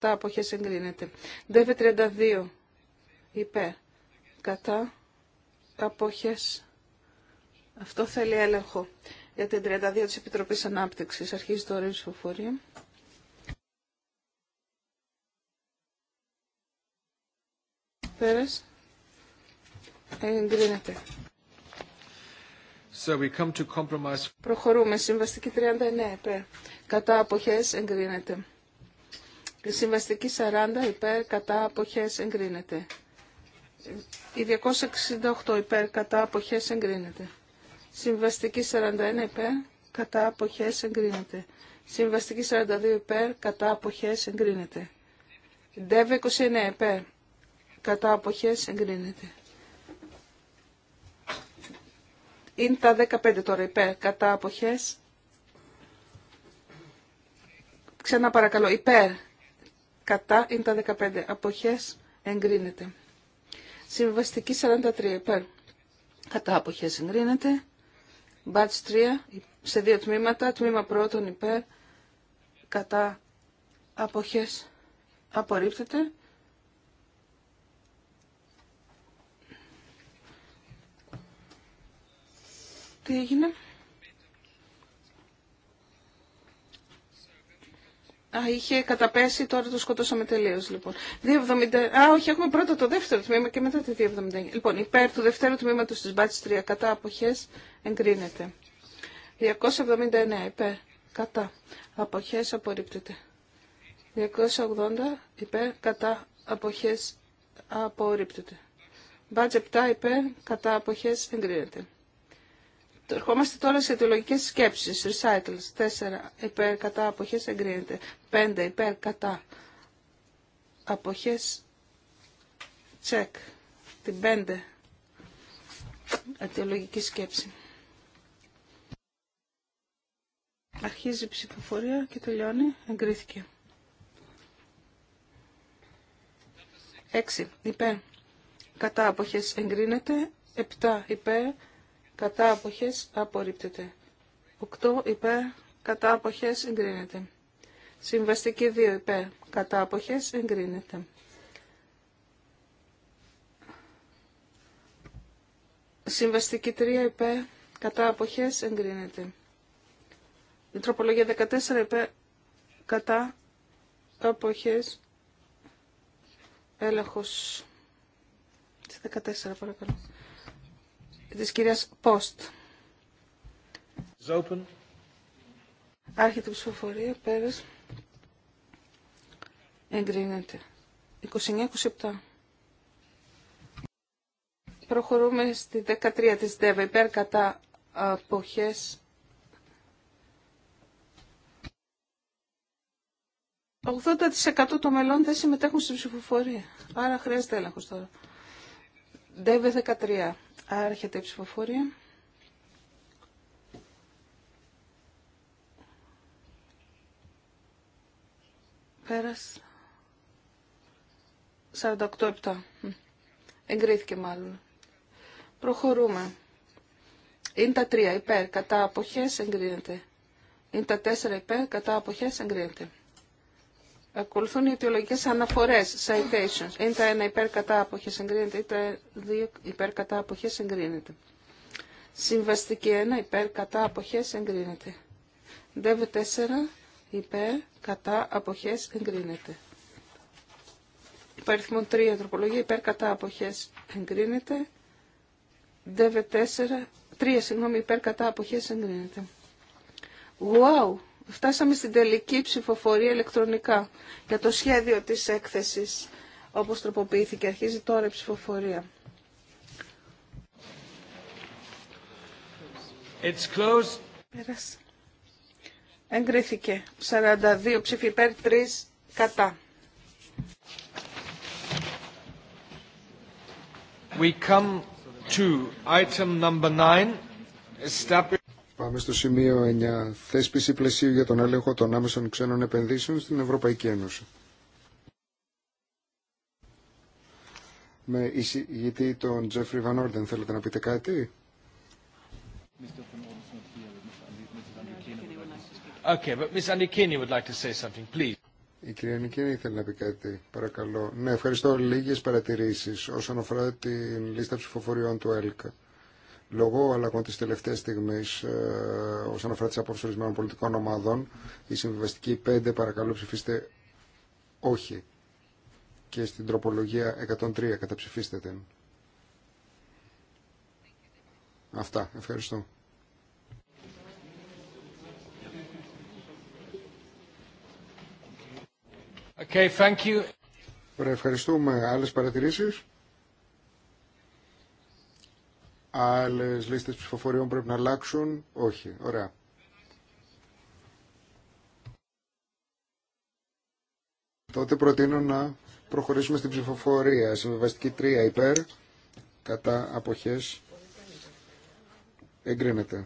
Τα αποχές εγκρίνεται. ΔΕΒΕ 32 υπέρ. Κατά αποχές. Αυτό θέλει έλεγχο. Για την 32 της Επιτροπής Ανάπτυξης αρχίζει τώρα η ψηφοφορία. Πέρας. Εγκρίνεται. So we come to compromise. Προχωρούμε. Συμβαστική 39 υπέρ. Κατά αποχές εγκρίνεται. Η συμβαστική 40 υπέρ κατά αποχές εγκρίνεται. Η 268 υπέρ κατά αποχές εγκρίνεται. Συμβαστική 41 υπέρ κατά αποχές εγκρίνεται. Συμβαστική 42 υπέρ κατά αποχές εγκρίνεται. Δεύε 29 υπέρ κατά αποχές εγκρίνεται. Είναι τα 15 τώρα υπέρ κατά αποχές. Ξανά παρακαλώ υπέρ κατά είναι τα 15. Αποχές εγκρίνεται. Συμβαστική 43 υπέρ. Κατά αποχές εγκρίνεται. Μπάτς 3 σε δύο τμήματα. Τμήμα πρώτον υπέρ. Κατά αποχές απορρίπτεται. Τι έγινε. Α, είχε καταπέσει, τώρα το σκοτώσαμε τελείω. Λοιπόν. 270... Α, όχι, έχουμε πρώτα το δεύτερο τμήμα και μετά τη 279. Λοιπόν, υπέρ του δεύτερου τμήματο τη μπάτση 3 κατά αποχέ εγκρίνεται. 279 υπέρ κατά αποχέ απορρίπτεται. 280 υπέρ κατά αποχέ απορρίπτεται. Μπάτζε 7 υπέρ κατά αποχέ εγκρίνεται. Ερχόμαστε τώρα σε αιτιολογικέ σκέψει. Recycles. 4 υπέρ κατά αποχέ εγκρίνεται. 5 υπέρ κατά αποχέ. Τσεκ. Την 5 αιτιολογική σκέψη. Αρχίζει η ψηφοφορία και τελειώνει. Εγκρίθηκε. 6 υπέρ κατά αποχέ εγκρίνεται. 7 υπέρ κατά αποχές απορρίπτεται. 8 υπέρ κατά αποχές εγκρίνεται. Συμβαστική 2 υπέρ κατά αποχές εγκρίνεται. Συμβαστική 3 υπέρ κατά αποχές εγκρίνεται. Η τροπολογία 14 υπέρ κατά αποχές έλεγχος. 14 παρακαλώ της κυρίας Πόστ. Άρχεται η ψηφοφορία, πέρας. Εγκρίνεται. 29-27. Προχωρούμε στη 13 της ΔΕΒΕ. Υπέρ κατά αποχές. 80% των μελών δεν συμμετέχουν στην ψηφοφορία. Άρα χρειάζεται έλεγχος τώρα. ΔΕΒΕ 13. Άρχεται η ψηφοφορία. Πέρας. 48-7. Εγκρίθηκε μάλλον. Προχωρούμε. Είναι τα τρία υπέρ, κατά αποχές εγκρίνεται. Είναι τα τέσσερα υπέρ, κατά αποχές εγκρίνεται. Ακολουθούν οι αιτιολογικέ αναφορέ. citations. Είναι τα ένα υπέρ κατά αποχές εγκρίνεται, είναι τα δύο υπέρ κατά αποχές εγκρίνεται. Συμβαστική 1 υπέρ κατά αποχές εγκρίνεται. ΔΕΒ 4 υπέρ κατά αποχές εγκρίνεται. Υπαριθμό 3 τροπολογία υπέρ κατά αποχές εγκρίνεται. ΔΕΒ 4, 3 συγγνώμη υπέρ κατά αποχές εγκρίνεται. Wow! Φτάσαμε στην τελική ψηφοφορία ηλεκτρονικά για το σχέδιο της έκθεσης όπως τροποποιήθηκε. Αρχίζει τώρα η ψηφοφορία. It's closed. Εγκρίθηκε. 42 ψήφοι υπέρ, 3 κατά. We come to item number 9. Πάμε στο σημείο 9. Θέσπιση πλαισίου για τον έλεγχο των άμεσων ξένων επενδύσεων στην Ευρωπαϊκή Ένωση. Με εισηγητή τον Τζέφρι Βανόρντεν θέλετε να πείτε κάτι. Okay, but Ms. would like to say something, please. Η κυρία Νικίνη ήθελε να πει κάτι, παρακαλώ. Ναι, ευχαριστώ. Λίγες παρατηρήσεις όσον αφορά την λίστα ψηφοφοριών του ΕΛΚΑ. Λόγω αλλαγών τη τελευταία στιγμή, ε, όσον αφορά τι απόψει ορισμένων πολιτικών ομάδων, η συμβιβαστική 5 παρακαλώ ψηφίστε όχι. Και στην τροπολογία 103 καταψηφίστε την. Αυτά. Ευχαριστώ. Okay, thank you. ευχαριστούμε. Άλλες παρατηρήσεις. Άλλες λίστες ψηφοφοριών πρέπει να αλλάξουν. Όχι. Ωραία. Τότε προτείνω να προχωρήσουμε στην ψηφοφορία. Συμβεβαστική 3 υπέρ, κατά αποχές εγκρίνεται.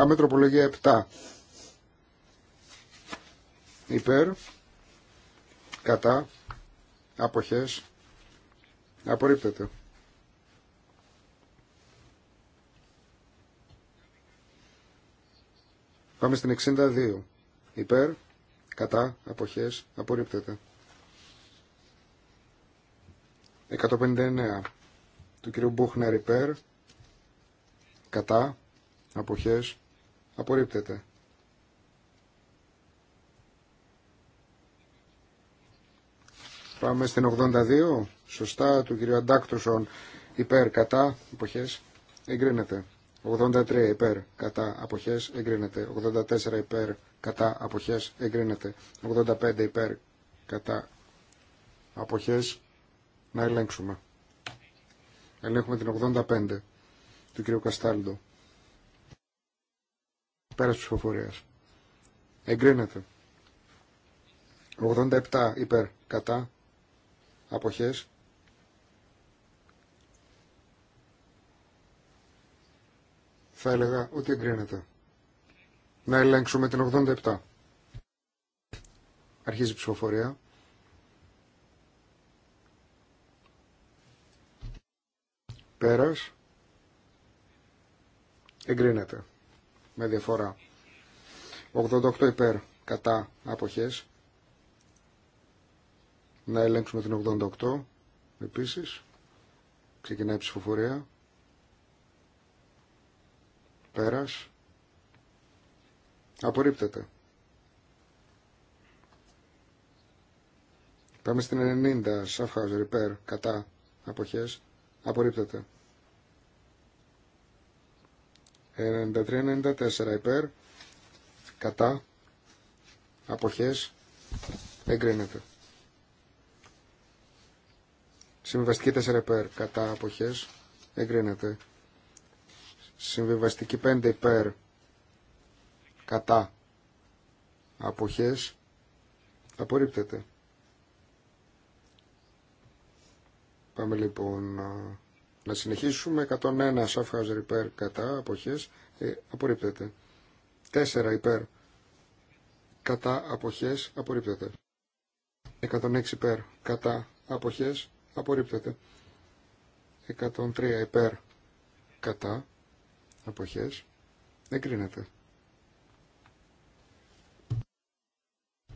Πάμε τροπολογία 7. Υπέρ. Κατά. Αποχές. Απορρίπτεται. Πάμε στην 62. Υπέρ. Κατά. Αποχές. Απορρίπτεται. 159 του κυρίου Μπούχνερ υπέρ κατά αποχές Απορρίπτεται. Πάμε στην 82. Σωστά του κυρίου Αντάκτουσον. Υπέρ, κατά, εποχές. Εγκρίνεται. 83 υπέρ κατά αποχές εγκρίνεται 84 υπέρ κατά αποχές εγκρίνεται 85 υπέρ κατά αποχές να ελέγξουμε ελέγχουμε την 85 του κ. Καστάλντο Πέρας ψηφοφορία. Εγκρίνεται. 87 υπέρ κατά αποχές. Θα έλεγα ότι εγκρίνεται. Να ελέγξουμε την 87. Αρχίζει η ψηφοφορία. Πέρας. Εγκρίνεται με διαφορά. 88 υπέρ κατά αποχές. Να ελέγξουμε την 88 επίσης. Ξεκινάει η ψηφοφορία. Πέρας. Απορρίπτεται. Πάμε στην 90. Σαφχάουζερ υπέρ κατά αποχές. Απορρίπτεται. 93-94 υπέρ κατά αποχές εγκρίνεται. Συμβιβαστική 4 υπέρ κατά αποχές εγκρίνεται. Συμβιβαστική 5 υπέρ κατά αποχές απορρίπτεται. Πάμε λοιπόν να συνεχίσουμε. 101 Σαφχάουζερ ε, υπέρ κατά αποχές απορρίπτεται. 4 υπέρ κατά αποχές απορρίπτεται. 106 υπέρ κατά αποχές απορρίπτεται. 103 υπέρ κατά αποχές εγκρίνεται.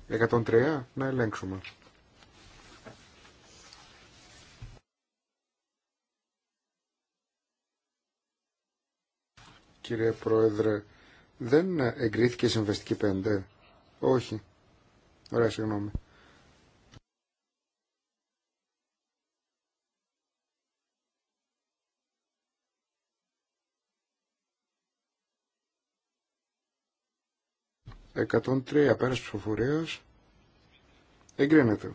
103 να ελέγξουμε. κύριε Πρόεδρε. Δεν εγκρίθηκε η συμβαστική πέντε. Όχι. Ωραία, συγγνώμη. Εκατόν τρία πέρας ψηφοφορίας. Εγκρίνεται.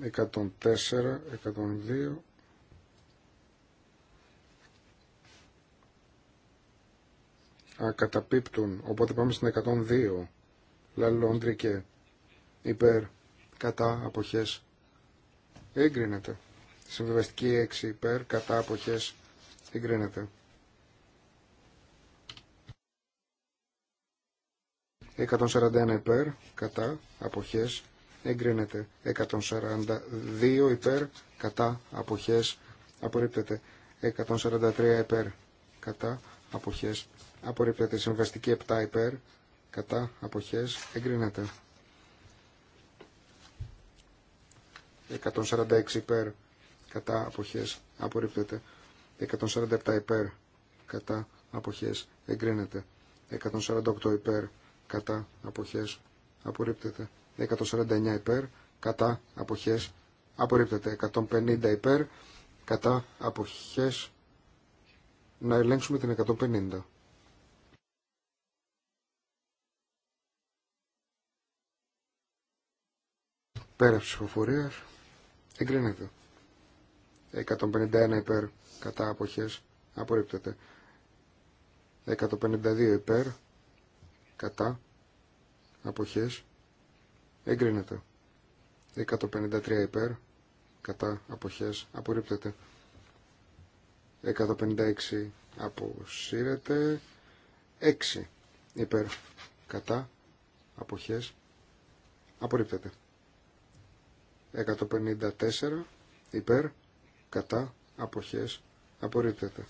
104, 102. Α, καταπίπτουν. Οπότε πάμε στην 102. Λαλόντρι και υπέρ, κατά, αποχές. Εγκρίνεται. Συμβιβαστική 6 υπέρ, κατά, αποχές. Εγκρίνεται. 141 υπέρ, κατά, αποχές εγκρίνεται 142 υπέρ κατά αποχές απορρίπτεται 143 υπέρ κατά αποχές απορρίπτεται συμβαστική 7 υπέρ κατά αποχές εγκρίνεται 146 υπέρ κατά αποχές απορρίπτεται 147 υπέρ κατά αποχές εγκρίνεται 148 υπέρ κατά αποχές απορρίπτεται 149 υπέρ, κατά αποχές απορρίπτεται. 150 υπέρ, κατά αποχές να ελέγξουμε την 150. Πέρα ψηφοφορία εγκρίνεται. 151 υπέρ κατά αποχές απορρίπτεται. 152 υπέρ κατά αποχές εγκρίνεται. 153 υπέρ, κατά αποχές απορρίπτεται. 156 αποσύρεται. 6 υπέρ, κατά αποχές απορρίπτεται. 154 υπέρ, κατά αποχές απορρίπτεται.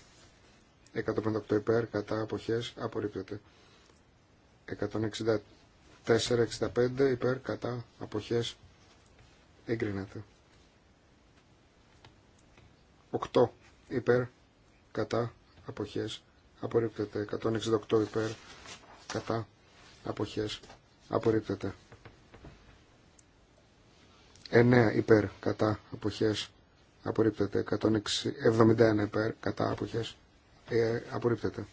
158 υπέρ, κατά αποχές απορρίπτεται. 160 465 υπέρ κατά αποχές εγκρίνεται. 8 υπέρ κατά αποχές απορρίπτεται. 168 υπέρ κατά αποχές απορρίπτεται. 9 υπέρ κατά αποχές απορρίπτεται. 171 υπέρ κατά αποχές ε, απορρίπτεται.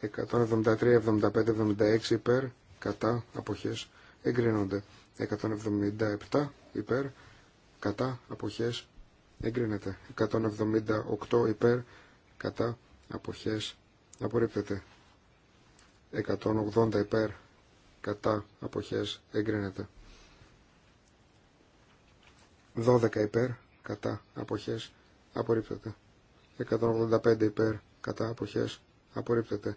173, 75, 76 υπέρ κατά αποχές εγκρίνονται 177 υπέρ κατά αποχές εγκρίνεται 178 υπέρ κατά αποχές απορρίπτεται 180 υπέρ κατά αποχές εγκρίνεται 12 υπέρ κατά αποχές απορρίπτεται 185 υπέρ κατά αποχές απορρίπτεται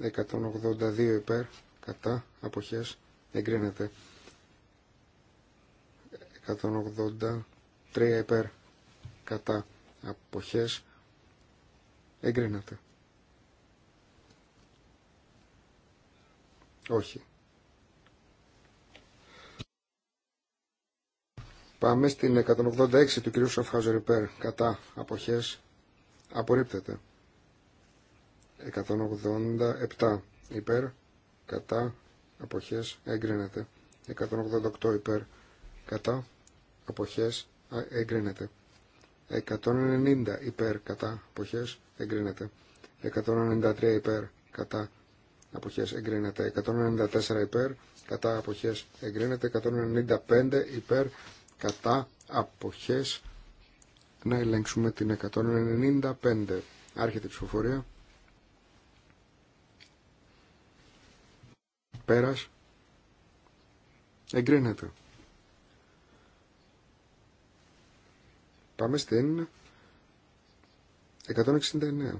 182 υπέρ κατά αποχές εγκρίνεται 183 υπέρ κατά αποχές εγκρίνεται όχι Πάμε στην 186 του κ. Σαφχάζερ υπέρ κατά αποχές απορρίπτεται 187 υπέρ κατά αποχές εγκρίνεται 188 υπέρ κατά αποχές εγκρίνεται 190 υπέρ κατά αποχές εγκρίνεται 193 υπέρ κατά αποχές εγκρίνεται 194 υπέρ κατά αποχές εγκρίνεται 195 υπέρ κατά αποχές να ελέγξουμε την 195 άρχεται η ψηφοφορία Πέρας. Εγκρίνεται. Πάμε στην 169.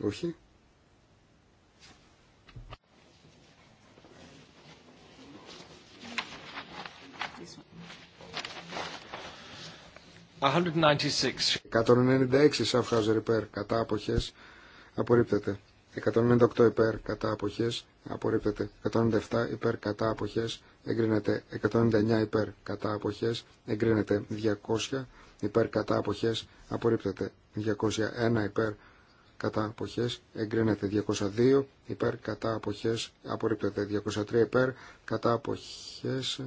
Όχι. «196 196 υπέρ κατά αποχές απορρίπτεται. 198 υπέρ κατά αποχές απορρίπτεται. 197 υπέρ κατά αποχές εγκρίνεται. 199 υπέρ κατά αποχές εγκρίνεται. 200 υπέρ κατά αποχές απορρίπτεται. 201 υπέρ κατά αποχές εγκρίνεται. 202 υπέρ κατά αποχές απορρίπτεται. 203 υπέρ κατά αποχές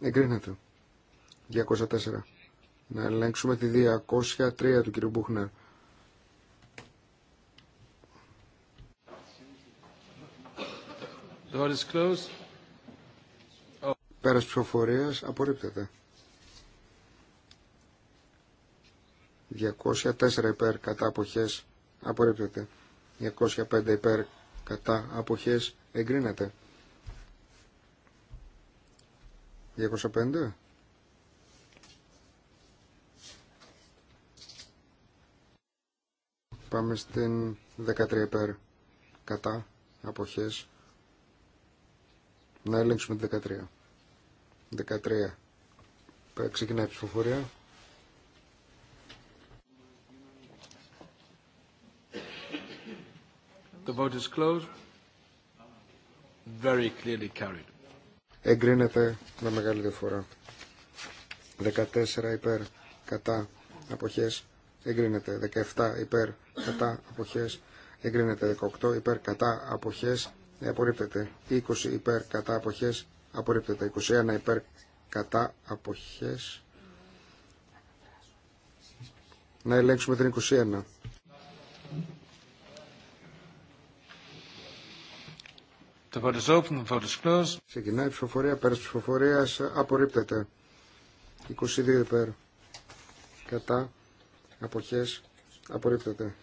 εγκρίνεται. 204. Να ελέγξουμε τη 203 του κ. Μπούχνερ. The vote is closed. Oh. απορρίπτεται. 204 υπέρ κατά αποχέ απορρίπτεται. 205 υπέρ κατά αποχές εγκρίνεται. 205. Πάμε στην 13 υπέρ κατά αποχές να ελέγξουμε την 13. 13. Ξεκινάει η ψηφοφορία. The vote is closed. Very clearly carried. Εγκρίνεται με μεγάλη διαφορά. 14 υπέρ κατά αποχές εγκρίνεται. 17 υπέρ κατά αποχές εγκρίνεται. 18 υπέρ κατά αποχές απορρίπτεται. 20 υπέρ κατά αποχές απορρίπτεται. 21 υπέρ κατά αποχές. Να ελέγξουμε την 21. Το open, Ξεκινάει η ψηφοφορία, πέρας ψηφοφορίας, απορρίπτεται. 22 υπέρ, κατά, αποχές, απορρίπτεται.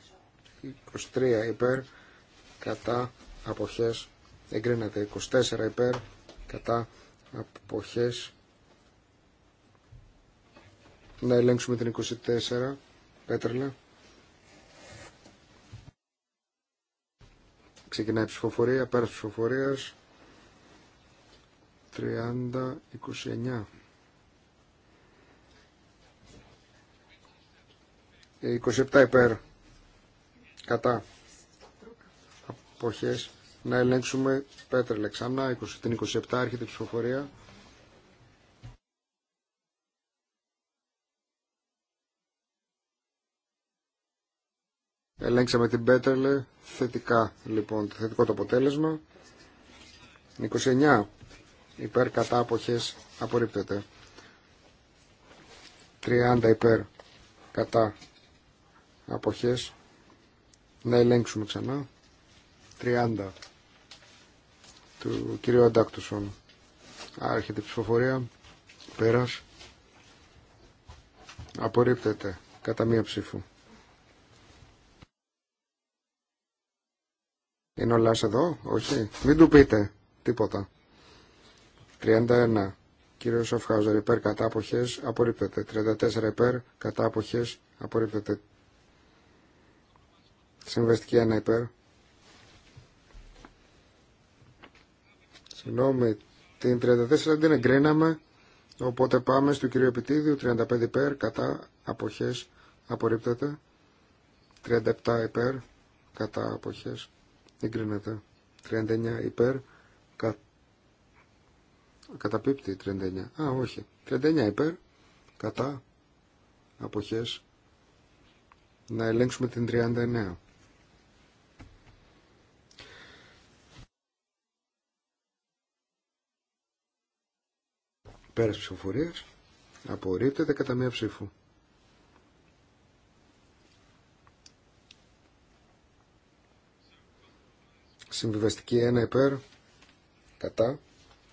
23 υπέρ, κατά, αποχές εγκρίνεται 24 υπέρ κατά αποχές να ελέγξουμε την 24 πέτρελα ξεκινάει η ψηφοφορία πέρας ψηφοφορίας 30-29 27 ε, υπέρ κατά εποχές να ελέγξουμε Πέτρα λεξανά, την 27 αρχή η ψηφοφορία. Ελέγξαμε την Πέτρελε θετικά λοιπόν, το θετικό το αποτέλεσμα. 29 υπέρ κατά αποχές απορρίπτεται. 30 υπέρ κατά αποχές. Να ελέγξουμε ξανά. 30 του κυρίου Αντάκτουσον. Άρχεται η ψηφοφορία. Πέρας. Απορρίπτεται κατά μία ψήφου. Είναι ο εδώ, όχι. Μην του πείτε τίποτα. 31. Κύριο Σοφχάουζερ υπέρ κατά αποχές απορρίπτεται. 34 υπέρ κατά αποχές απορρίπτεται. Συμβεστική 1 υπέρ Συγγνώμη, την 34 την εγκρίναμε, οπότε πάμε στο κύριο επιτίδιο, 35 υπέρ, κατά αποχές, απορρίπτεται. 37 υπέρ, κατά αποχές, εγκρίνεται. 39 υπέρ, κα... καταπίπτει 39, α όχι, 39 υπέρ, κατά αποχές, να ελέγξουμε την 39. Πέρας ψηφοφορίας απορρίπτεται κατά μία ψήφου. Συμβιβαστική 1 υπέρ κατά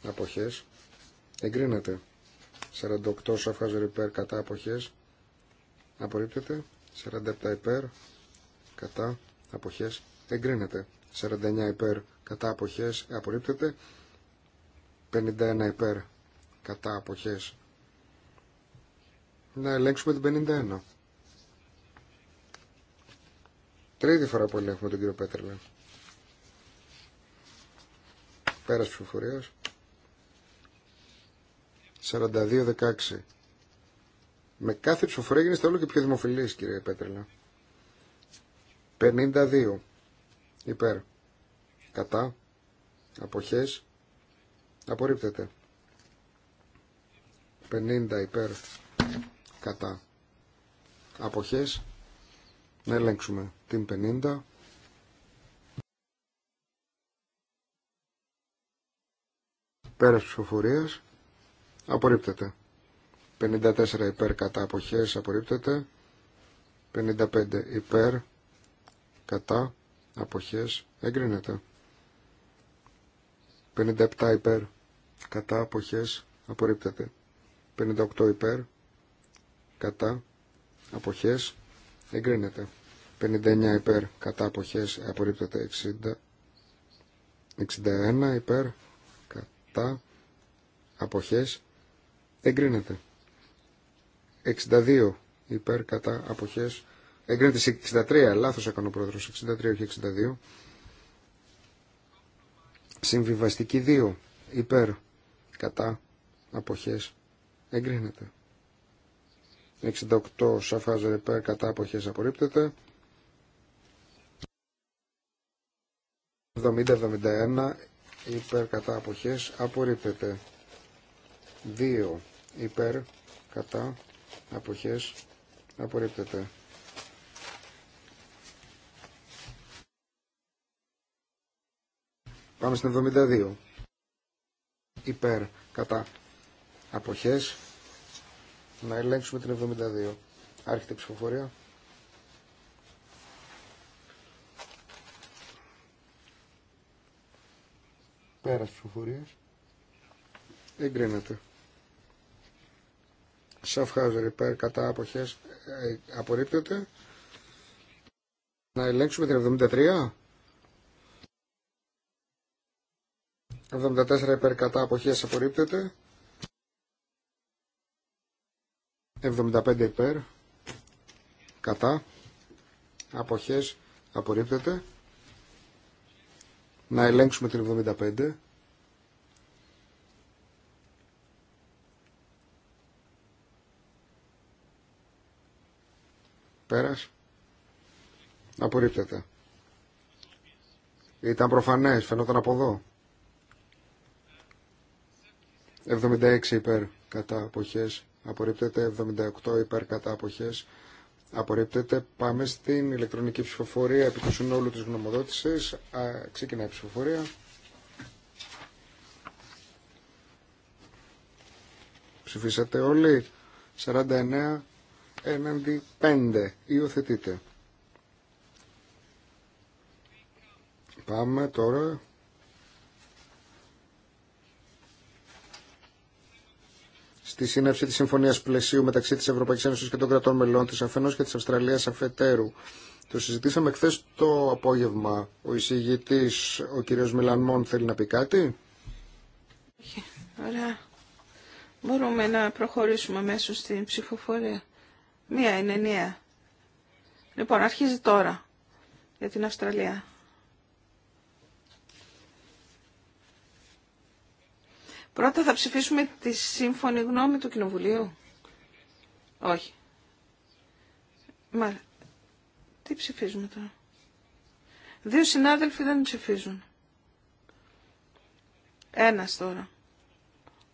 αποχές εγκρίνεται. 48 σαφχάζερ υπέρ κατά αποχές απορρίπτεται. 47 υπέρ κατά αποχές εγκρίνεται. 49 υπέρ κατά αποχές απορρίπτεται. 51 υπέρ κατά αποχές. Να ελέγξουμε την 51. Τρίτη φορά που ελέγχουμε τον κυριο πετρελα Πέτρελε. Πέρας ψηφοφορίας. 42-16. Με κάθε ψηφοφορία γίνεστε όλο και πιο δημοφιλής κύριε Πέτρελα 52. Υπέρ. Κατά. Αποχές. Απορρίπτεται. 50 υπέρ κατά αποχές να ελέγξουμε την 50 πέρας ψηφοφορίας απορρίπτεται 54 υπέρ κατά αποχές απορρίπτεται 55 υπέρ κατά αποχές εγκρίνεται 57 υπέρ κατά αποχές απορρίπτεται 58 υπέρ κατά αποχές εγκρίνεται 59 υπέρ κατά αποχές απορρίπτεται 60 61 υπέρ κατά αποχές εγκρίνεται 62 υπέρ κατά αποχές εγκρίνεται 63 λάθος έκανε ο πρόεδρος 63 όχι 62 συμβιβαστική 2 υπέρ κατά αποχές εγκρίνεται. 68 σαφάζερ υπέρ κατά αποχές απορρίπτεται. 70-71 υπέρ κατά αποχές απορρίπτεται. 2 υπέρ κατά αποχές απορρίπτεται. 72. Υπέρ, κατά, αποχές να ελέγξουμε την 72 άρχεται η ψηφοφορία πέρας ψηφοφορίας εγκρίνεται Σαφχάζερ ε, υπέρ κατά αποχές απορρίπτεται να ελέγξουμε την 73 74 υπέρ κατά αποχές απορρίπτεται 75 υπέρ κατά αποχές απορρίπτεται να ελέγξουμε την 75 πέρας απορρίπτεται ήταν προφανές φαινόταν από εδώ 76 υπέρ κατά αποχές απορρίπτεται 78 υπέρ κατά απορρίπτεται πάμε στην ηλεκτρονική ψηφοφορία επί του συνόλου της γνωμοδότησης ξεκινάει η ψηφοφορία ψηφίσατε όλοι 49 έναντι 5 υιοθετείτε πάμε τώρα στη σύναψη τη Συμφωνία Πλαισίου μεταξύ τη Ευρωπαϊκή Ένωση και των κρατών μελών τη αφενό και τη Αυστραλία αφετέρου. Το συζητήσαμε χθε το απόγευμα. Ο εισηγητή, ο κ. Μιλανμόν, θέλει να πει κάτι. Όχι. Ωραία. Μπορούμε να προχωρήσουμε μέσω στην ψηφοφορία. Μία είναι Λοιπόν, αρχίζει τώρα για την Αυστραλία. Πρώτα θα ψηφίσουμε τη σύμφωνη γνώμη του Κοινοβουλίου. Όχι. Μα, τι ψηφίζουμε τώρα. Δύο συνάδελφοι δεν ψηφίζουν. Ένας τώρα.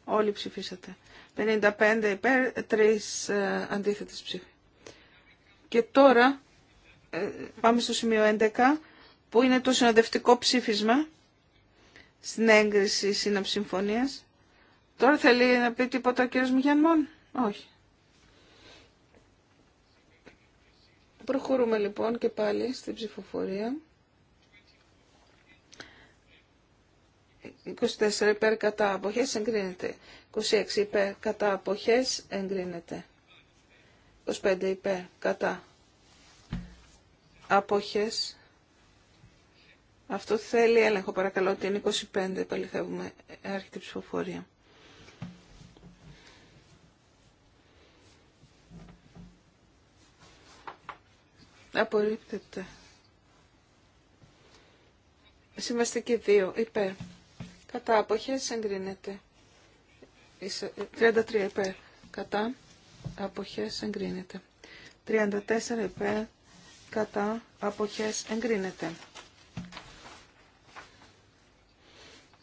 Όλοι ψηφίσατε. 55 υπέρ, 3 ε, αντίθετες ψήφοι. Και τώρα ε, πάμε στο σημείο 11 που είναι το συνοδευτικό ψήφισμα στην έγκριση σύναψη Τώρα θέλει να πει τίποτα ο κύριος Μιγιανμόν. Όχι. Προχωρούμε λοιπόν και πάλι στην ψηφοφορία. 24 υπέρ κατά αποχές εγκρίνεται. 26 υπέρ κατά αποχές εγκρίνεται. 25 υπέρ κατά αποχές. Αυτό θέλει έλεγχο παρακαλώ ότι είναι 25 επαληθεύουμε. αρχή ψηφοφορία. Απορρίπτεται. και 2. Υπέρ. Κατά αποχές εγκρίνεται. 33 υπέρ. Κατά αποχές εγκρίνεται. 34 υπέρ. Κατά αποχές εγκρίνεται.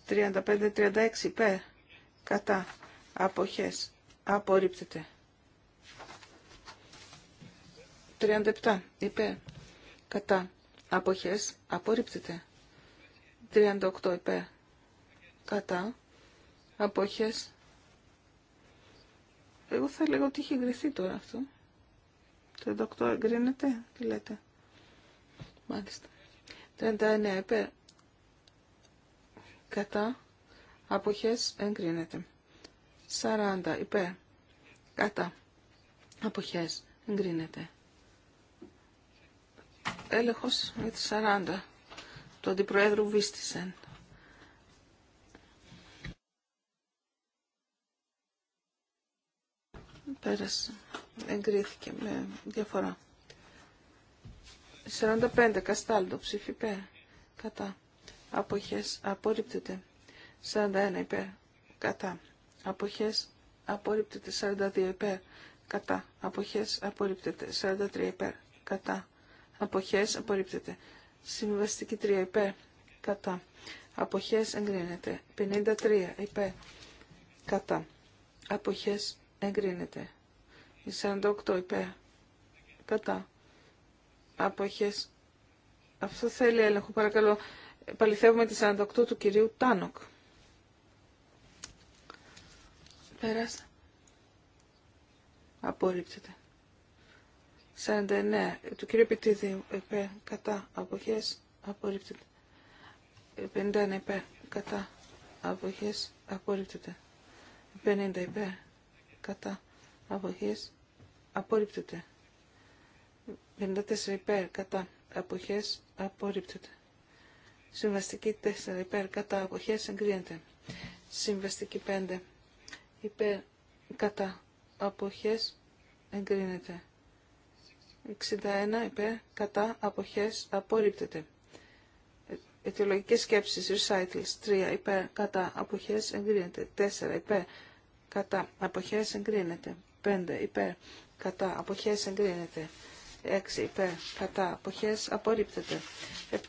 35-36 υπέρ. Κατά αποχές απορρίπτεται. 37 είπε. κατά αποχές απορρίπτεται. 38 είπε. κατά αποχές. Εγώ θα λέγω ότι έχει εγκριθεί τώρα αυτό. Το 38 εγκρίνεται, τι λέτε. Μάλιστα. 39 είπε. κατά αποχές εγκρίνεται. 40 υπέρ κατά αποχές εγκρίνεται έλεγχος με τη 40 του Αντιπροέδρου Βίστησεν. Πέρασε. Εγκρίθηκε με διαφορά. 45. Καστάλτο. Ψήφι υπέρ. Κατά. Αποχές. Απορρίπτεται. 41. Υπέρ. Κατά. Αποχές. Απορρίπτεται. 42. Υπέρ. Κατά. Αποχές. Απορρίπτεται. 43. Υπέρ. Κατά αποχές απορρίπτεται. Συμβαστική 3 υπέρ κατά αποχές εγκρίνεται. 53 υπέρ κατά αποχές εγκρίνεται. 48 υπέρ κατά αποχές. Αυτό θέλει έλεγχο παρακαλώ. Παληθεύουμε τη 48 του κυρίου Τάνοκ. Πέρασα. Απορρίπτεται. 49 του κύριου Επιτίδη επέ, κατά αποχές απορρίπτεται. 51 υπέρ κατά αποχές απορρίπτεται. 50 υπέρ κατά αποχές απορρίπτεται. 54 υπέρ κατά αποχές απορρίπτεται. Συμβαστική 4 υπέρ κατά αποχές εγκρίνεται. Συμβαστική 5 υπέρ κατά αποχές εγκρίνεται. 61 είπε, κατά αποχές απορρίπτεται. Ε, αιτιολογικές σκέψεις, recitals, 3 υπέρ κατά αποχές εγκρίνεται, 4 υπέρ κατά αποχές εγκρίνεται, 5 υπέρ κατά αποχές εγκρίνεται, 6 υπέρ κατά αποχές απορρίπτεται,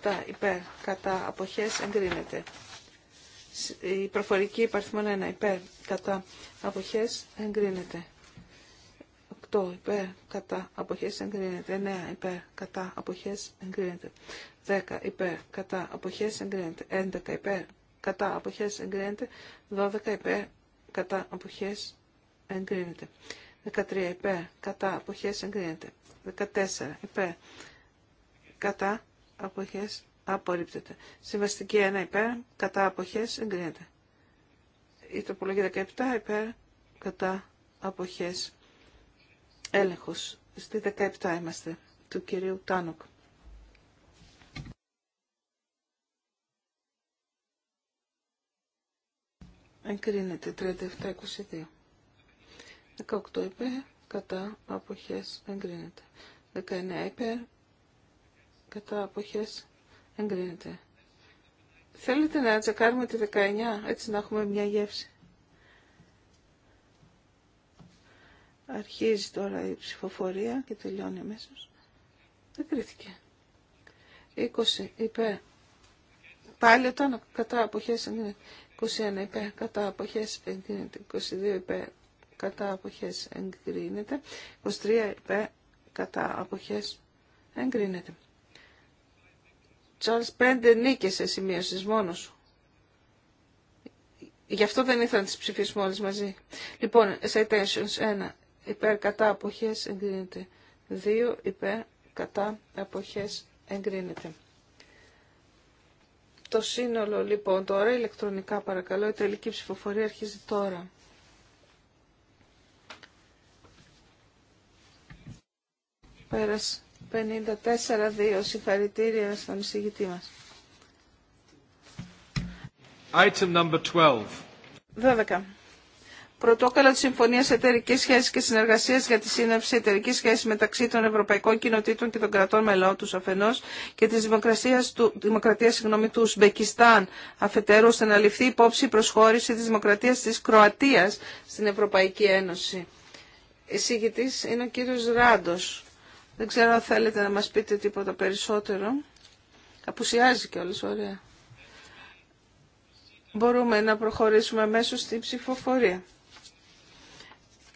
7 υπέρ κατά αποχές εγκρίνεται. Η προφορική υπαρθμόν 1 υπέρ κατά αποχές εγκρίνεται. 8 υπέρ κατά αποχές εγκρίνεται. 9 υπέρ κατά αποχές εγκρίνεται. 10 υπέρ κατά αποχές εγκρίνεται. 11 υπέρ κατά αποχές εγκρίνεται. 12 υπέρ κατά αποχές εγκρίνεται. 13 υπέρ κατά αποχές εγκρίνεται. 14 υπέρ κατά αποχές απορρίπτεται. Συμβαστική 1 υπέρ κατά αποχές εγκρίνεται. Η τοπολογία 17 υπέρ κατά αποχές Έλεγχος. Στη 17 είμαστε, του κυρίου Τάνοκ. Εγκρίνεται 37-22. 18 είπε. κατά αποχές εγκρίνεται. 19 είπε. κατά αποχές εγκρίνεται. Θέλετε να τσεκάρουμε τη 19, έτσι να έχουμε μια γεύση. Αρχίζει τώρα η ψηφοφορία και τελειώνει αμέσω. Δεν κρίθηκε. 20 είπε Πάλι όταν κατά αποχές εγκρίνεται. 21 είπε κατά αποχές εγκρίνεται. 22 είπε κατά αποχές εγκρίνεται. 23 είπε κατά αποχές εγκρίνεται. Τσάρλς πέντε νίκες σε σημείωση μόνος σου. Γι' αυτό δεν ήθελα να τις ψηφίσουμε όλες μαζί. Λοιπόν, citations 1 υπέρ κατά αποχές εγκρίνεται. Δύο υπέρ κατά αποχές εγκρίνεται. Το σύνολο λοιπόν τώρα ηλεκτρονικά παρακαλώ η τελική ψηφοφορία αρχίζει τώρα. Πέρασε 54-2 συγχαρητήρια στον εισηγητή μας. Item number 12. 12 πρωτόκολλα τη Συμφωνία Εταιρική σχέση και συνεργασία για τη σύνευση Εταιρική σχέση μεταξύ των Ευρωπαϊκών Κοινοτήτων και των κρατών μελών του Αφενό και τη δημοκρατία του, του Ουσμπεκιστάν αφετέρου ώστε να ληφθεί υπόψη η προσχώρηση τη δημοκρατία τη Κροατία στην Ευρωπαϊκή Ένωση. Εσύγητης είναι ο κύριο Ράντο. Δεν ξέρω αν θέλετε να μα πείτε τίποτα περισσότερο. Απουσιάζει κιόλα, ωραία. Μπορούμε να προχωρήσουμε αμέσως στην ψηφοφορία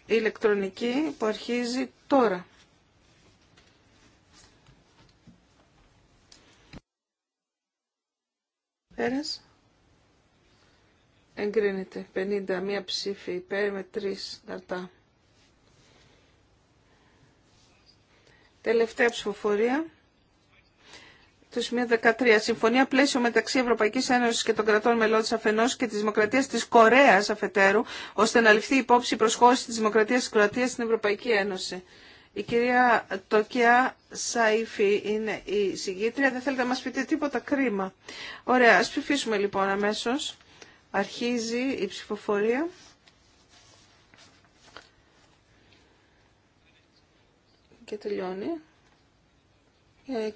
ηλεκτρονική που αρχίζει τώρα. Πέρας. Εγκρίνεται. 51 ψηφί, υπέρ με 3 δαρτά. Τελευταία ψηφοφορία του σημείο 13. Συμφωνία πλαίσιο μεταξύ Ευρωπαϊκή Ένωση και των κρατών μελών τη αφενό και τη Δημοκρατία τη Κορέα αφετέρου, ώστε να ληφθεί υπόψη η προσχώρηση τη Δημοκρατία τη Κροατία στην Ευρωπαϊκή Ένωση. Η κυρία Τοκιά Σαΐφη είναι η συγγήτρια. Δεν θέλετε να μας πείτε τίποτα κρίμα. Ωραία, ας ψηφίσουμε λοιπόν αμέσως. Αρχίζει η ψηφοφορία. Και τελειώνει. Ε,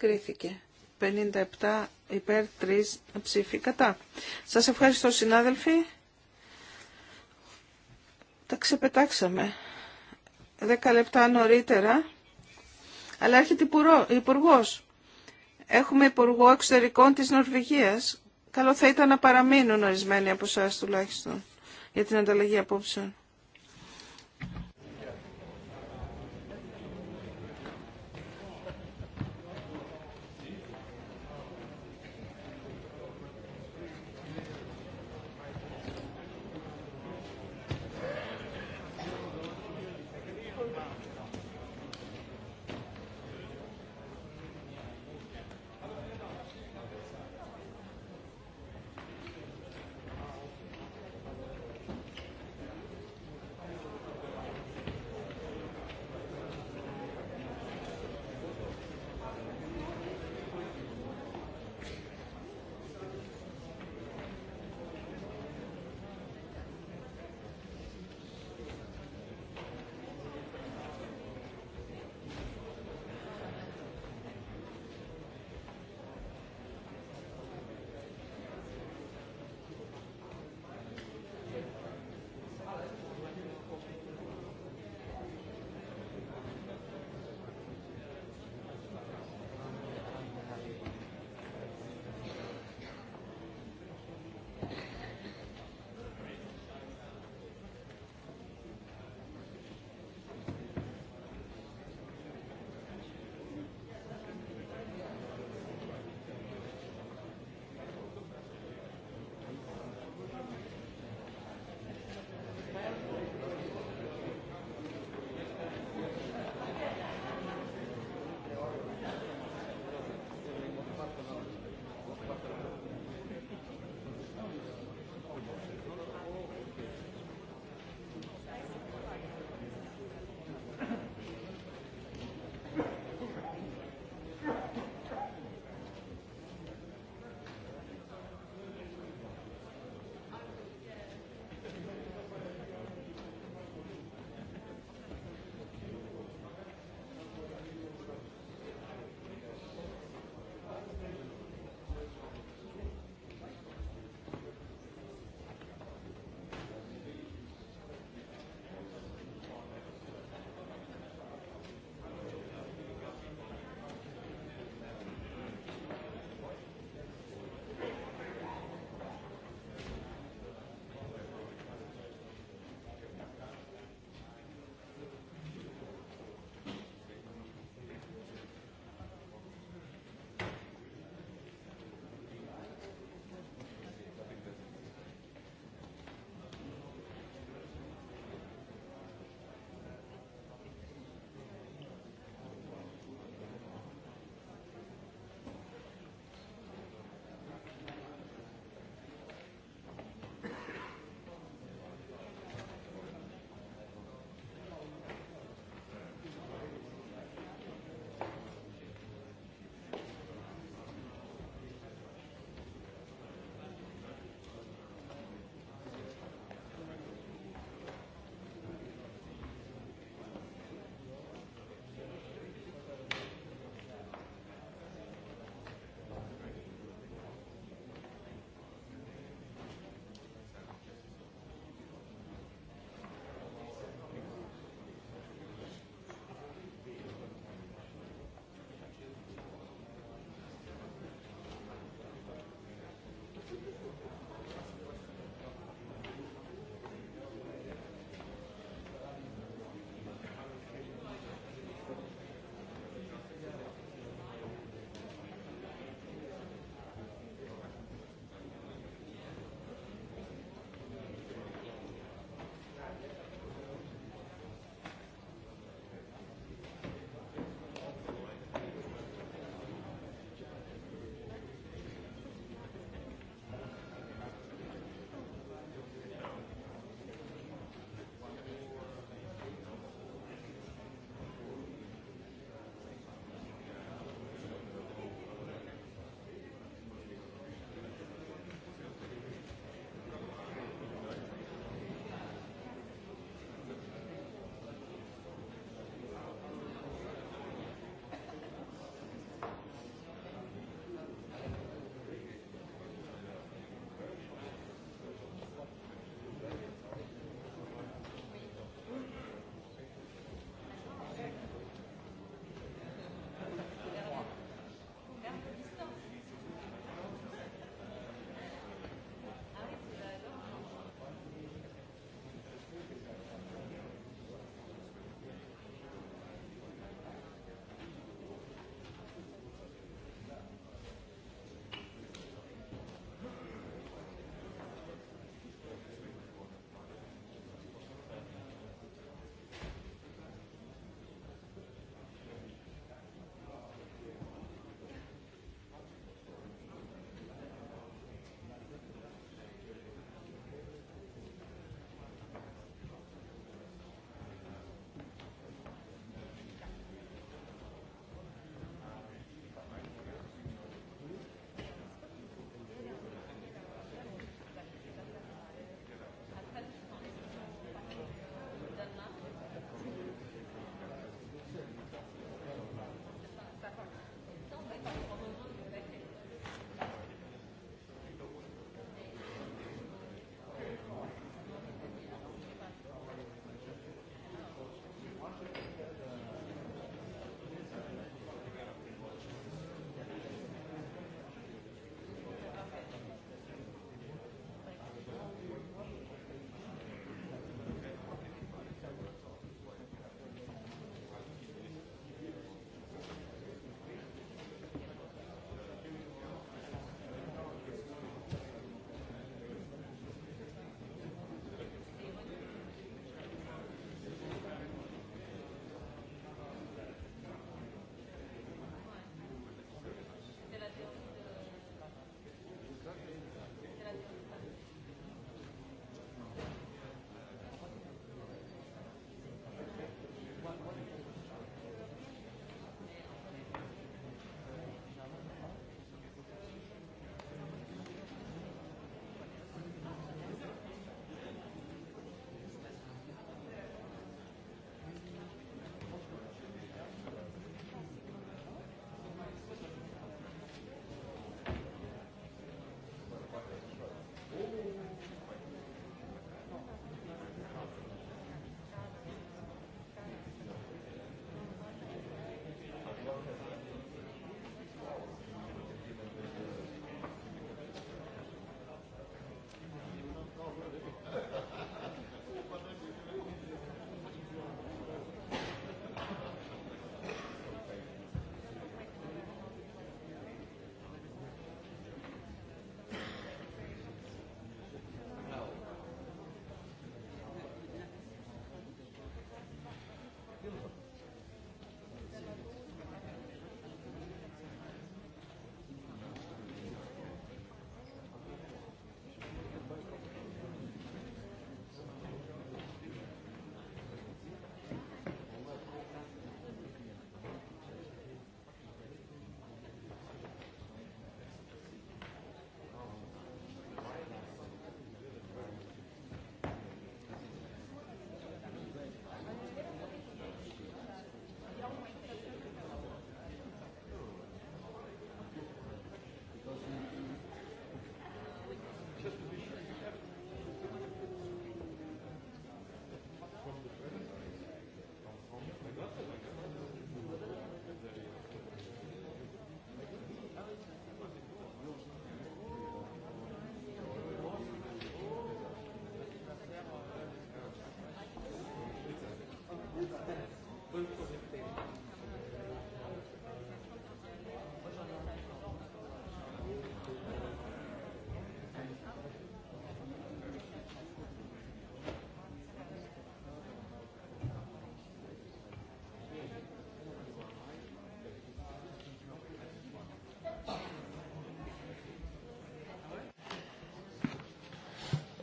57 υπέρ 3 ψήφοι κατά. Σας ευχαριστώ συνάδελφοι. Τα ξεπετάξαμε. 10 λεπτά νωρίτερα. Αλλά έρχεται υπουργό. Έχουμε υπουργό εξωτερικών της Νορβηγίας. Καλό θα ήταν να παραμείνουν ορισμένοι από εσά τουλάχιστον για την ανταλλαγή απόψεων.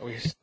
pues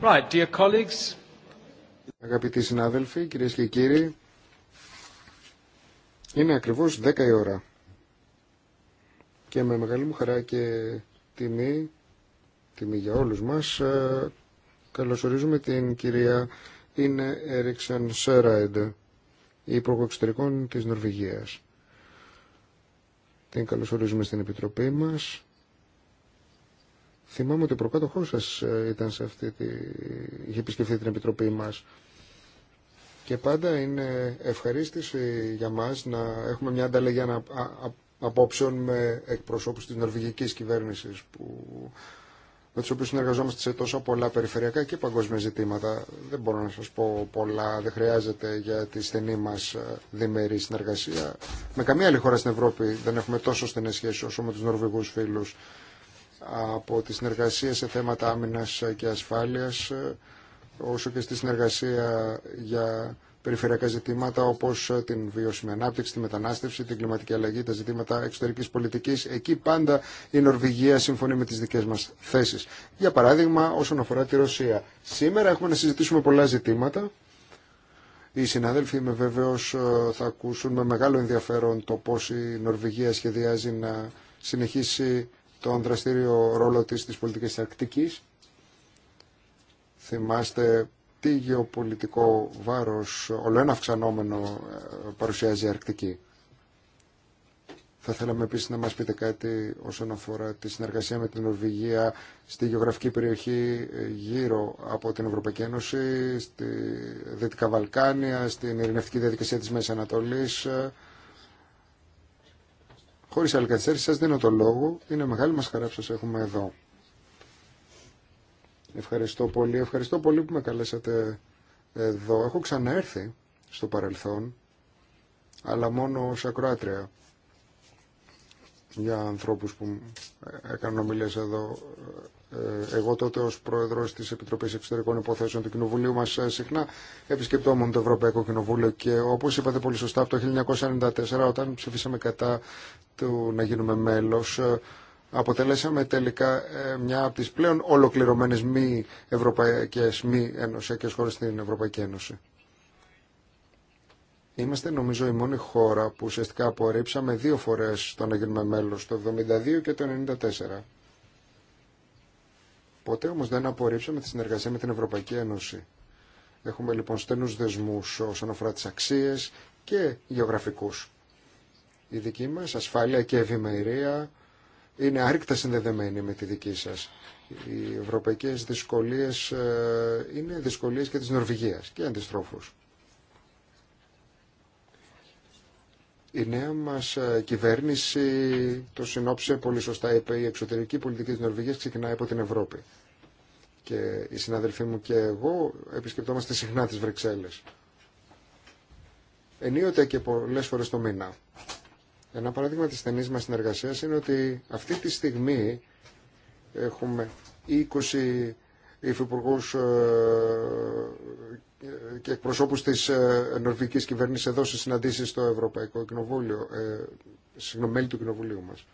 Right, dear colleagues. Αγαπητοί συνάδελφοι, κυρίες και κύριοι, είναι ακριβώς 10 η ώρα και με μεγάλη μου χαρά και τιμή, τιμή για όλους μας, ε, καλωσορίζουμε την κυρία Είναι Έριξεν Σέραϊντ, η Υπουργό Εξωτερικών της Νορβηγίας. Την καλωσορίζουμε στην Επιτροπή μας Θυμάμαι ότι ο προκάτοχό σα ε, ήταν σε αυτή τη... είχε επισκεφθεί την επιτροπή μα. Και πάντα είναι ευχαρίστηση για μα να έχουμε μια ανταλλαγή απόψεων με εκπροσώπου τη νορβηγική κυβέρνηση που με του οποίου συνεργαζόμαστε σε τόσο πολλά περιφερειακά και παγκόσμια ζητήματα. Δεν μπορώ να σα πω πολλά, δεν χρειάζεται για τη στενή μα ε, διμερή συνεργασία. Με καμία άλλη χώρα στην Ευρώπη δεν έχουμε τόσο στενέ σχέσει όσο με του Νορβηγού φίλου από τη συνεργασία σε θέματα άμυνας και ασφάλειας όσο και στη συνεργασία για περιφερειακά ζητήματα όπως την βιώσιμη ανάπτυξη, τη μετανάστευση, την κλιματική αλλαγή, τα ζητήματα εξωτερικής πολιτικής. Εκεί πάντα η Νορβηγία συμφωνεί με τις δικές μας θέσεις. Για παράδειγμα όσον αφορά τη Ρωσία. Σήμερα έχουμε να συζητήσουμε πολλά ζητήματα. Οι συνάδελφοι με βεβαίως ε, θα ακούσουν με μεγάλο ενδιαφέρον το πώς η Νορβηγία σχεδιάζει να συνεχίσει τον δραστήριο ρόλο της στις πολιτικές Αρκτικής. Θυμάστε τι γεωπολιτικό βάρος, ολένα ένα αυξανόμενο, ε, παρουσιάζει η Αρκτική. Θα θέλαμε επίσης να μας πείτε κάτι όσον αφορά τη συνεργασία με την Νορβηγία στη γεωγραφική περιοχή ε, γύρω από την Ευρωπαϊκή Ένωση, στη Δυτικά Βαλκάνια, στην ειρηνευτική διαδικασία της Μέσης Ανατολής, ε, Χωρίς άλλη καθυστέρηση σας δίνω το λόγο. Είναι μεγάλη μας χαρά που σας έχουμε εδώ. Ευχαριστώ πολύ. Ευχαριστώ πολύ που με καλέσατε εδώ. Έχω ξαναέρθει στο παρελθόν, αλλά μόνο ως ακροάτρια για ανθρώπους που έκαναν ομιλίες εδώ. Ε, εγώ τότε ως πρόεδρος της Επιτροπής Εξωτερικών Υποθέσεων του Κοινοβουλίου μας ε, συχνά επισκεπτόμουν το Ευρωπαϊκό Κοινοβούλιο και όπως είπατε πολύ σωστά από το 1994 όταν ψηφίσαμε κατά του να γίνουμε μέλος ε, αποτελέσαμε τελικά μια από τις πλέον ολοκληρωμένες μη ευρωπαϊκές, μη ενωσιακές χώρες στην Ευρωπαϊκή Ένωση. Είμαστε νομίζω η μόνη χώρα που ουσιαστικά απορρίψαμε δύο φορές το να γίνουμε μέλος, το 72 και το 94. Ποτέ όμως δεν απορρίψαμε τη συνεργασία με την Ευρωπαϊκή Ένωση. Έχουμε λοιπόν στενούς δεσμούς όσον αφορά τις αξίες και γεωγραφικούς. Η δική μας ασφάλεια και ευημερία είναι άρρηκτα συνδεδεμένη με τη δική σας. Οι ευρωπαϊκές δυσκολίες ε, είναι δυσκολίες και της Νορβηγίας και αντιστρόφους. Η νέα μας ε, κυβέρνηση, το συνόψε πολύ σωστά, είπε η εξωτερική πολιτική της Νορβηγίας ξεκινάει από την Ευρώπη. Και οι συναδελφοί μου και εγώ επισκεπτόμαστε συχνά τις Βρυξέλλες. Ενίοτε και πολλές φορές το μήνα. Ένα παράδειγμα της στενής μας συνεργασίας είναι ότι αυτή τη στιγμή έχουμε 20 υφυπουργού ε, και εκπροσώπους της ε, νορβηγικής κυβέρνησης εδώ σε συναντήσεις στο Ευρωπαϊκό Κοινοβούλιο, ε, Συγγνωμένοι του Κοινοβουλίου μας.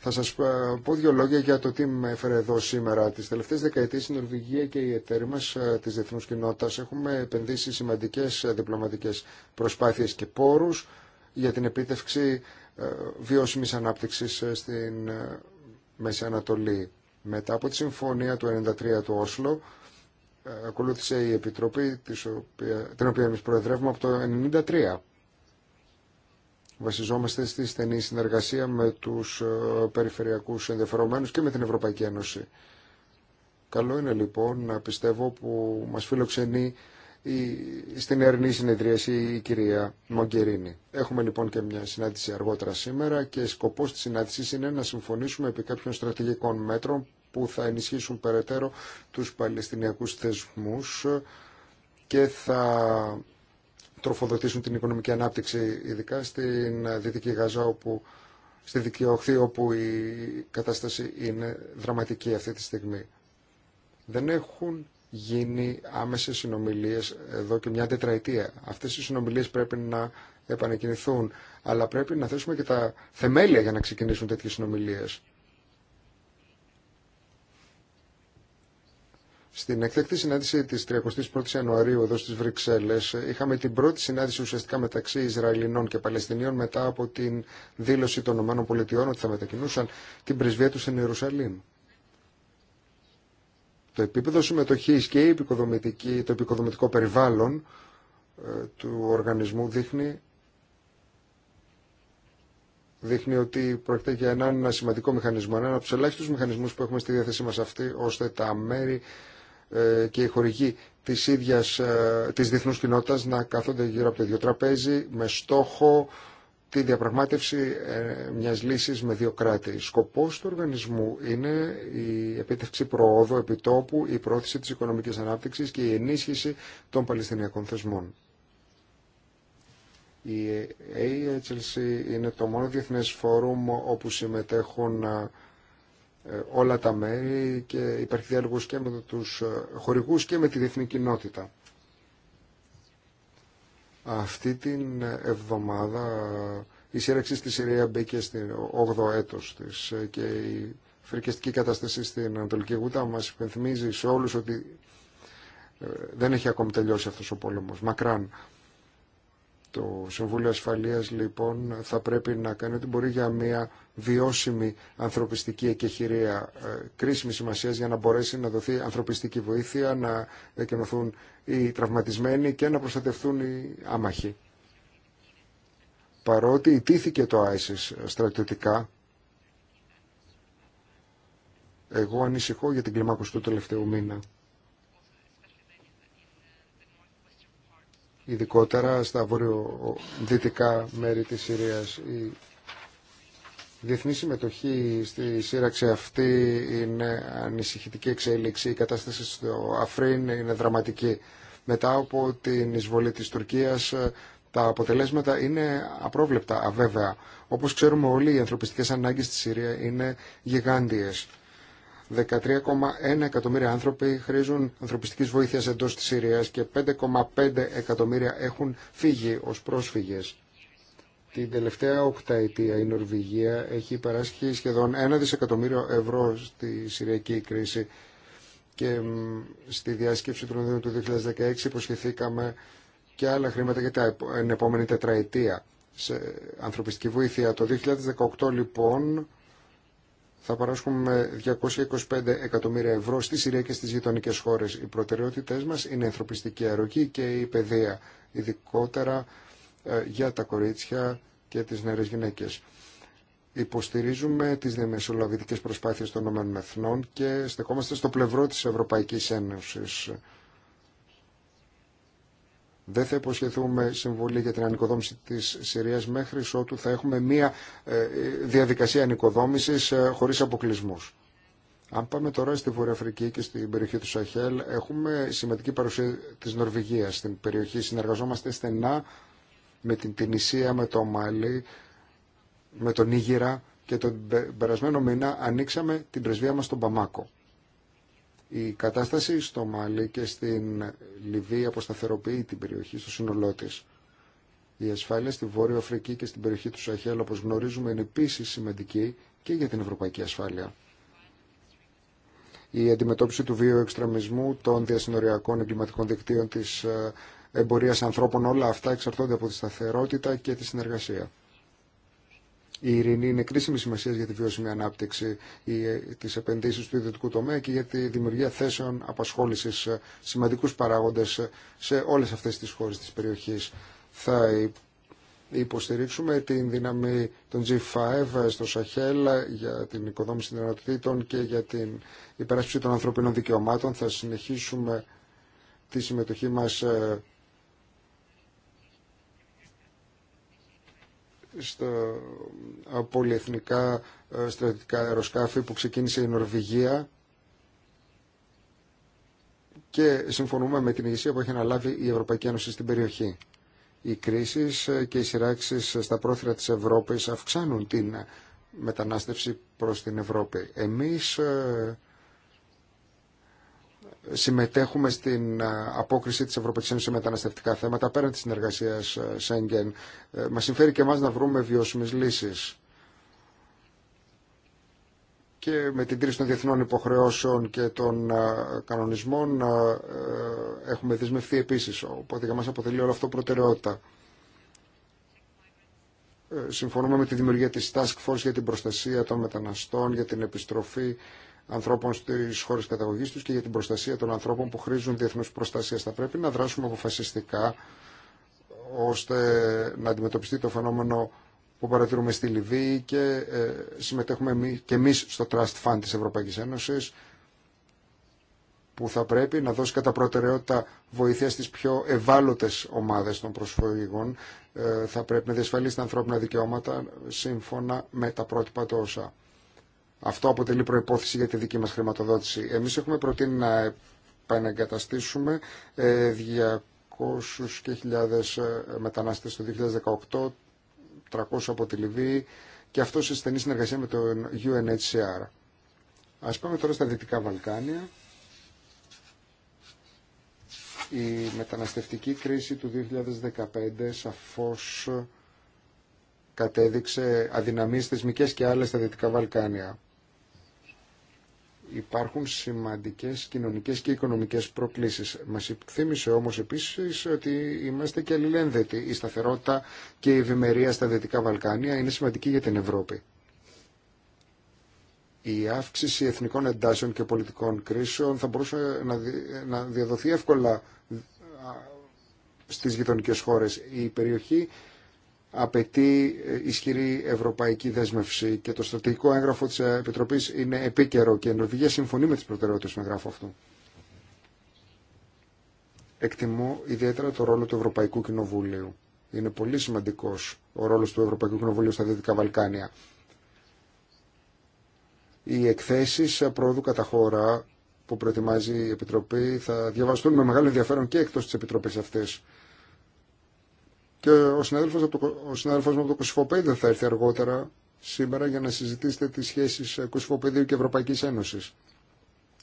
Θα σας πω δύο λόγια για το τι με έφερε εδώ σήμερα. Τις τελευταίες δεκαετίες η Νορβηγία και οι εταίροι μας της διεθνούς κοινότητας έχουμε επενδύσει σημαντικές διπλωματικές προσπάθειες και πόρους για την επίτευξη ε, βιώσιμης ανάπτυξης ε, στην ε, Μέση Ανατολή. Μετά από τη συμφωνία του 1993 του Όσλο, ακολούθησε η Επιτροπή την οποία εμείς προεδρεύουμε από το 1993. Βασιζόμαστε στη στενή συνεργασία με τους περιφερειακούς ενδιαφερομένους και με την Ευρωπαϊκή Ένωση. Καλό είναι λοιπόν να πιστεύω που μας φιλοξενεί στην ερνή συνεδρίαση η κυρία Μογκερίνη. Έχουμε λοιπόν και μια συνάντηση αργότερα σήμερα και σκοπός της συνάντησης είναι να συμφωνήσουμε επί κάποιων στρατηγικών μέτρων που θα ενισχύσουν περαιτέρω τους παλαιστινιακούς θεσμούς και θα τροφοδοτήσουν την οικονομική ανάπτυξη, ειδικά στην Δυτική Γαζά, όπου, στη Δυτική όπου η κατάσταση είναι δραματική αυτή τη στιγμή. Δεν έχουν γίνει άμεσες συνομιλίες εδώ και μια τετραετία. Αυτές οι συνομιλίες πρέπει να επανεκκινηθούν, αλλά πρέπει να θέσουμε και τα θεμέλια για να ξεκινήσουν τέτοιες συνομιλίες. Στην εκτέκτη συνάντηση της 31ης Ιανουαρίου εδώ στις Βρυξέλλες είχαμε την πρώτη συνάντηση ουσιαστικά μεταξύ Ισραηλινών και Παλαιστινίων μετά από την δήλωση των ΗΠΑ ότι θα μετακινούσαν την πρεσβεία του στην Ιερουσαλήμ. Το επίπεδο συμμετοχής και η επικοδομητική, το επικοδομητικό περιβάλλον ε, του οργανισμού δείχνει δείχνει ότι πρόκειται για έναν σημαντικό μηχανισμό, έναν από του ελάχιστου μηχανισμού που έχουμε στη διάθεσή μας αυτή, ώστε τα μέρη ε, και οι χορηγοί της ίδιας ε, της διεθνούς κοινότητας να κάθονται γύρω από το ίδιο τραπέζι με στόχο τη διαπραγμάτευση ε, μιας λύσης με δύο κράτη. Σκοπός του οργανισμού είναι η επίτευξη προόδου επιτόπου, η πρόθεση της οικονομικής ανάπτυξης και η ενίσχυση των Παλαιστινιακών θεσμών. Η AHLC είναι το μόνο διεθνές φόρουμ όπου συμμετέχουν ε, όλα τα μέρη και υπάρχει διάλογος και με τους ε, χορηγούς και με τη διεθνή κοινότητα. Αυτή την εβδομάδα η σύρεξη στη Συρία μπήκε στην 8ο έτος της και η φρικεστική κατάσταση στην Ανατολική Γούτα μας υπενθυμίζει σε όλους ότι ε, δεν έχει ακόμη τελειώσει αυτός ο πόλεμος, μακράν. Το Συμβούλιο Ασφαλείας λοιπόν θα πρέπει να κάνει ό,τι μπορεί για μια βιώσιμη ανθρωπιστική εκεχηρία ε, κρίσιμη σημασία για να μπορέσει να δοθεί ανθρωπιστική βοήθεια, να εκενωθούν οι τραυματισμένοι και να προστατευτούν οι άμαχοι. Παρότι ιτήθηκε το ISIS ε, στρατιωτικά, εγώ ανησυχώ για την κλιμάκωση του τελευταίου μήνα. ειδικότερα στα βορειοδυτικά μέρη της Συρίας. Η διεθνή συμμετοχή στη σύραξη αυτή είναι ανησυχητική εξέλιξη. Η κατάσταση στο Αφρίν είναι δραματική. Μετά από την εισβολή της Τουρκίας τα αποτελέσματα είναι απρόβλεπτα, αβέβαια. Όπως ξέρουμε όλοι, οι ανθρωπιστικές ανάγκες στη Συρία είναι γιγάντιες. 13,1 εκατομμύρια άνθρωποι χρήζουν ανθρωπιστική βοήθεια εντό τη Συρία, και 5,5 εκατομμύρια έχουν φύγει ως πρόσφυγε. Την τελευταία οκταετία η Νορβηγία έχει παράσχει σχεδόν 1 δισεκατομμύριο ευρώ στη Συριακή κρίση και στη διάσκεψη του Λονδίνου του 2016 υποσχεθήκαμε και άλλα χρήματα για την επόμενη τετραετία σε ανθρωπιστική βοήθεια. Το 2018 λοιπόν θα παράσχουμε 225 εκατομμύρια ευρώ στη Συρία και στι γειτονικέ χώρες. Οι προτεραιότητε μας είναι η ανθρωπιστική αρρωγή και η παιδεία, ειδικότερα ε, για τα κορίτσια και τις νεαρές γυναίκε. Υποστηρίζουμε τις διαμεσολαβητικέ προσπάθειες των ΗΕ και στεκόμαστε στο πλευρό της Ευρωπαϊκής Ένωσης δεν θα υποσχεθούμε συμβολή για την ανοικοδόμηση της Συρία μέχρι ότου θα έχουμε μία ε, διαδικασία ανοικοδόμησης ε, χωρίς αποκλεισμού. Αν πάμε τώρα στη Βορειοαφρική και στην περιοχή του Σαχέλ, έχουμε σημαντική παρουσία της Νορβηγία στην περιοχή. Συνεργαζόμαστε στενά με την Τινησία, με το Μάλι, με τον Ήγηρα και τον περασμένο μήνα ανοίξαμε την πρεσβεία μα στον Παμάκο. Η κατάσταση στο Μάλι και στην Λιβύη αποσταθεροποιεί την περιοχή στο σύνολό τη. Η ασφάλεια στη Βόρεια Αφρική και στην περιοχή του Σαχέλ, όπω γνωρίζουμε, είναι επίση σημαντική και για την ευρωπαϊκή ασφάλεια. Η αντιμετώπιση του βίου των διασυνοριακών εγκληματικών δικτύων τη ε, εμπορία ανθρώπων, όλα αυτά εξαρτώνται από τη σταθερότητα και τη συνεργασία. Η ειρήνη είναι κρίσιμη σημασία για τη βιώσιμη ανάπτυξη, τι επενδύσει του ιδιωτικού τομέα και για τη δημιουργία θέσεων απασχόληση, ε, σημαντικού παράγοντε ε, σε όλε αυτέ τι χώρε τη περιοχή. Θα υποστηρίξουμε την δύναμη των G5 ε, στο Σαχέλ για την οικοδόμηση δυνατοτήτων και για την υπεράσπιση των ανθρωπίνων δικαιωμάτων. Θα συνεχίσουμε τη συμμετοχή μας στα πολυεθνικά ε, στρατιωτικά αεροσκάφη που ξεκίνησε η Νορβηγία και συμφωνούμε με την ηγεσία που έχει αναλάβει η Ευρωπαϊκή Ένωση στην περιοχή. Οι κρίσεις ε, και οι σειράξεις στα πρόθυρα της Ευρώπης αυξάνουν την μετανάστευση προς την Ευρώπη. Εμείς ε, συμμετέχουμε στην απόκριση της Ευρωπαϊκής Ένωσης σε μεταναστευτικά θέματα πέραν της συνεργασίας Σέγγεν. Ε, μας συμφέρει και εμάς να βρούμε βιώσιμες λύσεις και με την κρίση των διεθνών υποχρεώσεων και των κανονισμών ε, έχουμε δεσμευτεί επίσης. Οπότε για μας αποτελεί όλο αυτό προτεραιότητα. Ε, συμφωνούμε με τη δημιουργία της Task Force για την προστασία των μεταναστών, για την επιστροφή ανθρώπων στι χώρε καταγωγή του και για την προστασία των ανθρώπων που χρήζουν διεθνού προστασία. Θα πρέπει να δράσουμε αποφασιστικά ώστε να αντιμετωπιστεί το φαινόμενο που παρατηρούμε στη Λιβύη και ε, συμμετέχουμε και εμείς στο Trust Fund της Ευρωπαϊκής Ένωσης που θα πρέπει να δώσει κατά προτεραιότητα βοήθεια στις πιο ευάλωτες ομάδες των προσφυγών. Ε, θα πρέπει να διασφαλίσει τα ανθρώπινα δικαιώματα σύμφωνα με τα πρότυπα του αυτό αποτελεί προπόθεση για τη δική μας χρηματοδότηση. Εμείς έχουμε προτείνει να επαναγκαταστήσουμε 200.000 ε, και ε, μετανάστες το 2018, 300 από τη Λιβύη και αυτό σε στενή συνεργασία με το UNHCR. Ας πάμε τώρα στα Δυτικά Βαλκάνια. Η μεταναστευτική κρίση του 2015 σαφώς κατέδειξε αδυναμίες θεσμικές και άλλες στα Δυτικά Βαλκάνια υπάρχουν σημαντικές κοινωνικές και οικονομικές προκλήσεις. Μας θύμισε όμως επίσης ότι είμαστε και αλληλένδετοι. Η σταθερότητα και η ευημερία στα Δυτικά Βαλκάνια είναι σημαντική για την Ευρώπη. Η αύξηση εθνικών εντάσεων και πολιτικών κρίσεων θα μπορούσε να διαδοθεί εύκολα στις γειτονικές χώρες. Η περιοχή απαιτεί ισχυρή ευρωπαϊκή δέσμευση και το στρατηγικό έγγραφο της Επιτροπής είναι επίκαιρο και η Νορβηγία συμφωνεί με τις προτεραιότητες του εγγράφου αυτού. Εκτιμώ ιδιαίτερα το ρόλο του Ευρωπαϊκού Κοινοβουλίου. Είναι πολύ σημαντικός ο ρόλος του Ευρωπαϊκού Κοινοβουλίου στα Δυτικά Βαλκάνια. Οι εκθέσεις πρόοδου κατά χώρα που προετοιμάζει η Επιτροπή θα διαβαστούν με μεγάλο ενδιαφέρον και εκτός της Επιτροπής αυτής. Και ο συνάδελφος, από το, ο συνάδελφος μου από το Κωσυφοπέδιο θα έρθει αργότερα σήμερα για να συζητήσετε τις σχέσεις ε, Κωσυφοπέδιου και Ευρωπαϊκής Ένωσης.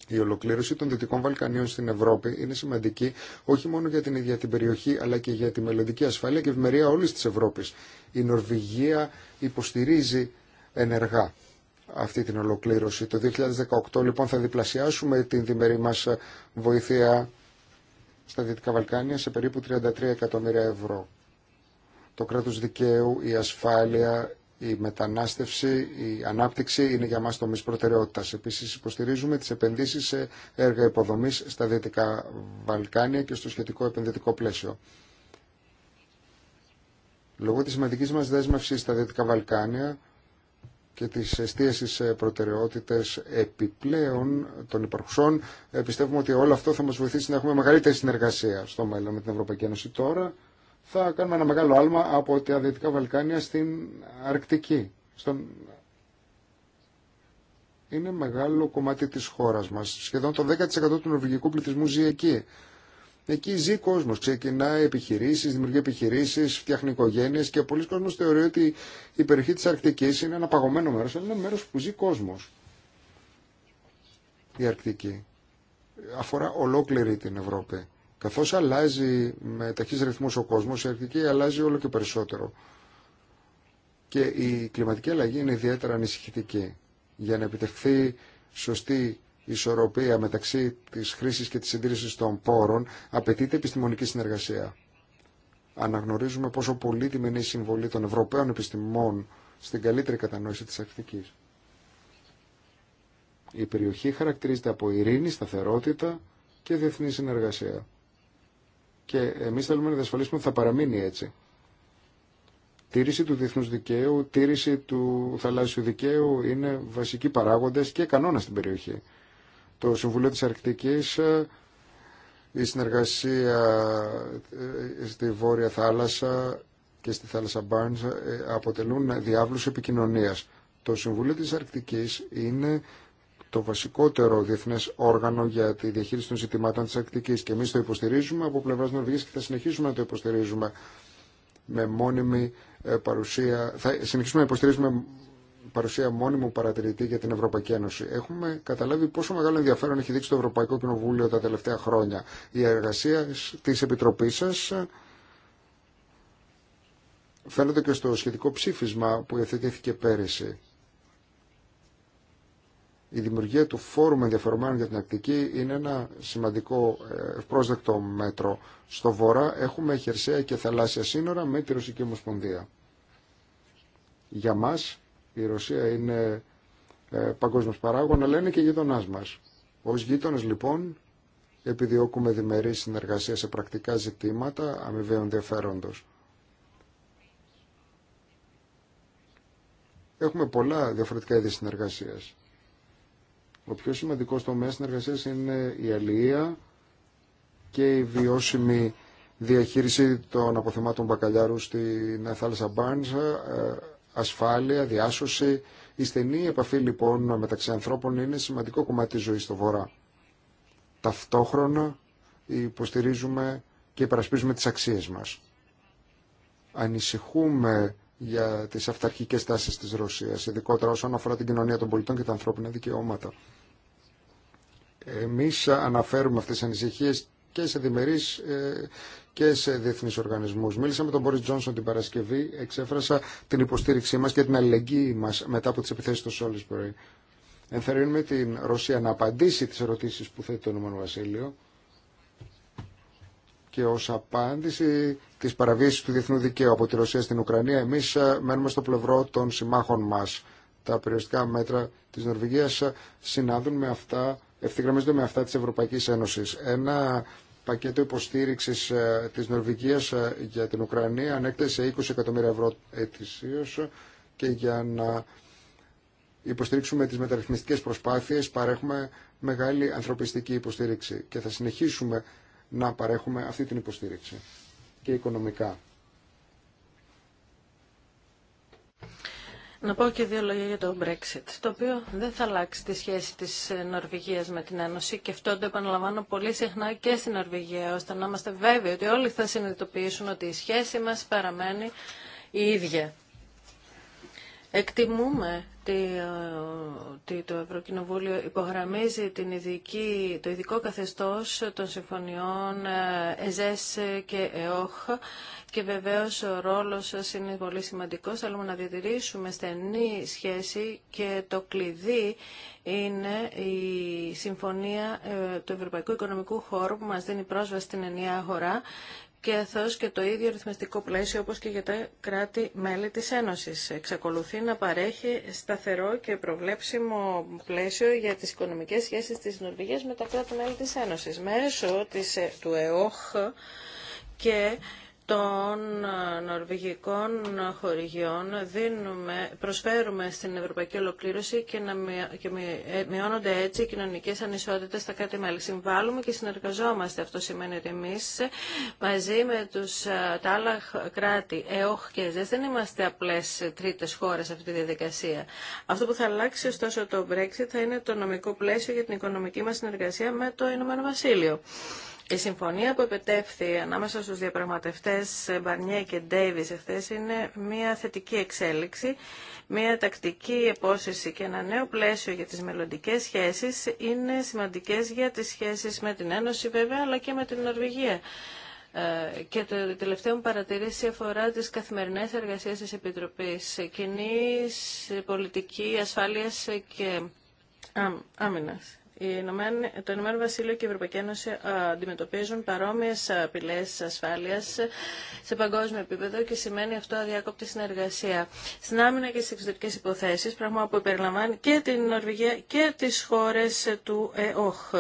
Η ολοκλήρωση των Δυτικών Βαλκανίων στην Ευρώπη είναι σημαντική όχι μόνο για την ίδια την περιοχή αλλά και για τη μελλοντική ασφάλεια και ευημερία όλης της Ευρώπης. Η Νορβηγία υποστηρίζει ενεργά αυτή την ολοκλήρωση. Το 2018 λοιπόν θα διπλασιάσουμε την διμερή μας ε, βοήθεια στα Δυτικά Βαλκάνια σε περίπου 33 εκατομμύρια ευρώ το κράτος δικαίου, η ασφάλεια, η μετανάστευση, η ανάπτυξη είναι για μας τομείς προτεραιότητας. Επίσης υποστηρίζουμε τις επενδύσεις σε έργα υποδομής στα Δυτικά Βαλκάνια και στο σχετικό επενδυτικό πλαίσιο. Λόγω της σημαντικής μας δέσμευσης στα Δυτικά Βαλκάνια και της εστίασης σε προτεραιότητες επιπλέον των υπαρχουσών, ε, πιστεύουμε ότι όλο αυτό θα μας βοηθήσει να έχουμε μεγαλύτερη συνεργασία στο μέλλον με την Ευρωπαϊκή Ένωση τώρα θα κάνουμε ένα μεγάλο άλμα από τα Δυτικά Βαλκάνια στην Αρκτική. Στον... Είναι μεγάλο κομμάτι της χώρας μας. Σχεδόν το 10% του νορβηγικού πληθυσμού ζει εκεί. Εκεί ζει κόσμο, ξεκινάει επιχειρήσει, δημιουργεί επιχειρήσει, φτιάχνει οικογένειε και πολλοί κόσμοι θεωρεί ότι η περιοχή τη Αρκτική είναι ένα παγωμένο μέρο, αλλά είναι μέρο που ζει κόσμο. Η Αρκτική. Αφορά ολόκληρη την Ευρώπη. Καθώ αλλάζει με ταχύ ρυθμού ο κόσμο, η Αρκτική αλλάζει όλο και περισσότερο. Και η κλιματική αλλαγή είναι ιδιαίτερα ανησυχητική. Για να επιτευχθεί σωστή ισορροπία μεταξύ τη χρήση και τη συντήρηση των πόρων, απαιτείται επιστημονική συνεργασία. Αναγνωρίζουμε πόσο πολύτιμη είναι η συμβολή των Ευρωπαίων επιστημών στην καλύτερη κατανόηση τη Αρκτική. Η περιοχή χαρακτηρίζεται από ειρήνη, σταθερότητα και διεθνή συνεργασία και εμείς θέλουμε να διασφαλίσουμε ότι θα παραμείνει έτσι. Τήρηση του διεθνού δικαίου, τήρηση του θαλάσσιου δικαίου είναι βασικοί παράγοντες και κανόνα στην περιοχή. Το Συμβουλίο της Αρκτικής, ε, η συνεργασία ε, στη Βόρεια Θάλασσα και στη Θάλασσα Μπάρνς ε, αποτελούν διάβλους επικοινωνίας. Το Συμβουλίο της Αρκτικής είναι το βασικότερο διεθνέ όργανο για τη διαχείριση των ζητημάτων τη Αρκτική. Και εμεί το υποστηρίζουμε από πλευρά Νορβηγία και θα συνεχίσουμε να το υποστηρίζουμε με μόνιμη ε, παρουσία. Θα συνεχίσουμε να υποστηρίζουμε παρουσία μόνιμου παρατηρητή για την Ευρωπαϊκή Ένωση. Έχουμε καταλάβει πόσο μεγάλο ενδιαφέρον έχει δείξει το Ευρωπαϊκό Κοινοβούλιο τα τελευταία χρόνια. Η εργασία τη Επιτροπή σα ε, φαίνεται και στο σχετικό ψήφισμα που εθετήθηκε πέρυσι η δημιουργία του Φόρουμ Ενδιαφερομένων για την ακτική είναι ένα σημαντικό ε, ευπρόσδεκτο μέτρο. Στο βορρά έχουμε χερσαία και θαλάσσια σύνορα με τη Ρωσική Ομοσπονδία. Για μας η Ρωσία είναι ε, παγκόσμιος παράγων, αλλά είναι και γείτονά μας. Ως γείτονες λοιπόν επιδιώκουμε διμερή συνεργασία σε πρακτικά ζητήματα αμοιβαίων ενδιαφέροντος. Έχουμε πολλά διαφορετικά είδη συνεργασίας ο πιο σημαντικός τομέας συνεργασίας είναι η αλληλεία και η βιώσιμη διαχείριση των αποθεμάτων μπακαλιάρου στην θάλασσα Μπάνζα, ε, ασφάλεια, διάσωση. Η στενή επαφή λοιπόν μεταξύ ανθρώπων είναι σημαντικό κομμάτι της ζωής στο Βορρά. Ταυτόχρονα υποστηρίζουμε και υπερασπίζουμε τις αξίες μας. Ανησυχούμε για τις αυταρχικές τάσεις της Ρωσίας, ειδικότερα όσον αφορά την κοινωνία των πολιτών και τα ανθρώπινα δικαιώματα. Εμείς αναφέρουμε αυτές τις ανησυχίες και σε διμερείς ε, και σε διεθνεί οργανισμού. Μίλησα με τον Μπόρι Τζόνσον την Παρασκευή, εξέφρασα την υποστήριξή μα και την αλληλεγγύη μα μετά από τι επιθέσει στο Σόλισμπορ. Ενθαρρύνουμε την Ρωσία να απαντήσει τι ερωτήσει που θέτει το Ηνωμένο Βασίλειο και ω απάντηση τη παραβίαση του διεθνού δικαίου από τη Ρωσία στην Ουκρανία, εμεί ε, μένουμε στο πλευρό των συμμάχων μα. Τα περιοριστικά μέτρα τη Νορβηγία ε, συνάδουν με αυτά ευθυγραμμίζονται με αυτά της Ευρωπαϊκής Ένωσης. Ένα πακέτο υποστήριξης ε, της Νορβηγίας ε, για την Ουκρανία ανέκτησε 20 εκατομμύρια ευρώ ετησίως και για να υποστηρίξουμε τις μεταρρυθμιστικές προσπάθειες παρέχουμε μεγάλη ανθρωπιστική υποστήριξη και θα συνεχίσουμε να παρέχουμε αυτή την υποστήριξη και οικονομικά. Να πω και δύο λόγια για το Brexit, το οποίο δεν θα αλλάξει τη σχέση της Νορβηγίας με την Ένωση και αυτό το επαναλαμβάνω πολύ συχνά και στην Νορβηγία, ώστε να είμαστε βέβαιοι ότι όλοι θα συνειδητοποιήσουν ότι η σχέση μας παραμένει η ίδια. Εκτιμούμε ότι το Ευρωκοινοβούλιο υπογραμμίζει την ειδική, το ειδικό καθεστώς των συμφωνιών ε, ΕΖΕΣ και ΕΟΧ και βεβαίως ο ρόλος σας είναι πολύ σημαντικός. Θέλουμε να διατηρήσουμε στενή σχέση και το κλειδί είναι η Συμφωνία ε, του Ευρωπαϊκού Οικονομικού Χώρου που μας δίνει πρόσβαση στην ενιαία αγορά και εθώς και το ίδιο ρυθμιστικό πλαίσιο όπως και για τα κράτη-μέλη της Ένωσης. Εξακολουθεί να παρέχει σταθερό και προβλέψιμο πλαίσιο για τις οικονομικές σχέσεις της Νορβηγίας με τα κράτη-μέλη της Ένωσης. Μέσω της, ε, του ΕΟΧ και των ε, νορβηγικών χορηγιών δίνουμε, προσφέρουμε στην ευρωπαϊκή ολοκλήρωση και, ε, μειώνονται έτσι οι κοινωνικές ανισότητες στα κρατη μέλη. Συμβάλλουμε και συνεργαζόμαστε. Αυτό σημαίνει ότι εμείς ε, μαζί με τους, τα άλλα κράτη, ΕΟΧ και ΕΖΕΣ, δεν είμαστε απλές τρίτες χώρες σε αυτή τη διαδικασία. Αυτό που θα αλλάξει ωστόσο το Brexit θα είναι το νομικό πλαίσιο για την οικονομική μας συνεργασία με το Ηνωμένο Βασίλειο. Η συμφωνία που επετεύθη ανάμεσα στους διαπραγματευτές Μπαρνιέ και Ντέιβις εχθές είναι μια θετική εξέλιξη, μια τακτική επόσυση και ένα νέο πλαίσιο για τις μελλοντικές σχέσεις είναι σημαντικές για τις σχέσεις με την Ένωση βέβαια αλλά και με την Νορβηγία. Ε, και το τελευταίο μου παρατηρήση αφορά τις καθημερινές εργασίες της Επιτροπής κοινή Πολιτική Ασφάλειας και Άμυνας το Ηνωμένο Βασίλειο και η Ευρωπαϊκή Ένωση ε, αντιμετωπίζουν παρόμοιες ε, απειλέ ασφάλειας σε παγκόσμιο επίπεδο και σημαίνει αυτό αδιάκοπτη συνεργασία στην άμυνα και στι εξωτερικέ υποθέσεις, πράγμα που περιλαμβάνει και την Νορβηγία και τις χώρες του ΕΟΧ.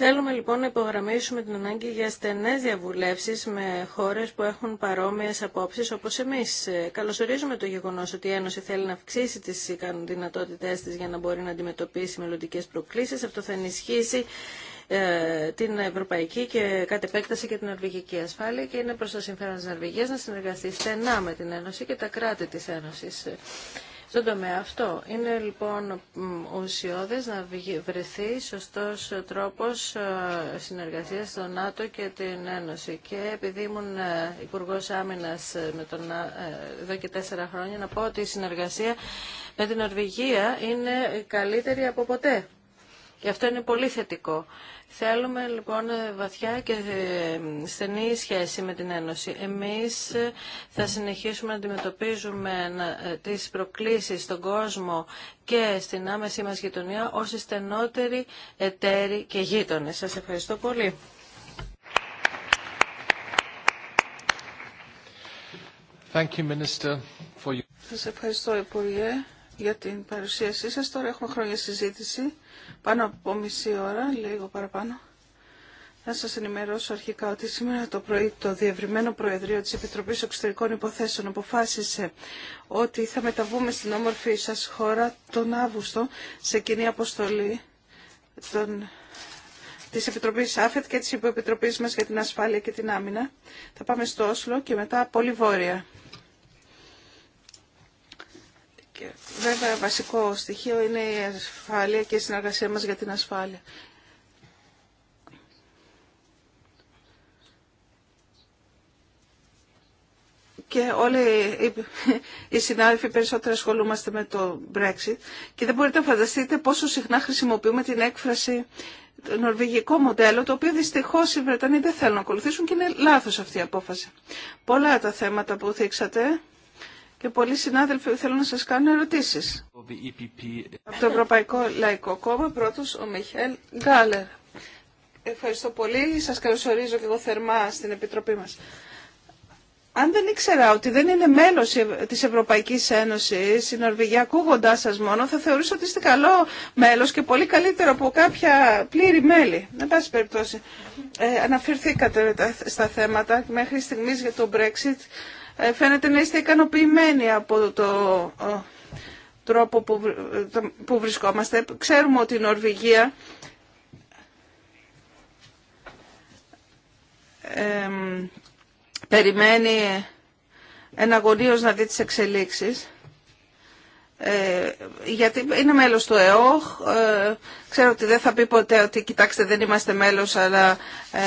Θέλουμε λοιπόν να υπογραμμίσουμε την ανάγκη για στενές διαβουλεύσεις με χώρες που έχουν παρόμοιες απόψεις όπως εμείς. Καλωσορίζουμε το γεγονός ότι η Ένωση θέλει να αυξήσει τις δυνατότητές της για να μπορεί να αντιμετωπίσει μελλοντικές προκλήσεις. Αυτό θα ενισχύσει ε, την ευρωπαϊκή και κατ' επέκταση και την αρβηγική ασφάλεια και είναι προς το συμφέρον της Νορβηγίας να συνεργαστεί στενά με την Ένωση και τα κράτη της Ένωσης στον τομέα αυτό. Είναι λοιπόν ουσιώδες να βρεθεί σωστός τρόπος ε, συνεργασίας στο ΝΑΤΟ και την Ένωση. Και επειδή ήμουν ε, υπουργό Άμυνα ε, με τον εδώ και τέσσερα χρόνια, να πω ότι η συνεργασία με την Νορβηγία είναι καλύτερη από ποτέ. Και αυτό είναι πολύ θετικό. Θέλουμε λοιπόν βαθιά και ε, στενή σχέση με την Ένωση. Εμείς ε, θα συνεχίσουμε να αντιμετωπίζουμε ε, τις προκλήσεις στον κόσμο και στην άμεση μας γειτονία ως στενότεροι εταίροι και γείτονες. Σας ευχαριστώ πολύ. ευχαριστώ, για την παρουσίασή σας. Τώρα έχουμε χρόνια συζήτηση, πάνω από μισή ώρα, λίγο παραπάνω. Θα σας ενημερώσω αρχικά ότι σήμερα το πρωί το Διευρυμένο Προεδρείο της Επιτροπής Εξωτερικών Υποθέσεων αποφάσισε ότι θα μεταβούμε στην όμορφη σας χώρα τον Αύγουστο σε κοινή αποστολή των της Επιτροπής ΑΦΕΤ και της Υποεπιτροπής μας για την Ασφάλεια και την Άμυνα. Θα πάμε στο Όσλο και μετά πολύ βόρεια. Βέβαια, βασικό στοιχείο είναι η ασφάλεια και η συνεργασία μας για την ασφάλεια. και όλοι οι συνάδελφοι περισσότερο ασχολούμαστε με το Brexit και δεν μπορείτε να φανταστείτε πόσο συχνά χρησιμοποιούμε την έκφραση το νορβηγικό μοντέλο, το οποίο δυστυχώς οι Βρετανοί δεν θέλουν να ακολουθήσουν και είναι λάθο αυτή η απόφαση. Πολλά τα θέματα που θίξατε και πολλοί συνάδελφοι θέλουν να σας κάνουν ερωτήσεις. Από το Ευρωπαϊκό Λαϊκό Κόμμα, πρώτος ο Μιχέλ Γκάλερ. Ευχαριστώ πολύ. Σας καλωσορίζω και εγώ θερμά στην Επιτροπή μας. Αν δεν ήξερα ότι δεν είναι μέλος της Ευρωπαϊκής Ένωσης η Νορβηγία, ακούγοντά σας μόνο, θα θεωρούσα ότι είστε καλό μέλος και πολύ καλύτερο από κάποια πλήρη μέλη. Εν πάση περιπτώσει, ε, αναφερθήκατε στα θέματα μέχρι στιγμής για το Brexit ε, φαίνεται να είστε ικανοποιημένοι από το τρόπο που βρισκόμαστε. Ξέρουμε ότι η Νορβηγία περιμένει εναγωνίως να δει τις εξελίξεις. Ε, γιατί είναι μέλος του ΕΟΧ, ε, ξέρω ότι δεν θα πει ποτέ ότι κοιτάξτε δεν είμαστε μέλος αλλά ε,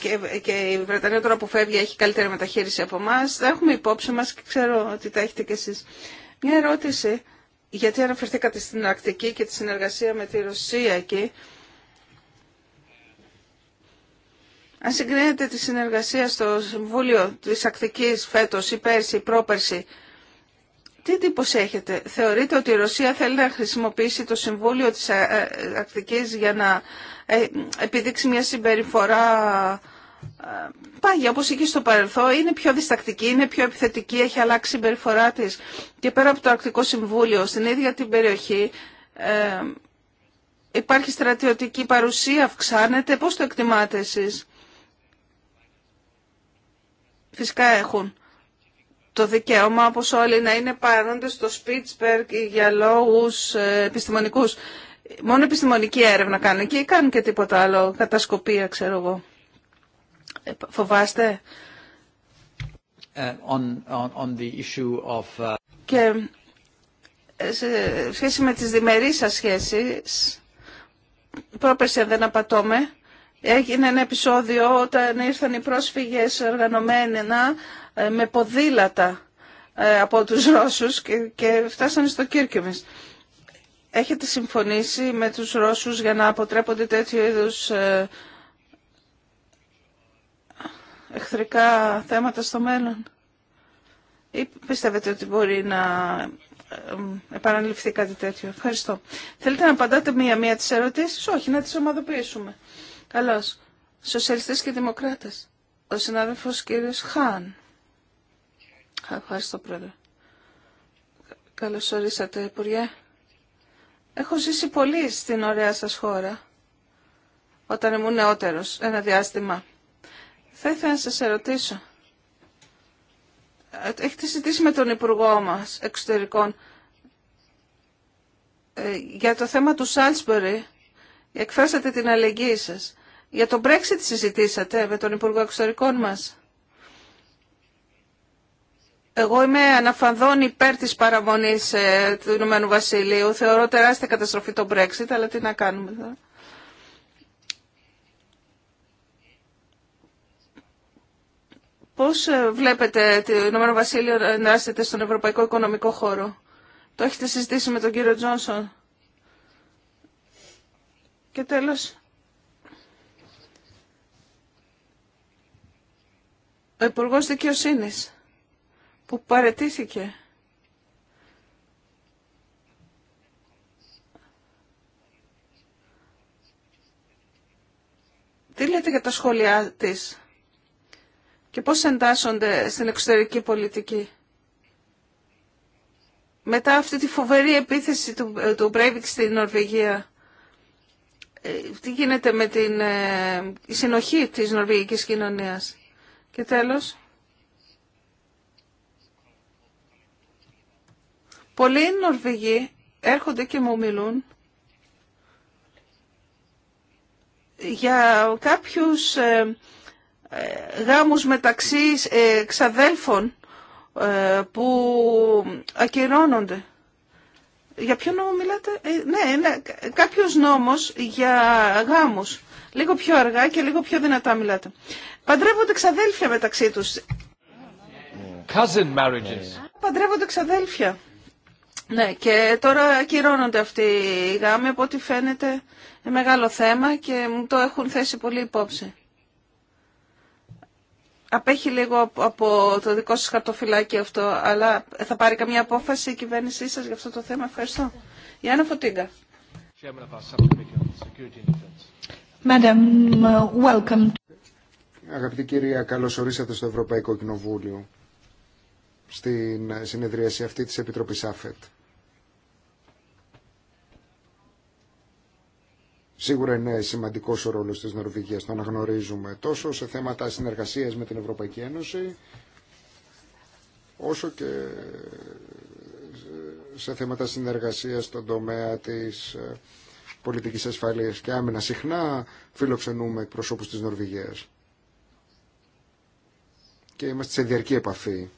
και, και η Βρετανία τώρα που φεύγει έχει καλύτερη μεταχείριση από εμά. έχουμε υπόψη μας και ξέρω ότι τα έχετε κι εσείς. Μια ερώτηση, γιατί αναφερθήκατε στην Ακτική και τη συνεργασία με τη Ρωσία εκεί. Αν συγκρίνετε τη συνεργασία στο Συμβούλιο της Ακτικής φέτος ή πέρσι ή πρόπερσι, τι τύπος έχετε. Θεωρείτε ότι η Ρωσία θέλει να χρησιμοποιήσει το Συμβούλιο της ε, ε, Ακτικής για να ε, επιδείξει μια συμπεριφορά πάγια όπως είχε στο παρελθόν. Είναι πιο διστακτική, είναι πιο επιθετική, έχει αλλάξει η συμπεριφορά της. Και πέρα από το Ακτικό Συμβούλιο, στην ίδια την περιοχή υπάρχει στρατιωτική παρουσία, αυξάνεται. Πώς το εκτιμάτε εσείς. Φυσικά έχουν το δικαίωμα, όπως όλοι, να είναι παρόντες στο Σπίτσπερκ για λόγους ε, επιστημονικούς. Μόνο επιστημονική έρευνα κάνουν και κάνουν και τίποτα άλλο, κατασκοπία, ξέρω εγώ. Ε, φοβάστε. Ε, on, on, uh, Και σε σχέση με τις διμερείς σας σχέσεις, δεν απατώμε, έγινε ένα επεισόδιο όταν ήρθαν οι πρόσφυγες οργανωμένα ε, με ποδήλατα ε, από τους Ρώσους και φτάσανε στο Κίρκεμις. Έχετε συμφωνήσει με τους Ρώσους για να αποτρέπονται τέτοιου είδους ε, εχθρικά θέματα στο μέλλον ή πιστεύετε ότι μπορεί να επαναληφθεί κάτι τέτοιο. Ευχαριστώ. Θέλετε να απαντάτε μία-μία τις ερωτήσεις. Όχι, να τις ομαδοποιήσουμε. Καλώς. Σοσιαλιστές και Δημοκράτες. Ο συνάδελφος κύριος Χάν. Ευχαριστώ, Πρόεδρε. Καλώς ορίσατε, Υπουργέ. Έχω ζήσει πολύ στην ωραία σας χώρα, όταν ήμουν νεότερος, ένα διάστημα. Θα ήθελα να σας ερωτήσω. Ε, έχετε συζητήσει με τον Υπουργό μας εξωτερικών ε, για το θέμα του Σάλτσμπερι. Εκφράσατε την αλληλεγγύη σας. Για το Brexit συζητήσατε με τον Υπουργό Εξωτερικών μας. Εγώ είμαι αναφανδόν υπέρ της παραμονής ε, του Ηνωμένου Βασιλείου. Θεωρώ τεράστια καταστροφή το Brexit, αλλά τι να κάνουμε εδώ. Πώς ε, βλέπετε το Ηνωμένο Βασίλειο να εντάσσεται στον Ευρωπαϊκό Οικονομικό Χώρο. Το έχετε συζητήσει με τον κύριο Τζόνσον. Και τέλος, ο Υπουργός Δικαιοσύνης που παρετήθηκε. Τι λέτε για τα σχόλιά της και πώς εντάσσονται στην εξωτερική πολιτική. Μετά αυτή τη φοβερή επίθεση του, ε, του στη στην Νορβηγία, ε, τι γίνεται με την ε, συνοχή της νορβηγικής κοινωνίας. Και τέλος, Πολλοί Νορβηγοί έρχονται και μου μιλούν για κάποιους ε, ε, γάμους μεταξύ ε, ξαδέλφων που ακυρώνονται. Για ποιο νόμο μιλάτε? Ναι, είναι κάποιος νόμος για γάμους. Λίγο πιο αργά και λίγο πιο δυνατά μιλάτε. Παντρεύονται ξαδέλφια μεταξύ τους. Cousin marriages. Παντρεύονται ξαδέλφια. Ναι, και τώρα ακυρώνονται αυτοί οι γάμοι, από ό,τι φαίνεται είναι μεγάλο θέμα και μου το έχουν θέσει πολύ υπόψη. Απέχει λίγο από το δικό σας χαρτοφυλάκι αυτό, αλλά θα πάρει καμία απόφαση η κυβέρνησή σας για αυτό το θέμα. Ευχαριστώ. Γιάννα Φωτίγκα. Madam, uh, welcome. Αγαπητή κυρία, καλώς ορίσατε στο Ευρωπαϊκό Κοινοβούλιο στην συνεδρίαση αυτή της Επιτροπής ΑΦΕΤ. Σίγουρα είναι σημαντικό ο ρόλο τη Νορβηγία, το αναγνωρίζουμε τόσο σε θέματα συνεργασία με την Ευρωπαϊκή Ένωση, όσο και σε θέματα συνεργασία στον τομέα τη ε, πολιτική ασφάλεια και άμυνα. Συχνά φιλοξενούμε εκπροσώπου τη Νορβηγία και είμαστε σε διαρκή επαφή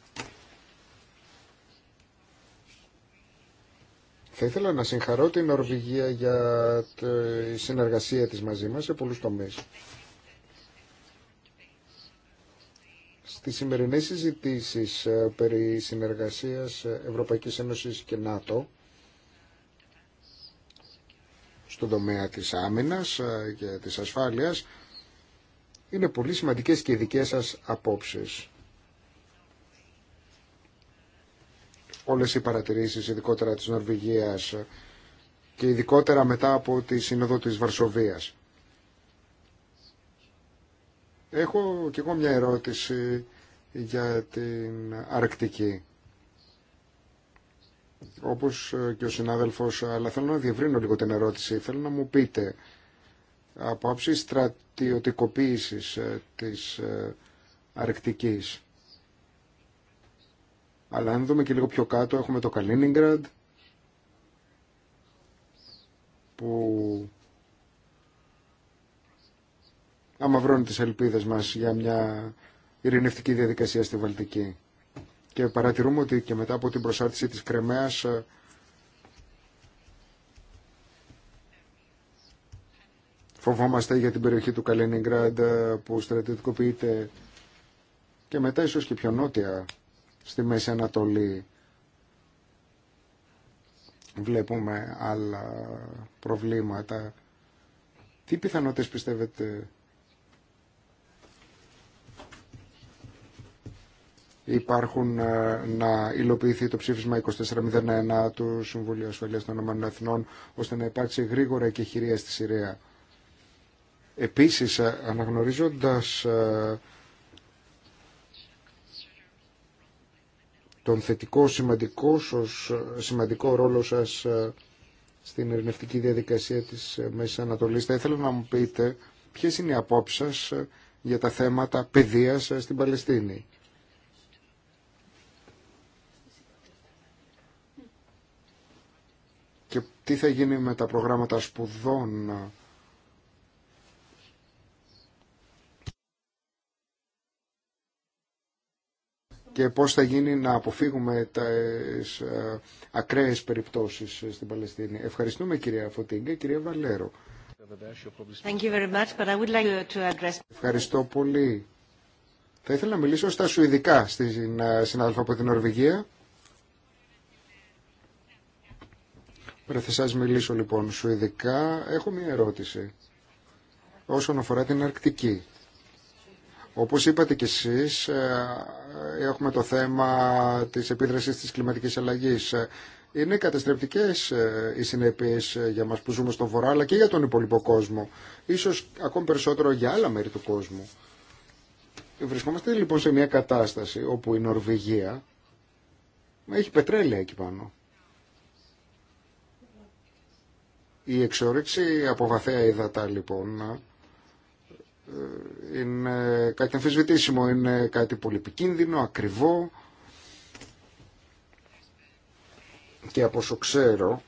Θα ήθελα να συγχαρώ την Νορβηγία για τη συνεργασία της μαζί μας σε πολλούς τομείς. Στις σημερινές συζητήσεις ε, περί συνεργασίας ε, Ευρωπαϊκής Ένωσης και ΝΑΤΟ στον τομέα της άμυνας ε, και της ασφάλειας είναι πολύ σημαντικές και οι δικές σας απόψεις. όλες οι παρατηρήσεις, ειδικότερα της Νορβηγίας και ειδικότερα μετά από τη Σύνοδο της Βαρσοβίας. Έχω κι εγώ μια ερώτηση για την Αρκτική. Όπως και ο συνάδελφος, αλλά θέλω να διευρύνω λίγο την ερώτηση. Θέλω να μου πείτε, από άψη στρατιωτικοποίησης της Αρκτικής, αλλά αν δούμε και λίγο πιο κάτω έχουμε το Καλίνιγκραντ που αμαυρώνει τις ελπίδες μας για μια ειρηνευτική διαδικασία στη Βαλτική. Και παρατηρούμε ότι και μετά από την προσάρτηση της Κρεμαίας ε, φοβόμαστε για την περιοχή του Καλίνιγκραντ ε, που στρατιωτικοποιείται και μετά ίσως και πιο νότια στη Μέση Ανατολή βλέπουμε άλλα προβλήματα. Τι πιθανότητες πιστεύετε υπάρχουν ε, να υλοποιηθεί το ψήφισμα 2401 του Συμβουλίου Ασφαλείας των Ηνωμένων Εθνών ώστε να υπάρξει γρήγορα και χειρία στη Συρία. Επίσης, ε, αναγνωρίζοντας ε, τον θετικό σημαντικό, σημαντικό ρόλο σας ε, στην ειρηνευτική διαδικασία της ε, Μέσης Ανατολής. Θα ήθελα να μου πείτε ποιες είναι οι απόψεις σας ε, για τα θέματα παιδείας στην Παλαιστίνη. Και τι θα γίνει με τα προγράμματα σπουδών και πώς θα γίνει να αποφύγουμε τα ε, ακραίες περιπτώσεις στην Παλαιστίνη. Ευχαριστούμε κυρία και κυρία Βαλέρο. Ευχαριστώ πολύ. Θα ήθελα να μιλήσω στα σουηδικά στην ε, συνάδελφα από την Νορβηγία. Πρέπει να σας μιλήσω λοιπόν σουηδικά. Έχω μία ερώτηση όσον αφορά την Αρκτική. Όπως είπατε κι εσείς, ε, έχουμε το θέμα της επίδρασης της κλιματικής αλλαγής. Είναι καταστρεπτικές ε, οι συνέπειες ε, για μας που ζούμε στον Βορρά, αλλά και για τον υπόλοιπο κόσμο. Ίσως ακόμη περισσότερο για άλλα μέρη του κόσμου. Βρισκόμαστε λοιπόν σε μια κατάσταση όπου η Νορβηγία έχει πετρέλαια εκεί πάνω. Η εξόρυξη από βαθέα υδατά λοιπόν είναι κάτι αμφισβητήσιμο, είναι κάτι πολύ επικίνδυνο, ακριβό και από όσο ξέρω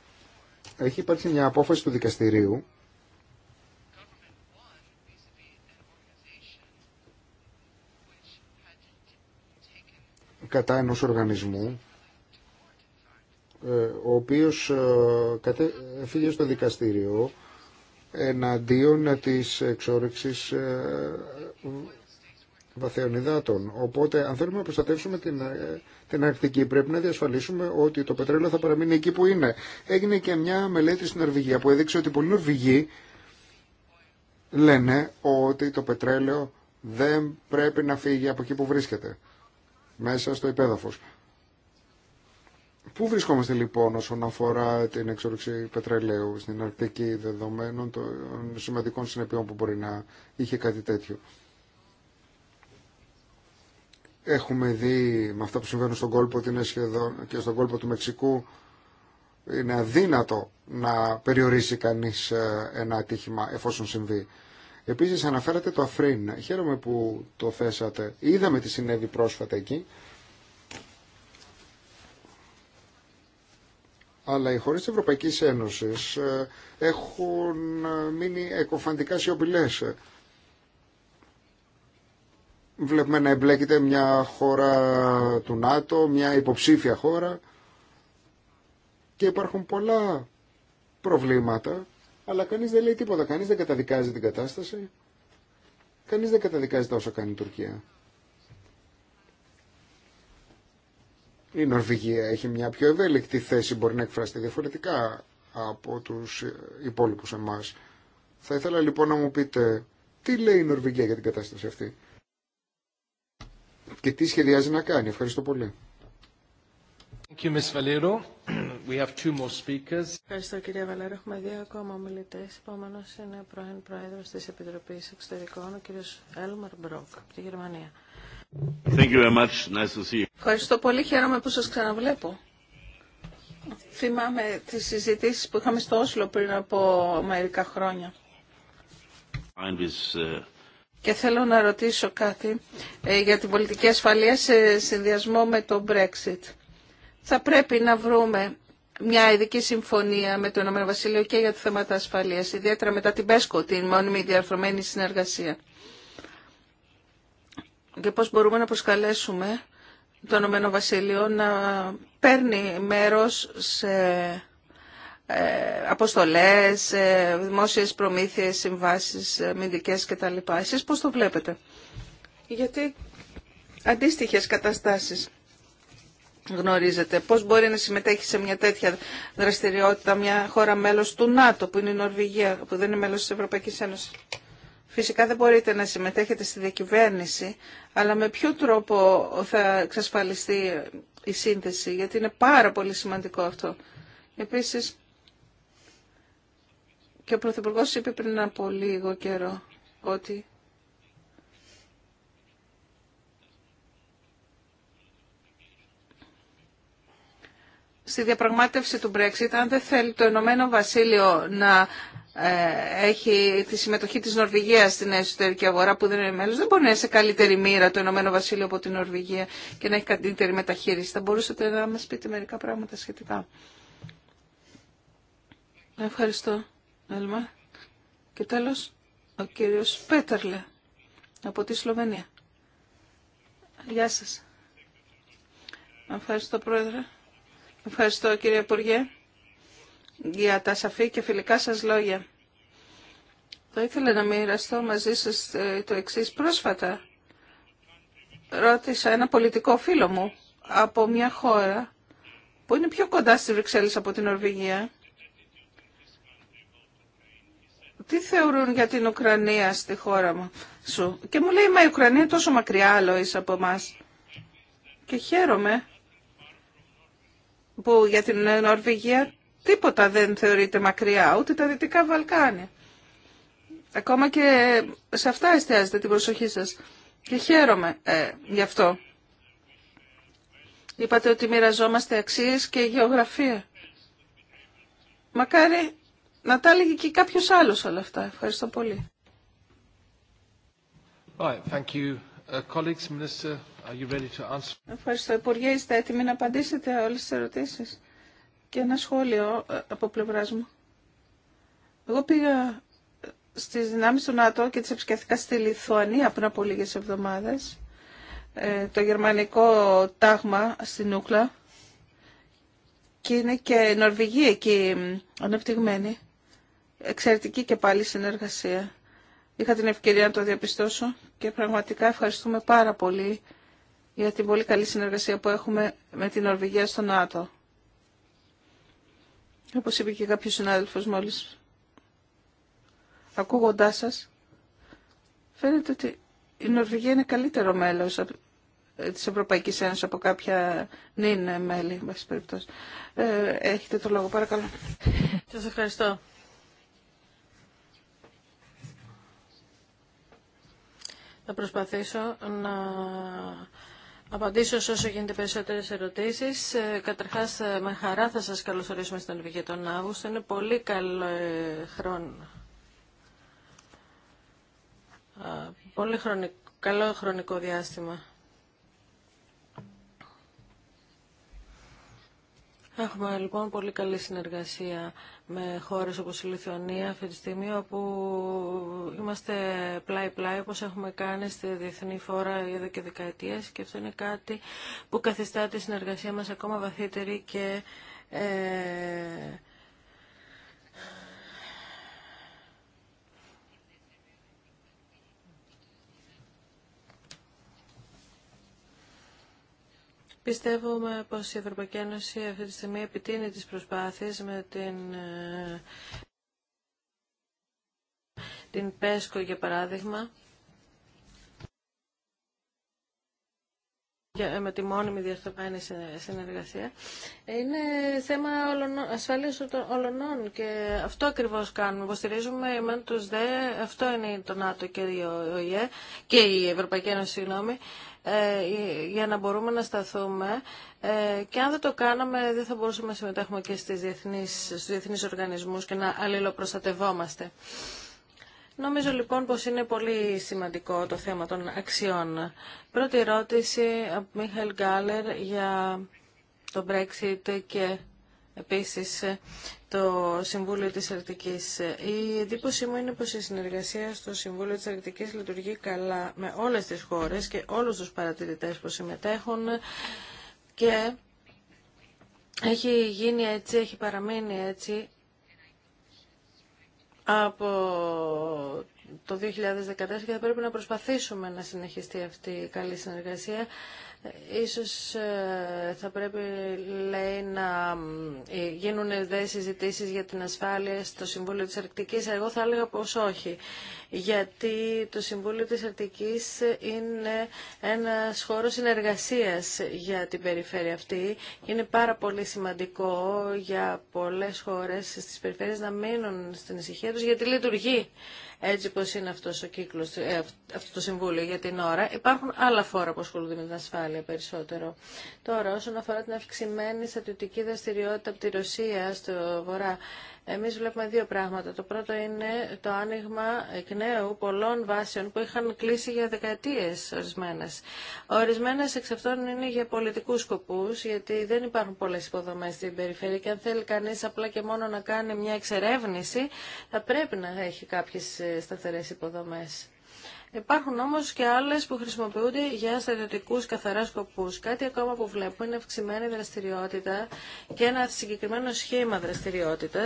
έχει υπάρξει μια απόφαση του δικαστηρίου κατά ενός οργανισμού ε, ο οποίος ε, κατέφυγε στο δικαστήριο εναντίον της εξόρυξης ε, βαθαίων υδάτων. Οπότε, αν θέλουμε να προστατεύσουμε την, ε, την Αρκτική, πρέπει να διασφαλίσουμε ότι το πετρέλαιο θα παραμείνει εκεί που είναι. Έγινε και μια μελέτη στην Νορβηγία που έδειξε ότι πολλοί Νορβηγοί λένε ότι το πετρέλαιο δεν πρέπει να φύγει από εκεί που βρίσκεται, μέσα στο υπέδαφος. Πού βρισκόμαστε λοιπόν όσον αφορά την εξόρυξη πετρελαίου στην Αρκτική δεδομένων των σημαντικών συνεπειών που μπορεί να είχε κάτι τέτοιο. Έχουμε δει με αυτά που συμβαίνουν στον κόλπο ότι είναι και στον κόλπο του Μεξικού είναι αδύνατο να περιορίσει κανείς ε, ένα ατύχημα εφόσον συμβεί. Επίσης αναφέρατε το Αφρίν. Χαίρομαι που το θέσατε. Είδαμε τι συνέβη πρόσφατα εκεί. αλλά οι χώρες της Ευρωπαϊκής Ένωσης ε, έχουν ε, μείνει εκοφαντικά σιωπηλές. Βλέπουμε να εμπλέκεται μια χώρα του ΝΑΤΟ, μια υποψήφια χώρα και υπάρχουν πολλά προβλήματα, αλλά κανείς δεν λέει τίποτα, κανείς δεν καταδικάζει την κατάσταση, κανείς δεν καταδικάζει τα όσα κάνει η Τουρκία. Η Νορβηγία έχει μια πιο ευέλικτη θέση, μπορεί να εκφραστεί διαφορετικά από τους υπόλοιπους εμάς. Θα ήθελα λοιπόν να μου πείτε τι λέει η Νορβηγία για την κατάσταση αυτή και τι σχεδιάζει να κάνει. Ευχαριστώ πολύ. Thank you, Ms. We have two more speakers. Ευχαριστώ κυρία Βαλέρο. Έχουμε δύο ακόμα ομιλητέ. Επόμενο είναι πρώην Πρόεδρο τη Επιτροπή Εξωτερικών, ο κύριο Έλμαρ Μπρόκ από τη Γερμανία. Thank you very much. Ευχαριστώ πολύ. Χαίρομαι που σας ξαναβλέπω. Θυμάμαι τις συζητήσεις που είχαμε στο Όσλο πριν από μερικά χρόνια. Uh, και θέλω να ρωτήσω κάτι ε, για την πολιτική ασφαλεία σε συνδυασμό με το Brexit. Θα πρέπει να βρούμε μια ειδική συμφωνία με το Ηνωμένο Βασίλειο και για τα θέματα ασφαλείας, ιδιαίτερα μετά την ΠΕΣΚΟ, την μόνιμη διαρθρωμένη συνεργασία και πώς μπορούμε να προσκαλέσουμε το Ηνωμένο Βασίλειο να παίρνει μέρος σε ε, αποστολές, δημόσιες προμήθειες, συμβάσεις ε, μυντικές κτλ. Εσείς πώς το βλέπετε. Γιατί αντίστοιχες καταστάσεις γνωρίζετε. Πώς μπορεί να συμμετέχει σε μια τέτοια δραστηριότητα μια χώρα μέλος του ΝΑΤΟ που είναι η Νορβηγία, που δεν είναι μέλος της Ευρωπαϊκής Ένωσης. Φυσικά δεν μπορείτε να συμμετέχετε στη διακυβέρνηση, αλλά με ποιο τρόπο θα εξασφαλιστεί η σύνθεση, γιατί είναι πάρα πολύ σημαντικό αυτό. Επίσης, και ο Πρωθυπουργός είπε πριν από λίγο καιρό ότι στη διαπραγμάτευση του Brexit, αν δεν θέλει το Ενωμένο Βασίλειο να ε, έχει τη συμμετοχή της Νορβηγίας στην εσωτερική αγορά που δεν είναι μέλος, δεν μπορεί να είναι σε καλύτερη μοίρα το Ηνωμένο Βασίλειο από την Νορβηγία και να έχει καλύτερη μεταχείριση. Θα μπορούσατε να μας πείτε μερικά πράγματα σχετικά. Ευχαριστώ, Έλμα. Και τέλος, ο κύριος Πέτερλε από τη Σλοβενία. Γεια σας. Ευχαριστώ, Πρόεδρε. Ευχαριστώ, κύριε Υπουργέ για τα σαφή και φιλικά σας λόγια. Θα ήθελα να μοιραστώ μαζί σας ε, το εξής. Πρόσφατα ρώτησα ένα πολιτικό φίλο μου από μια χώρα που είναι πιο κοντά στη Βρυξέλλες από την Ορβηγία. Τι θεωρούν για την Ουκρανία στη χώρα μου σου. Και μου λέει, μα η Ουκρανία είναι τόσο μακριά άλλο από εμά. Και χαίρομαι που για την Νορβηγία Τίποτα δεν θεωρείται μακριά, ούτε τα Δυτικά Βαλκάνια. Ακόμα και σε αυτά εστιάζετε την προσοχή σας και χαίρομαι ε, γι' αυτό. Είπατε ότι μοιραζόμαστε αξίες και γεωγραφία. Μακάρι να τα έλεγε και κάποιος άλλος όλα αυτά. Ευχαριστώ πολύ. Ευχαριστώ, Υπουργέ. Είστε έτοιμοι να απαντήσετε όλες τις ερωτήσεις. Και ένα σχόλιο ε, από πλευρά μου. Εγώ πήγα ε, στις δυνάμεις του ΝΑΤΟ και τις επισκέφθηκα στη Λιθουανία πριν από λίγες εβδομάδες ε, το γερμανικό τάγμα στην Ούκλα και είναι και Νορβηγία εκεί ανεπτυγμένη. Εξαιρετική και πάλι συνεργασία. Είχα την ευκαιρία να το διαπιστώσω και πραγματικά ευχαριστούμε πάρα πολύ για την πολύ καλή συνεργασία που έχουμε με την Νορβηγία στο ΝΑΤΟ. Όπως είπε και κάποιος συνάδελφος μόλις. Ακούγοντάς σας, φαίνεται ότι η Νορβηγία είναι καλύτερο μέλος της Ευρωπαϊκής Ένωσης από κάποια νυν μέλη, περιπτώσει. Ε, έχετε το λόγο, παρακαλώ. Σας ευχαριστώ. Θα προσπαθήσω να απαντήσω σε όσο γίνεται περισσότερες ερωτήσεις. Ε, καταρχάς, ε, με χαρά θα σας καλωσορίσουμε στην Ολυμπιακή τον Αύγουστο. Είναι πολύ καλό ε, χρόνο. Πολύ χρονικό, καλό χρονικό διάστημα. Έχουμε λοιπόν πολύ καλή συνεργασία με χώρες όπως η Λιθουανία αυτή τη στιγμή όπου είμαστε πλάι-πλάι όπως έχουμε κάνει στη Διεθνή Φόρα εδώ και δεκαετίες και αυτό είναι κάτι που καθιστά τη συνεργασία μας ακόμα βαθύτερη και ε, Πιστεύουμε πως η Ευρωπαϊκή Ένωση αυτή τη στιγμή επιτείνει τις προσπάθειες με την ε, την ΠΕΣΚΟ για παράδειγμα, ε, με τη μόνιμη διαστομένη συνεργασία, είναι θέμα ασφάλειας ολονών και αυτό ακριβώς κάνουμε. Υποστηρίζουμε με τους ΔΕ, αυτό είναι το ΝΑΤΟ και η ΟΗΕ, και η Ευρωπαϊκή Ένωση, συγγνώμη, ε, για να μπορούμε να σταθούμε ε, και αν δεν το κάναμε δεν θα μπορούσαμε να συμμετέχουμε και στις διεθνείς, στους διεθνείς οργανισμούς και να αλληλοπροστατευόμαστε. Νομίζω λοιπόν πως είναι πολύ σημαντικό το θέμα των αξιών. Πρώτη ερώτηση από Μίχαλ Γκάλερ για το Brexit και επίσης ε, το Συμβούλιο της Αρκτικής. Η εντύπωσή μου είναι πως η συνεργασία στο Συμβούλιο της Αρκτικής λειτουργεί καλά με όλες τις χώρες και όλους τους παρατηρητές που συμμετέχουν και έχει γίνει έτσι, έχει παραμείνει έτσι από το 2014 και θα πρέπει να προσπαθήσουμε να συνεχιστεί αυτή η καλή συνεργασία. Ίσως ε, θα πρέπει, λέει, να ε, γίνουν δε συζητήσει για την ασφάλεια στο Συμβούλιο της Αρκτικής. Εγώ θα έλεγα πως όχι γιατί το Συμβούλιο της Αρτικής είναι ένας χώρος συνεργασίας για την περιφέρεια αυτή. Είναι πάρα πολύ σημαντικό για πολλές χώρες στις περιφέρειες να μείνουν στην ησυχία τους γιατί λειτουργεί έτσι πως είναι αυτός ο κύκλος, ε, αυτό το Συμβούλιο για την ώρα. Υπάρχουν άλλα φόρα που ασχολούνται με την ασφάλεια περισσότερο. Τώρα, όσον αφορά την αυξημένη στατιωτική δραστηριότητα από τη Ρωσία στο βορρά, εμείς βλέπουμε δύο πράγματα. Το πρώτο είναι το άνοιγμα εκ νέου πολλών βάσεων που είχαν κλείσει για δεκαετίες ορισμένες. Ορισμένες εξ αυτών είναι για πολιτικούς σκοπούς, γιατί δεν υπάρχουν πολλές υποδομές στην περιφέρεια και αν θέλει κανείς απλά και μόνο να κάνει μια εξερεύνηση, θα πρέπει να έχει κάποιες ε, σταθερές υποδομές. Υπάρχουν όμω και άλλε που χρησιμοποιούνται για στρατιωτικού καθαρά σκοπού. Κάτι ακόμα που βλέπουμε είναι αυξημένη δραστηριότητα και ένα συγκεκριμένο σχήμα δραστηριότητα.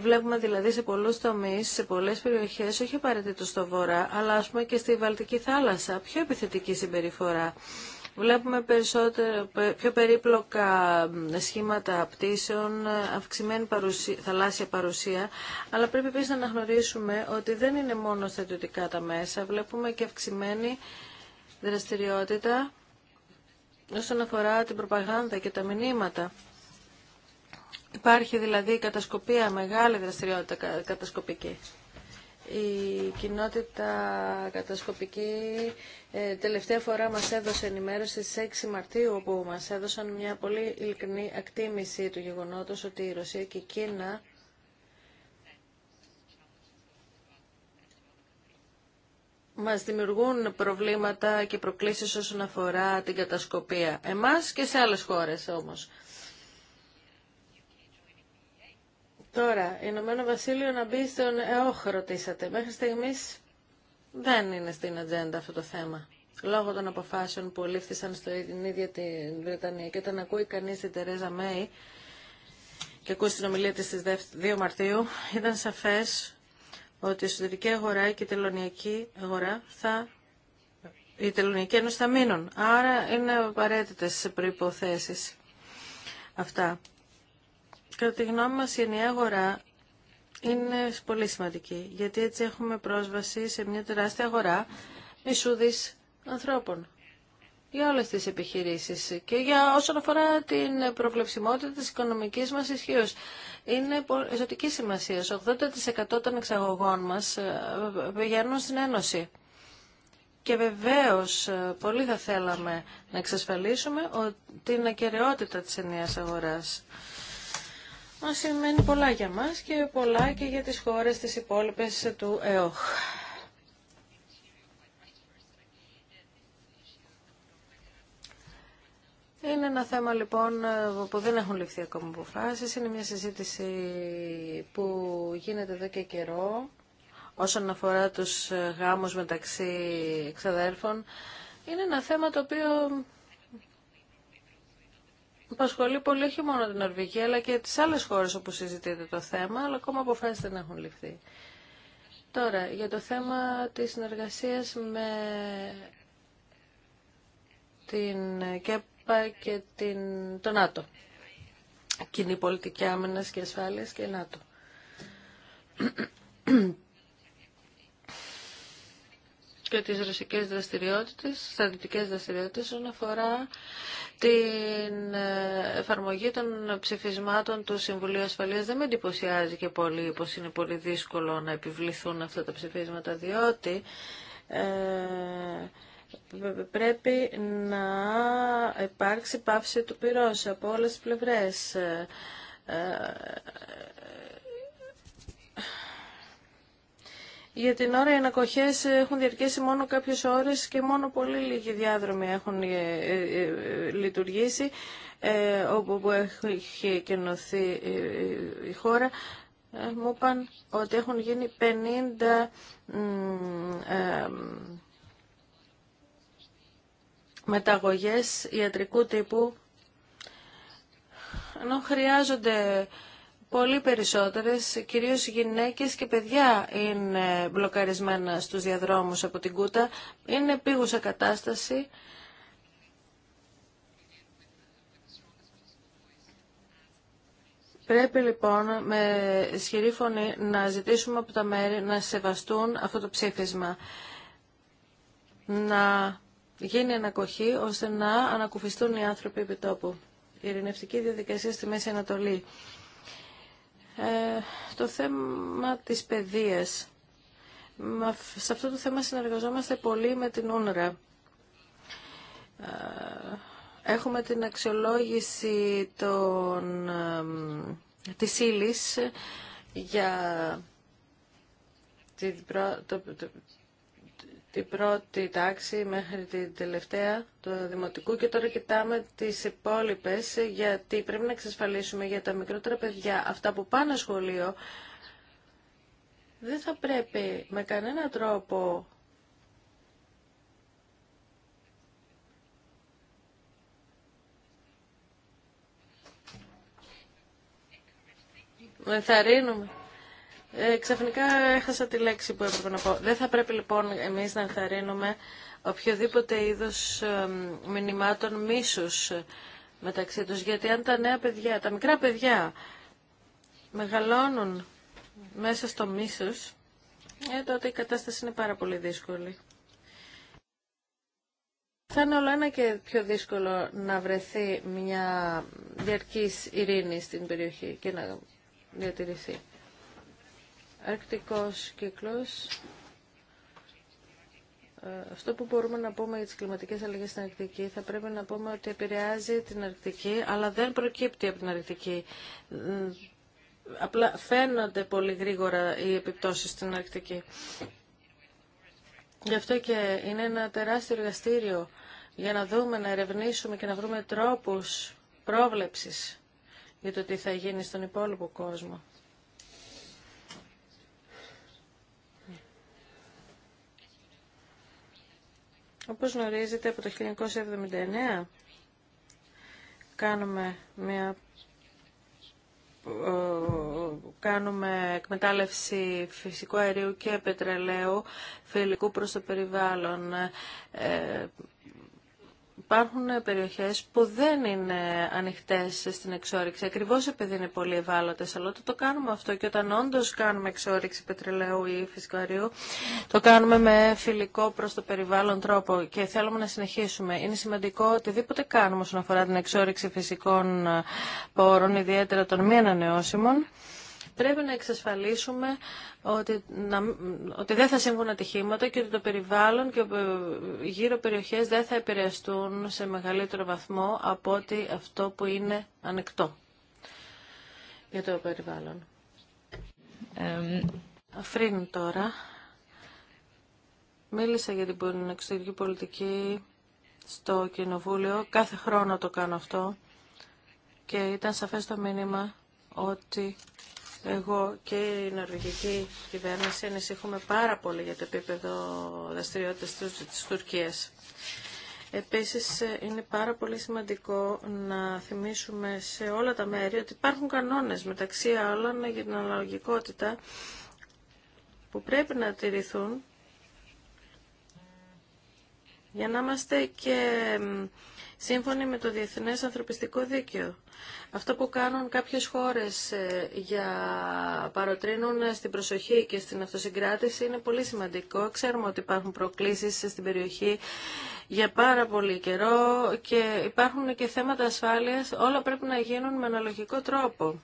Βλέπουμε δηλαδή σε πολλούς τομείς, σε πολλές περιοχές, όχι απαραίτητο στο βορρά, αλλά α πούμε και στη Βαλτική θάλασσα, πιο επιθετική συμπεριφορά. Βλέπουμε περισσότερο, πιο περίπλοκα σχήματα πτήσεων, αυξημένη παρουσία, θαλάσσια παρουσία, αλλά πρέπει επίσης να αναγνωρίσουμε ότι δεν είναι μόνο στρατιωτικά τα μέσα. Βλέπουμε και αυξημένη δραστηριότητα όσον αφορά την προπαγάνδα και τα μηνύματα. Υπάρχει δηλαδή κατασκοπία, μεγάλη δραστηριότητα κατασκοπική η κοινότητα κατασκοπική ε, τελευταία φορά μας έδωσε ενημέρωση στις 6 Μαρτίου όπου μας έδωσαν μια πολύ ειλικρινή ακτίμηση του γεγονότος ότι η Ρωσία και η Κίνα μας δημιουργούν προβλήματα και προκλήσεις όσον αφορά την κατασκοπία. Εμάς και σε άλλες χώρες όμως. Τώρα, Ηνωμένο Βασίλειο να μπει στον ΕΟΧ, ρωτήσατε. Μέχρι στιγμής δεν είναι στην ατζέντα αυτό το θέμα. Λόγω των αποφάσεων που λήφθησαν στην ίδια την Βρετανία. Και όταν ακούει κανεί την Τερέζα Μέη και ακούει την ομιλία τη στις 2 Μαρτίου, ήταν σαφές ότι η εσωτερική αγορά και η τελωνιακή αγορά θα η τελωνιακή ένωση θα μείνουν. Άρα είναι απαραίτητε προποθέσει αυτά. Κατά τη γνώμη μας η ενιαία αγορά είναι πολύ σημαντική, γιατί έτσι έχουμε πρόσβαση σε μια τεράστια αγορά μισούδης ανθρώπων για όλες τις επιχειρήσεις και για όσον αφορά την προβλεψιμότητα της οικονομικής μας ισχύω. Είναι εσωτική σημασία. 80% των εξαγωγών μας ε, πηγαίνουν στην Ένωση. Και βεβαίως ε, πολύ θα θέλαμε να εξασφαλίσουμε την ακαιρεότητα της ενιαίας αγοράς μας σημαίνει πολλά για μας και πολλά και για τις χώρες τις υπόλοιπες του ΕΟΧ. Είναι ένα θέμα λοιπόν που δεν έχουν ληφθεί ακόμα αποφάσεις. Είναι μια συζήτηση που γίνεται εδώ και καιρό όσον αφορά τους γάμους μεταξύ εξαδέρφων. Είναι ένα θέμα το οποίο απασχολεί πολύ όχι μόνο την Νορβηγία αλλά και τις άλλες χώρες όπου συζητείται το θέμα, αλλά ακόμα αποφάσεις δεν έχουν ληφθεί. Τώρα, για το θέμα της συνεργασίας με την ΚΕΠΑ και την... το ΝΑΤΟ. Κοινή πολιτική άμυνας και ασφάλειας και ΝΑΤΟ και τις ρωσικές δραστηριότητες, στρατιωτικές δραστηριότητες όσον αφορά την ε, εφαρμογή των ψηφισμάτων του Συμβουλίου Ασφαλείας. Δεν με εντυπωσιάζει και πολύ πως είναι πολύ δύσκολο να επιβληθούν αυτά τα ψηφίσματα διότι ε, πρέπει να υπάρξει πάυση του πυρός από όλες τις πλευρές. Ε, ε, Για την ώρα οι ανακοχές έχουν διαρκέσει μόνο κάποιες ώρες και μόνο πολύ λίγοι διάδρομοι έχουν ε, ε, ε, λειτουργήσει όπου έχει κενωθεί η χώρα. Μου είπαν ότι έχουν γίνει 50 μεταγωγές ιατρικού τύπου ενώ χρειάζονται πολύ περισσότερες, κυρίως γυναίκες και παιδιά είναι μπλοκαρισμένα στους διαδρόμους από την Κούτα. Είναι πήγουσα κατάσταση. Πρέπει λοιπόν με ισχυρή φωνή να ζητήσουμε από τα μέρη να σεβαστούν αυτό το ψήφισμα. Να γίνει ανακοχή ώστε να ανακουφιστούν οι άνθρωποι επιτόπου. Η ειρηνευτική διαδικασία στη Μέση Ανατολή. Ε, το θέμα της παιδείας. Σε αυτό το θέμα συνεργαζόμαστε πολύ με την ΟΝΡΑ. Ε, έχουμε την αξιολόγηση των, της ύλη για την πρώτη τάξη μέχρι την τελευταία του Δημοτικού και τώρα κοιτάμε τις υπόλοιπε γιατί πρέπει να εξασφαλίσουμε για τα μικρότερα παιδιά αυτά που πάνε σχολείο δεν θα πρέπει με κανένα τρόπο μεθαρρύνουμε. Ε, ξαφνικά έχασα τη λέξη που έπρεπε να πω. Δεν θα πρέπει λοιπόν εμείς να ενθαρρύνουμε οποιοδήποτε είδος ε, μηνυμάτων μίσους ε, μεταξύ τους. Γιατί αν τα νέα παιδιά, τα μικρά παιδιά μεγαλώνουν μέσα στο μίσος, ε, τότε η κατάσταση είναι πάρα πολύ δύσκολη. Θα είναι όλο ένα και πιο δύσκολο να βρεθεί μια διαρκής ειρήνη στην περιοχή και να διατηρηθεί. Αρκτικός κύκλος. Ε, αυτό που μπορούμε να πούμε για τις κλιματικές αλλαγές στην Αρκτική θα πρέπει να πούμε ότι επηρεάζει την Αρκτική, αλλά δεν προκύπτει από την Αρκτική. Απλά φαίνονται πολύ γρήγορα οι επιπτώσεις στην Αρκτική. Γι' αυτό και είναι ένα τεράστιο εργαστήριο για να δούμε, να ερευνήσουμε και να βρούμε τρόπους πρόβλεψης για το τι θα γίνει στον υπόλοιπο κόσμο. Όπως γνωρίζετε από το 1979 κάνουμε μια κάνουμε εκμετάλλευση φυσικού αερίου και πετρελαίου φιλικού προς το περιβάλλον. Ε, υπάρχουν περιοχές που δεν είναι ανοιχτές στην εξόριξη, ακριβώς επειδή είναι πολύ ευάλωτες, αλλά το, το κάνουμε αυτό και όταν όντω κάνουμε εξόριξη πετρελαίου ή φυσικαριού, το κάνουμε με φιλικό προς το περιβάλλον τρόπο και θέλουμε να συνεχίσουμε. Είναι σημαντικό οτιδήποτε κάνουμε όσον αφορά την εξόριξη φυσικών πόρων, ιδιαίτερα των μη ανανεώσιμων, Πρέπει να εξασφαλίσουμε ότι, ότι δεν θα συμβούν ατυχήματα και ότι το περιβάλλον και ε, γύρω περιοχές δεν θα επηρεαστούν σε μεγαλύτερο βαθμό από ότι αυτό που είναι ανεκτό για το περιβάλλον. Um... τώρα. Μίλησα για την εξωτερική πολιτική στο Κοινοβούλιο. Κάθε χρόνο το κάνω αυτό. Και ήταν σαφές το μήνυμα ότι εγώ και η νορβηγική κυβέρνηση ανησυχούμε πάρα πολύ για το επίπεδο δραστηριότητας της Τουρκίας. Επίσης ε, είναι πάρα πολύ σημαντικό να θυμίσουμε σε όλα τα μέρη ότι υπάρχουν κανόνες μεταξύ άλλων για την αναλογικότητα που πρέπει να τηρηθούν για να είμαστε και σύμφωνοι με το Διεθνές Ανθρωπιστικό Δίκαιο. Αυτό που κάνουν κάποιες χώρες ε, για παροτρύνουν στην προσοχή και στην αυτοσυγκράτηση είναι πολύ σημαντικό. Ξέρουμε ότι υπάρχουν προκλήσεις στην περιοχή για πάρα πολύ καιρό και υπάρχουν και θέματα ασφάλειας. Όλα πρέπει να γίνουν με αναλογικό τρόπο.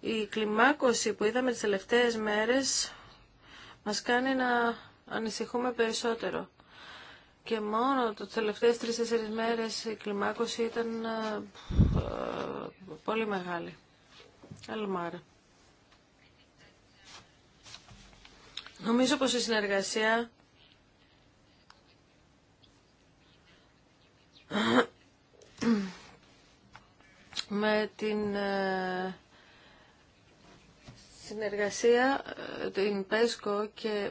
Η κλιμάκωση που είδαμε τις τελευταίες μέρες μας κάνει να ανησυχούμε περισσότερο και μόνο το τελευταίες τρεις-τέσσερις μέρες η κλιμάκωση ήταν ε, ε, πολύ μεγάλη. μάρα. Νομίζω πως η συνεργασία με την ε, συνεργασία ε, την ΠΕΣΚΟ και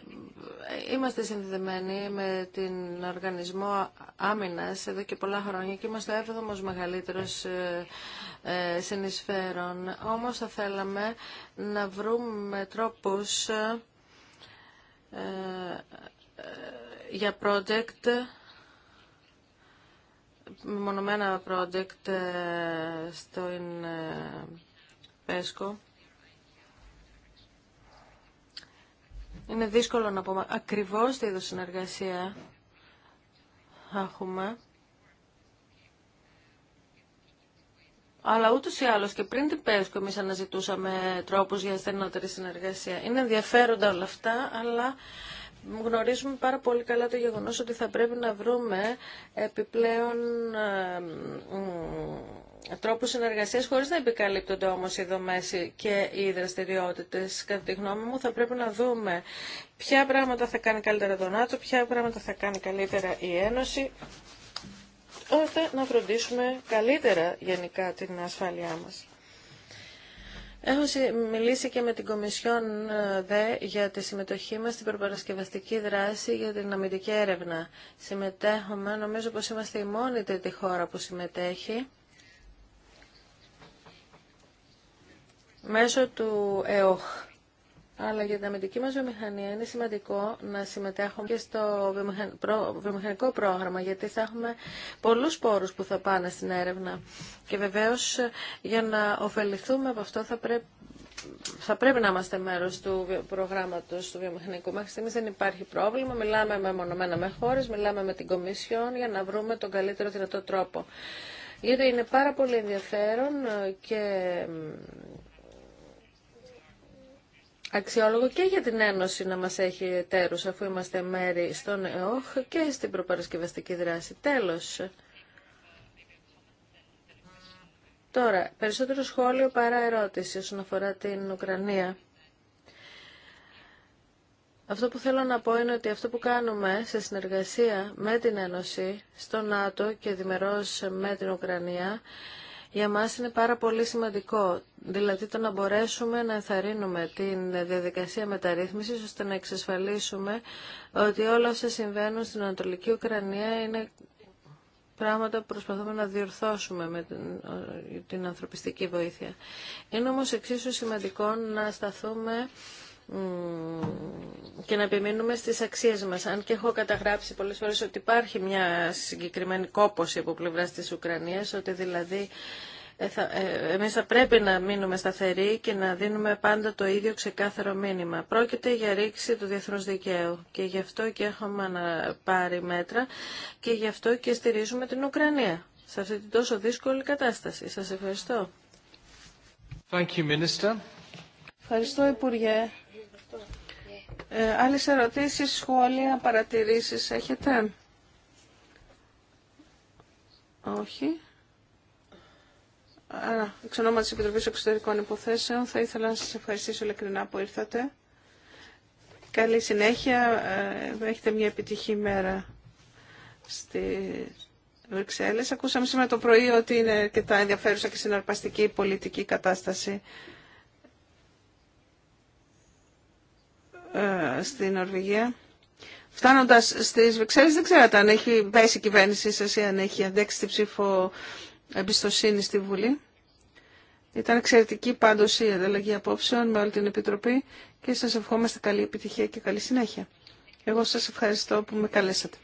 ε, είμαστε συνδεδεμένοι με την Οργανισμό Άμυνας εδώ και πολλά χρόνια και είμαστε ο 7 μεγαλύτερο μεγαλύτερος ε, συνεισφέρον. Όμως θα θέλαμε να βρούμε τρόπους για project μονομένα project στο ΠΕΣΚΟ Είναι δύσκολο να πούμε ακριβώς τι είδους συνεργασία έχουμε. Αλλά ούτως ή άλλως και πριν την ΠΕΣΚΟ, εμεί αναζητούσαμε τρόπους για στενότερη συνεργασία. Είναι ενδιαφέροντα όλα αυτά, αλλά γνωρίζουμε πάρα πολύ καλά το γεγονός ότι θα πρέπει να βρούμε επιπλέον ε, τρόπους συνεργασίας χωρίς να επικαλύπτονται όμως οι δομές και οι δραστηριότητες. Κατά τη γνώμη μου θα πρέπει να δούμε ποια πράγματα θα κάνει καλύτερα το ΝΑΤΟ, ποια πράγματα θα κάνει καλύτερα η Ένωση, ώστε να φροντίσουμε καλύτερα γενικά την ασφάλειά μας. Έχω μιλήσει και με την Κομισιόν ε, ΔΕ για τη συμμετοχή μας στην προπαρασκευαστική δράση για την αμυντική έρευνα. Συμμετέχουμε, νομίζω πως είμαστε η μόνη τρίτη χώρα που συμμετέχει μέσω του ΕΟΧ. Αλλά για την αμυντική μας βιομηχανία είναι σημαντικό να συμμετέχουμε και στο βιομηχανικό πρόγραμμα, γιατί θα έχουμε πολλούς πόρους που θα πάνε στην έρευνα. Και βεβαίως για να ωφεληθούμε από αυτό θα πρέπει θα πρέπει να είμαστε μέρο του προγράμματο του βιομηχανικού. Μέχρι στιγμή δεν υπάρχει πρόβλημα. Μιλάμε με μονομένα με χώρε, μιλάμε με την Κομισιόν για να βρούμε τον καλύτερο δυνατό τρόπο. Γιατί είναι πάρα πολύ ενδιαφέρον ε, και αξιόλογο και για την Ένωση να μας έχει τέρους αφού είμαστε μέρη στον ΕΟΧ και στην προπαρασκευαστική δράση. Τέλος. Τώρα, περισσότερο σχόλιο παρά ερώτηση όσον αφορά την Ουκρανία. Αυτό που θέλω να πω είναι ότι αυτό που κάνουμε σε συνεργασία με την Ένωση, στο ΝΑΤΟ και διμερώς με την Ουκρανία, για μας είναι πάρα πολύ σημαντικό. Δηλαδή το να μπορέσουμε να ενθαρρύνουμε την διαδικασία μεταρρύθμισης ώστε να εξασφαλίσουμε ότι όλα όσα συμβαίνουν στην Ανατολική Ουκρανία είναι πράγματα που προσπαθούμε να διορθώσουμε με την, την ανθρωπιστική βοήθεια. Είναι όμως εξίσου σημαντικό να σταθούμε και να επιμείνουμε στις αξίες μας. Αν και έχω καταγράψει πολλές φορές ότι υπάρχει μια συγκεκριμένη κόπωση από πλευρά της Ουκρανίας, ότι δηλαδή ε, θα, ε, εμείς θα πρέπει να μείνουμε σταθεροί και να δίνουμε πάντα το ίδιο ξεκάθαρο μήνυμα. Πρόκειται για ρήξη του διεθνούς δικαίου και γι' αυτό και έχουμε να πάρει μέτρα και γι' αυτό και στηρίζουμε την Ουκρανία σε αυτή την τόσο δύσκολη κατάσταση. Σας ευχαριστώ. Thank you, Ευχαριστώ, Υπουργέ. Ε, άλλες ερωτήσεις, σχόλια, παρατηρήσεις έχετε. Όχι. Άρα, εξ ονόματος της Επιτροπής Εξωτερικών Υποθέσεων, θα ήθελα να σας ευχαριστήσω ειλικρινά που ήρθατε. Καλή συνέχεια. Ε, έχετε μια επιτυχή μέρα στη Βρυξέλλες. Ακούσαμε σήμερα το πρωί ότι είναι αρκετά ενδιαφέρουσα και συναρπαστική η πολιτική κατάσταση Ε, στη Νορβηγία. Φτάνοντα στι Βρυξέλλε, δεν ξέρατε αν έχει πέσει η κυβέρνησή σα ή αν έχει αντέξει την ψήφο εμπιστοσύνη στη Βουλή. Ήταν εξαιρετική πάντω η ανταλλαγή απόψεων με όλη την Επιτροπή και σα ευχόμαστε καλή επιτυχία και καλή συνέχεια. Εγώ σα ευχαριστώ που με καλέσατε.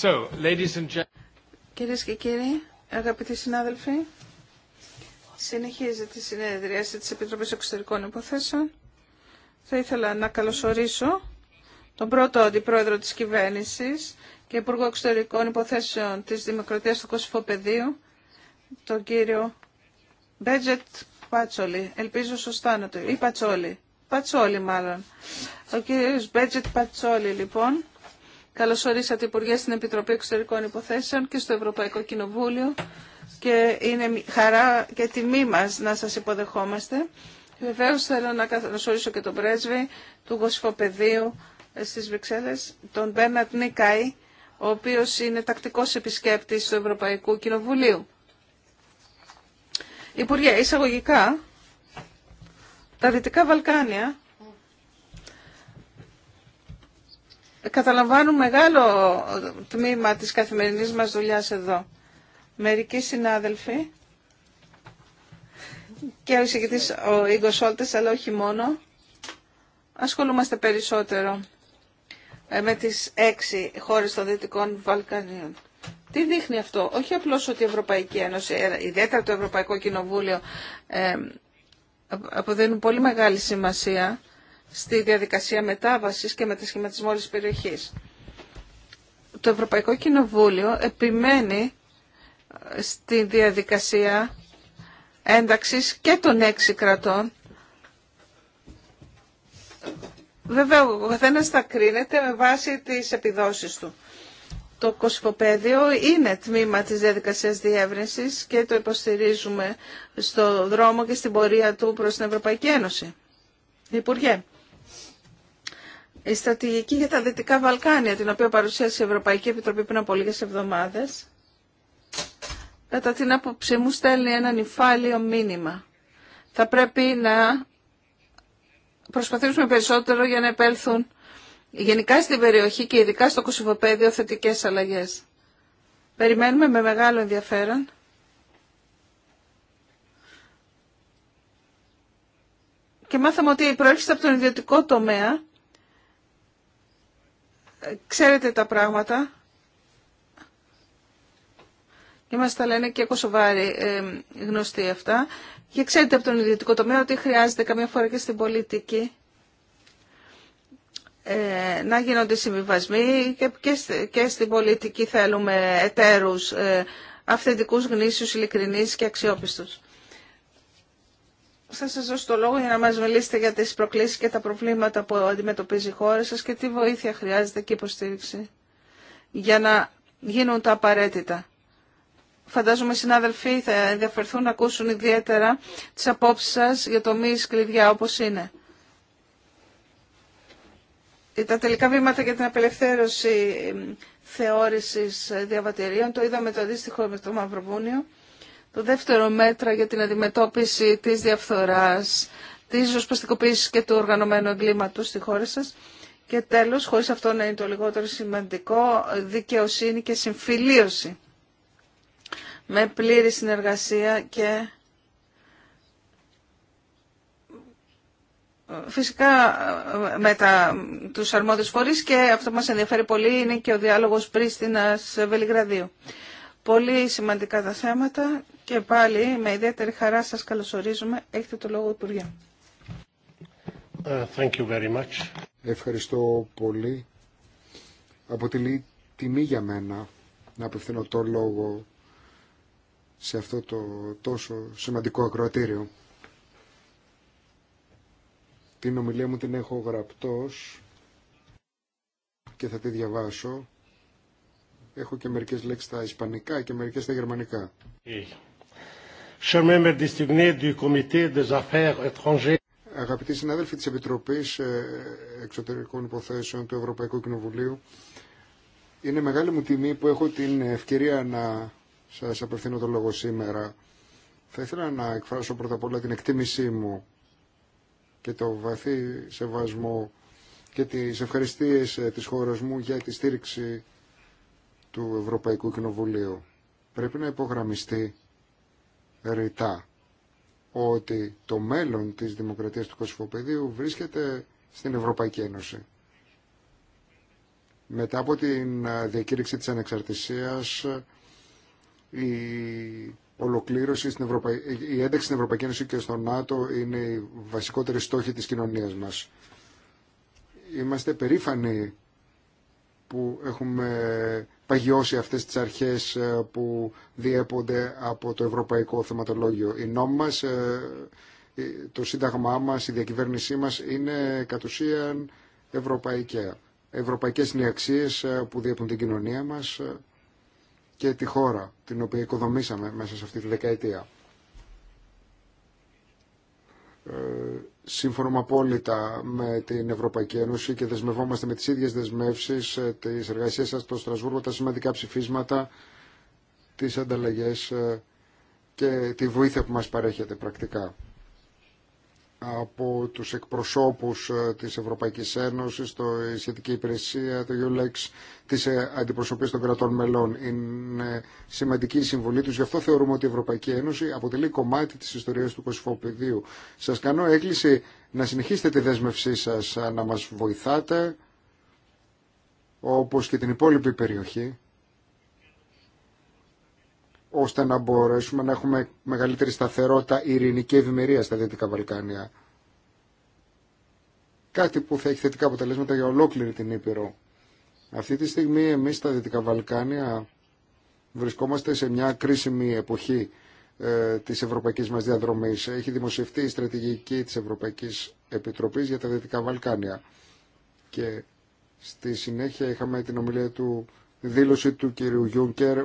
So, Κυρίες και κύριοι, αγαπητοί συνάδελφοι, συνεχίζεται τη συνεδρίαση της Επιτροπής Εξωτερικών Υποθέσεων. Θα ήθελα να καλωσορίσω τον πρώτο αντιπρόεδρο της κυβέρνησης και Υπουργό Εξωτερικών Υποθέσεων της Δημοκρατίας του Κωσυφοπεδίου, τον κύριο Μπέτζετ Πατσόλη. Ελπίζω σωστά να το... ή Πατσόλη. Πατσόλη μάλλον. Ο κύριος Μπέτζετ Πατσόλη λοιπόν Καλωσορίσατε, Υπουργέ στην Επιτροπή Εξωτερικών Υποθέσεων και στο Ευρωπαϊκό Κοινοβούλιο και είναι χαρά και τιμή μας να σας υποδεχόμαστε. Βεβαίω θέλω να καλωσορίσω και τον πρέσβη του Γοσφοπεδίου ε, στις Βρυξέλλε, τον Μπέρνατ Νίκαη, ο οποίος είναι τακτικός επισκέπτης του Ευρωπαϊκού Κοινοβουλίου. Υπουργέ, εισαγωγικά, τα Δυτικά Βαλκάνια καταλαμβάνουν μεγάλο τμήμα της καθημερινής μας δουλειάς εδώ. Μερικοί συνάδελφοι και ο εισηγητής ο Ίγκο Σόλτες, αλλά όχι μόνο, ασχολούμαστε περισσότερο ε, με τις έξι χώρες των Δυτικών Βαλκανίων. Τι δείχνει αυτό, όχι απλώς ότι η Ευρωπαϊκή Ένωση, ε, ιδιαίτερα το Ευρωπαϊκό Κοινοβούλιο, ε, αποδίνουν πολύ μεγάλη σημασία στη διαδικασία μετάβασης και μετασχηματισμό της περιοχής. Το Ευρωπαϊκό Κοινοβούλιο επιμένει ε, στη διαδικασία ένταξης και των έξι κρατών. Βέβαια, ο καθένα θα κρίνεται με βάση τις επιδόσεις του. Το κοσφοπέδιο είναι τμήμα της διαδικασίας διεύρυνσης και το υποστηρίζουμε στο δρόμο και στην πορεία του προς την Ευρωπαϊκή Ένωση. Υπουργέ. Η στρατηγική για τα Δυτικά Βαλκάνια, την οποία παρουσίασε η Ευρωπαϊκή Επιτροπή πριν από λίγες εβδομάδες, κατά την άποψή μου στέλνει ένα νυφάλιο μήνυμα. Θα πρέπει να προσπαθήσουμε περισσότερο για να επέλθουν γενικά στην περιοχή και ειδικά στο Κωσυβοπαίδιο θετικές αλλαγές. Περιμένουμε με μεγάλο ενδιαφέρον. Και μάθαμε ότι προέρχηση από τον ιδιωτικό τομέα ξέρετε τα πράγματα και μας τα λένε και κοσοβάροι ε, γνωστοί αυτά και ξέρετε από τον ιδιωτικό τομέα ότι χρειάζεται καμιά φορά και στην πολιτική ε, να γίνονται συμβιβασμοί και, και, στην πολιτική θέλουμε εταίρους ε, αυθεντικούς, γνήσιους, ειλικρινείς και αξιόπιστους θα σας δώσω το λόγο για να μας μιλήσετε για τις προκλήσεις και τα προβλήματα που αντιμετωπίζει η χώρα σας και τι βοήθεια χρειάζεται και υποστήριξη για να γίνουν τα απαραίτητα. Φαντάζομαι οι συνάδελφοί θα ενδιαφερθούν να ακούσουν ιδιαίτερα τις απόψεις σας για το μη κλειδιά όπως είναι. Ε, τα τελικά βήματα για την απελευθέρωση θεώρησης ε, διαβατηρίων το είδαμε το αντίστοιχο με το Μαυροβούνιο. Το δεύτερο μέτρα για την αντιμετώπιση της διαφθοράς, της ζωσπαστικοποίησης και του οργανωμένου εγκλήματος στη χώρα σας. Και τέλος, χωρίς αυτό να είναι το λιγότερο σημαντικό, δικαιοσύνη και συμφιλίωση. Με πλήρη συνεργασία και φυσικά με τα, τους αρμόδιους φορείς και αυτό που μας ενδιαφέρει πολύ είναι και ο διάλογος Πρίστινας Βελιγραδίου. Πολύ σημαντικά τα θέματα και πάλι με ιδιαίτερη χαρά σας καλωσορίζουμε. Έχετε το λόγο, Υπουργέ. Ε, thank you very much. Ευχαριστώ πολύ. Αποτελεί τιμή για μένα να απευθύνω το λόγο σε αυτό το τόσο σημαντικό ακροατήριο. Την ομιλία μου την έχω γραπτός και θα τη διαβάσω Έχω και μερικέ λέξει στα ισπανικά και μερικέ στα γερμανικά. Αγαπητοί συνάδελφοι τη Επιτροπή ε, Εξωτερικών Υποθέσεων του Ευρωπαϊκού Κοινοβουλίου, είναι μεγάλη μου τιμή που έχω την ευκαιρία να σα απευθύνω το λόγο σήμερα. Θα ήθελα να εκφράσω πρώτα απ' όλα την εκτίμησή μου και το βαθύ σεβασμό και τις ευχαριστίες ε, της χώρας μου για τη στήριξη του Ευρωπαϊκού Κοινοβουλίου. Πρέπει να υπογραμμιστεί ρητά ότι το μέλλον της δημοκρατίας του Κωσυφοπεδίου βρίσκεται στην Ευρωπαϊκή Ένωση. Μετά από την ε, διακήρυξη της ανεξαρτησίας, η ολοκλήρωση, στην Ευρωπαϊ... η ένταξη στην Ευρωπαϊκή Ένωση και στο ΝΑΤΟ είναι η βασικότερη στόχοι της κοινωνίας μας. Είμαστε περήφανοι που έχουμε παγιώσει αυτές τις αρχές ε, που διέπονται από το ευρωπαϊκό θεματολόγιο. Η νόμη μας, ε, ε, το σύνταγμά μας, η διακυβέρνησή μας είναι κατ' ουσίαν ευρωπαϊκέ. Ευρωπαϊκές είναι οι αξίες που διέπουν την κοινωνία μας και τη χώρα την οποία οικοδομήσαμε μέσα σε αυτή τη δεκαετία. Ε, σύμφωνο απόλυτα με την Ευρωπαϊκή Ένωση και δεσμευόμαστε με τις ίδιες δεσμεύσεις ε, της εργασίας σας στο Στρασβούργο, τα σημαντικά ψηφίσματα, τις ανταλλαγές ε, και τη βοήθεια που μας παρέχετε πρακτικά από τους εκπροσώπους ε, της Ευρωπαϊκής Ένωσης, το, η υπηρεσία, το ULEX, της ε, αντιπροσωπής των κρατών μελών. Είναι σημαντική η συμβολή τους, γι' αυτό θεωρούμε ότι η Ευρωπαϊκή Ένωση αποτελεί κομμάτι της ιστορίας του Κωσυφοπηδίου. Σας κάνω έκκληση να συνεχίσετε τη δέσμευσή σας, ε, να μας βοηθάτε, όπως και την υπόλοιπη περιοχή ώστε να μπορέσουμε να έχουμε μεγαλύτερη σταθερότητα, ειρηνική ευημερία στα Δυτικά Βαλκάνια. Κάτι που θα έχει θετικά αποτελέσματα για ολόκληρη την Ήπειρο. Αυτή τη στιγμή εμείς στα Δυτικά Βαλκάνια βρισκόμαστε σε μια κρίσιμη εποχή ε, της ευρωπαϊκής μας διαδρομής. Έχει δημοσιευτεί η στρατηγική της Ευρωπαϊκής Επιτροπής για τα Δυτικά Βαλκάνια. Και στη συνέχεια είχαμε την ομιλία του δήλωση του κυρίου Γιούνκερ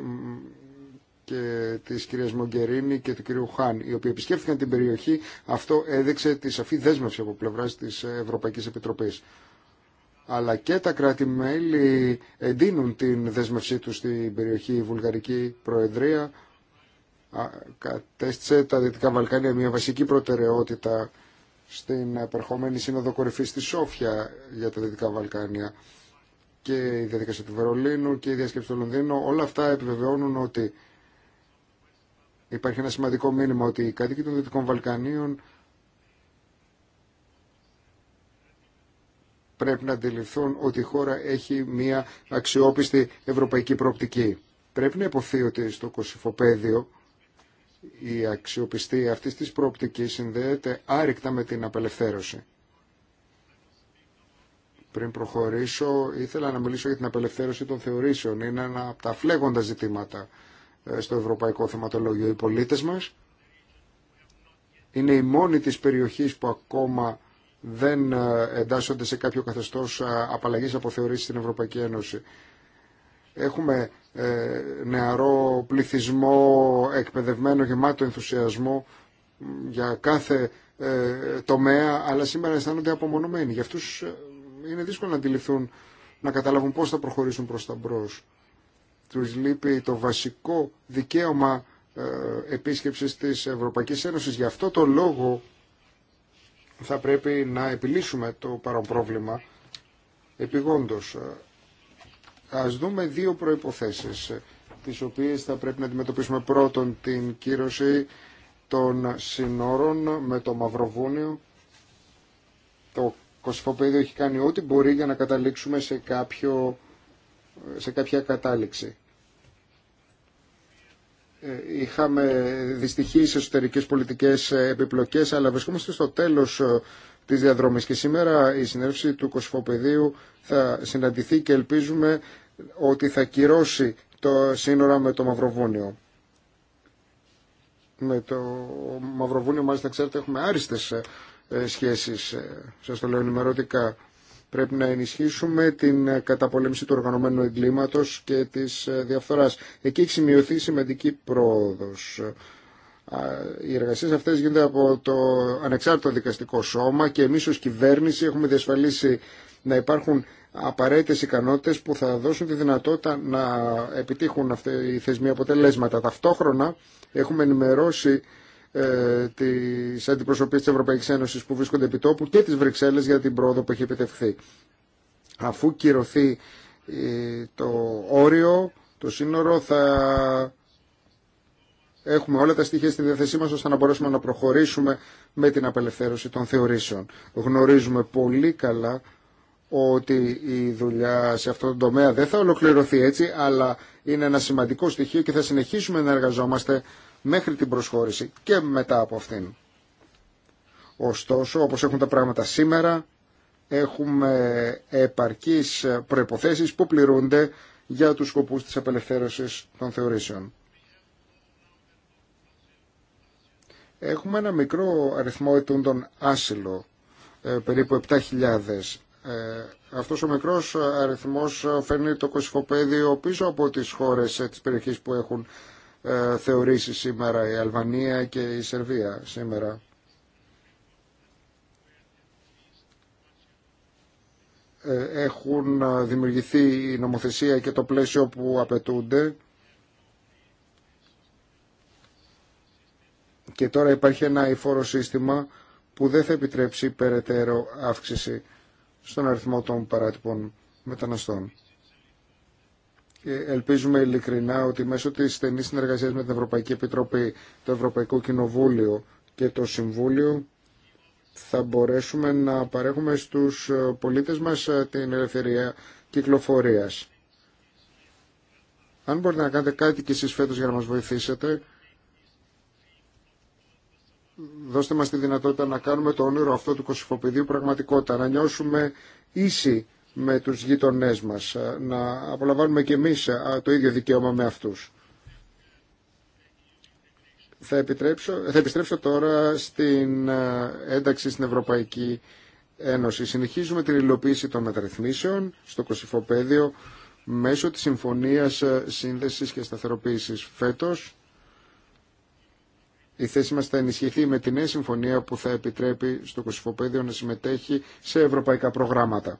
και τη κυρία Μογκερίνη και του κυρίου Χάν, οι οποίοι επισκέφθηκαν την περιοχή, αυτό έδειξε τη σαφή δέσμευση από πλευρά τη Ευρωπαϊκή Επιτροπή. Αλλά και τα κράτη-μέλη εντείνουν την δέσμευσή του στην περιοχή. Η Βουλγαρική Προεδρία κατέστησε τα Δυτικά Βαλκάνια μια βασική προτεραιότητα στην επερχόμενη Σύνοδο Κορυφή στη Σόφια για τα Δυτικά Βαλκάνια και η διαδικασία του Βερολίνου και η διασκέψη του Λονδίνου. Όλα αυτά επιβεβαιώνουν ότι Υπάρχει ένα σημαντικό μήνυμα ότι οι κάτοικοι των Δυτικών Βαλκανίων πρέπει να αντιληφθούν ότι η χώρα έχει μια αξιόπιστη ευρωπαϊκή προοπτική. Πρέπει να υποθεί ότι στο κοσυφοπαίδιο η αξιοπιστή αυτή της προοπτικής συνδέεται άρρηκτα με την απελευθέρωση. Πριν προχωρήσω, ήθελα να μιλήσω για την απελευθέρωση των θεωρήσεων. Είναι ένα από τα φλέγοντα ζητήματα ε, στο ευρωπαϊκό θεματολόγιο. Οι πολίτες μας είναι η μόνη της περιοχής που ακόμα δεν ε, εντάσσονται σε κάποιο καθεστώς ε, απαλλαγής θεωρήσεις στην Ευρωπαϊκή Ένωση. Έχουμε νεαρό πληθυσμό, εκπαιδευμένο, γεμάτο ενθουσιασμό για κάθε τομέα, αλλά σήμερα αισθάνονται απομονωμένοι. Για αυτούς είναι δύσκολο να αντιληφθούν, να καταλάβουν πώς θα προχωρήσουν προς τα μπρος τους λείπει το βασικό δικαίωμα ε, επίσκεψης της Ευρωπαϊκής Ένωσης. Γι' αυτό το λόγο θα πρέπει να επιλύσουμε το παρόν πρόβλημα επιγόντως. Ας δούμε δύο προϋποθέσεις, ε, τις οποίες θα πρέπει να αντιμετωπίσουμε πρώτον την κύρωση των συνόρων με το Μαυροβούνιο. Το Κωσυφοπέδιο έχει κάνει ό,τι μπορεί για να καταλήξουμε σε κάποιο σε κάποια κατάληξη. Ε, είχαμε δυστυχείς εσωτερικές πολιτικές επιπλοκές, αλλά βρισκόμαστε στο τέλος ε, της διαδρομής και σήμερα η συνέλευση του Κωσφοπεδίου θα συναντηθεί και ελπίζουμε ότι θα κυρώσει το σύνορα με το Μαυροβούνιο. Με το Μαυροβούνιο μάλιστα ξέρετε έχουμε άριστες ε, σχέσεις, σας το λέω ενημερωτικά. Πρέπει να ενισχύσουμε την καταπολέμηση του οργανωμένου εγκλήματος και της ε, διαφθοράς. Εκεί έχει σημειωθεί σημαντική πρόοδος. Οι εργασίε αυτές γίνονται από το ανεξάρτητο δικαστικό σώμα και εμεί ω κυβέρνηση έχουμε διασφαλίσει να υπάρχουν απαραίτητες ικανότητες που θα δώσουν τη δυνατότητα να επιτύχουν αυτοί οι θεσμοί αποτελέσματα. Ταυτόχρονα έχουμε ενημερώσει ε, τις αντιπροσωπίες της Ευρωπαϊκής Ένωσης που βρίσκονται επί τόπου και τη Βρυξέλλες για την πρόοδο που έχει επιτευχθεί. Αφού κυρωθεί ε, το όριο, το σύνορο, θα έχουμε όλα τα στοιχεία στη διάθεσή μα ώστε να μπορέσουμε να προχωρήσουμε με την απελευθέρωση των θεωρήσεων. Γνωρίζουμε πολύ καλά ότι η δουλειά σε αυτό το τομέα δεν θα ολοκληρωθεί έτσι, αλλά είναι ένα σημαντικό στοιχείο και θα συνεχίσουμε να εργαζόμαστε μέχρι την προσχώρηση και μετά από αυτήν. Ωστόσο, όπως έχουν τα πράγματα σήμερα, έχουμε επαρκείς προϋποθέσεις που πληρούνται για τους σκοπούς της απελευθέρωσης των θεωρήσεων. Έχουμε ένα μικρό αριθμό ετούντων άσυλο, ε, περίπου 7.000. Ε, αυτός ο μικρός αριθμός φέρνει το κοσυφοπέδιο πίσω από τις χώρες ε, της περιοχής που έχουν ε, θεωρήσει σήμερα η Αλβανία και η Σερβία σήμερα. Ε, έχουν ε, δημιουργηθεί η νομοθεσία και το πλαίσιο που απαιτούνται και τώρα υπάρχει ένα υφόρο σύστημα που δεν θα επιτρέψει περαιτέρω αύξηση στον αριθμό των παράτυπων μεταναστών ελπίζουμε ειλικρινά ότι μέσω της στενής συνεργασίας με την Ευρωπαϊκή Επιτροπή, το Ευρωπαϊκό Κοινοβούλιο και το Συμβούλιο θα μπορέσουμε να παρέχουμε στους πολίτες μας ε, την ελευθερία κυκλοφορίας. Αν μπορείτε να κάνετε κάτι και εσείς φέτος για να μας βοηθήσετε, δώστε μας τη δυνατότητα να κάνουμε το όνειρο αυτό του κοσυφοπηδίου πραγματικότητα, να νιώσουμε ίσοι με τους γείτονές μας, ε, να απολαμβάνουμε και εμείς ε, το ίδιο δικαίωμα με αυτούς. Θα, επιτρέψω, θα επιστρέψω τώρα στην ε, ένταξη στην Ευρωπαϊκή Ένωση. Συνεχίζουμε την υλοποίηση των μεταρρυθμίσεων στο Κωσυφοπαίδιο μέσω της Συμφωνίας Σύνδεσης και Σταθεροποίησης φέτος. Η θέση μας θα ενισχυθεί με τη νέα συμφωνία που θα επιτρέπει στο Κωσυφοπαίδιο να συμμετέχει σε ευρωπαϊκά προγράμματα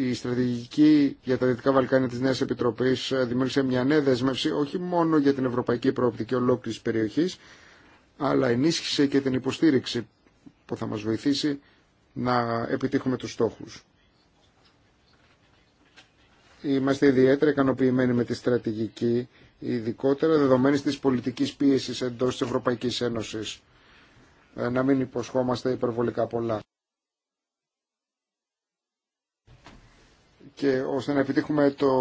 η στρατηγική για τα Δυτικά Βαλκάνια της Νέα Επιτροπής ε, δημιούργησε μια νέα δέσμευση όχι μόνο για την ευρωπαϊκή προοπτική ολόκληρης περιοχή, αλλά ενίσχυσε και την υποστήριξη που θα μας βοηθήσει να επιτύχουμε τους στόχους. Είμαστε ιδιαίτερα ικανοποιημένοι με τη στρατηγική, ειδικότερα δεδομένη τη πολιτική πίεση εντό τη Ευρωπαϊκή Ένωση, ε, Να μην υποσχόμαστε υπερβολικά πολλά. και ώστε να επιτύχουμε το,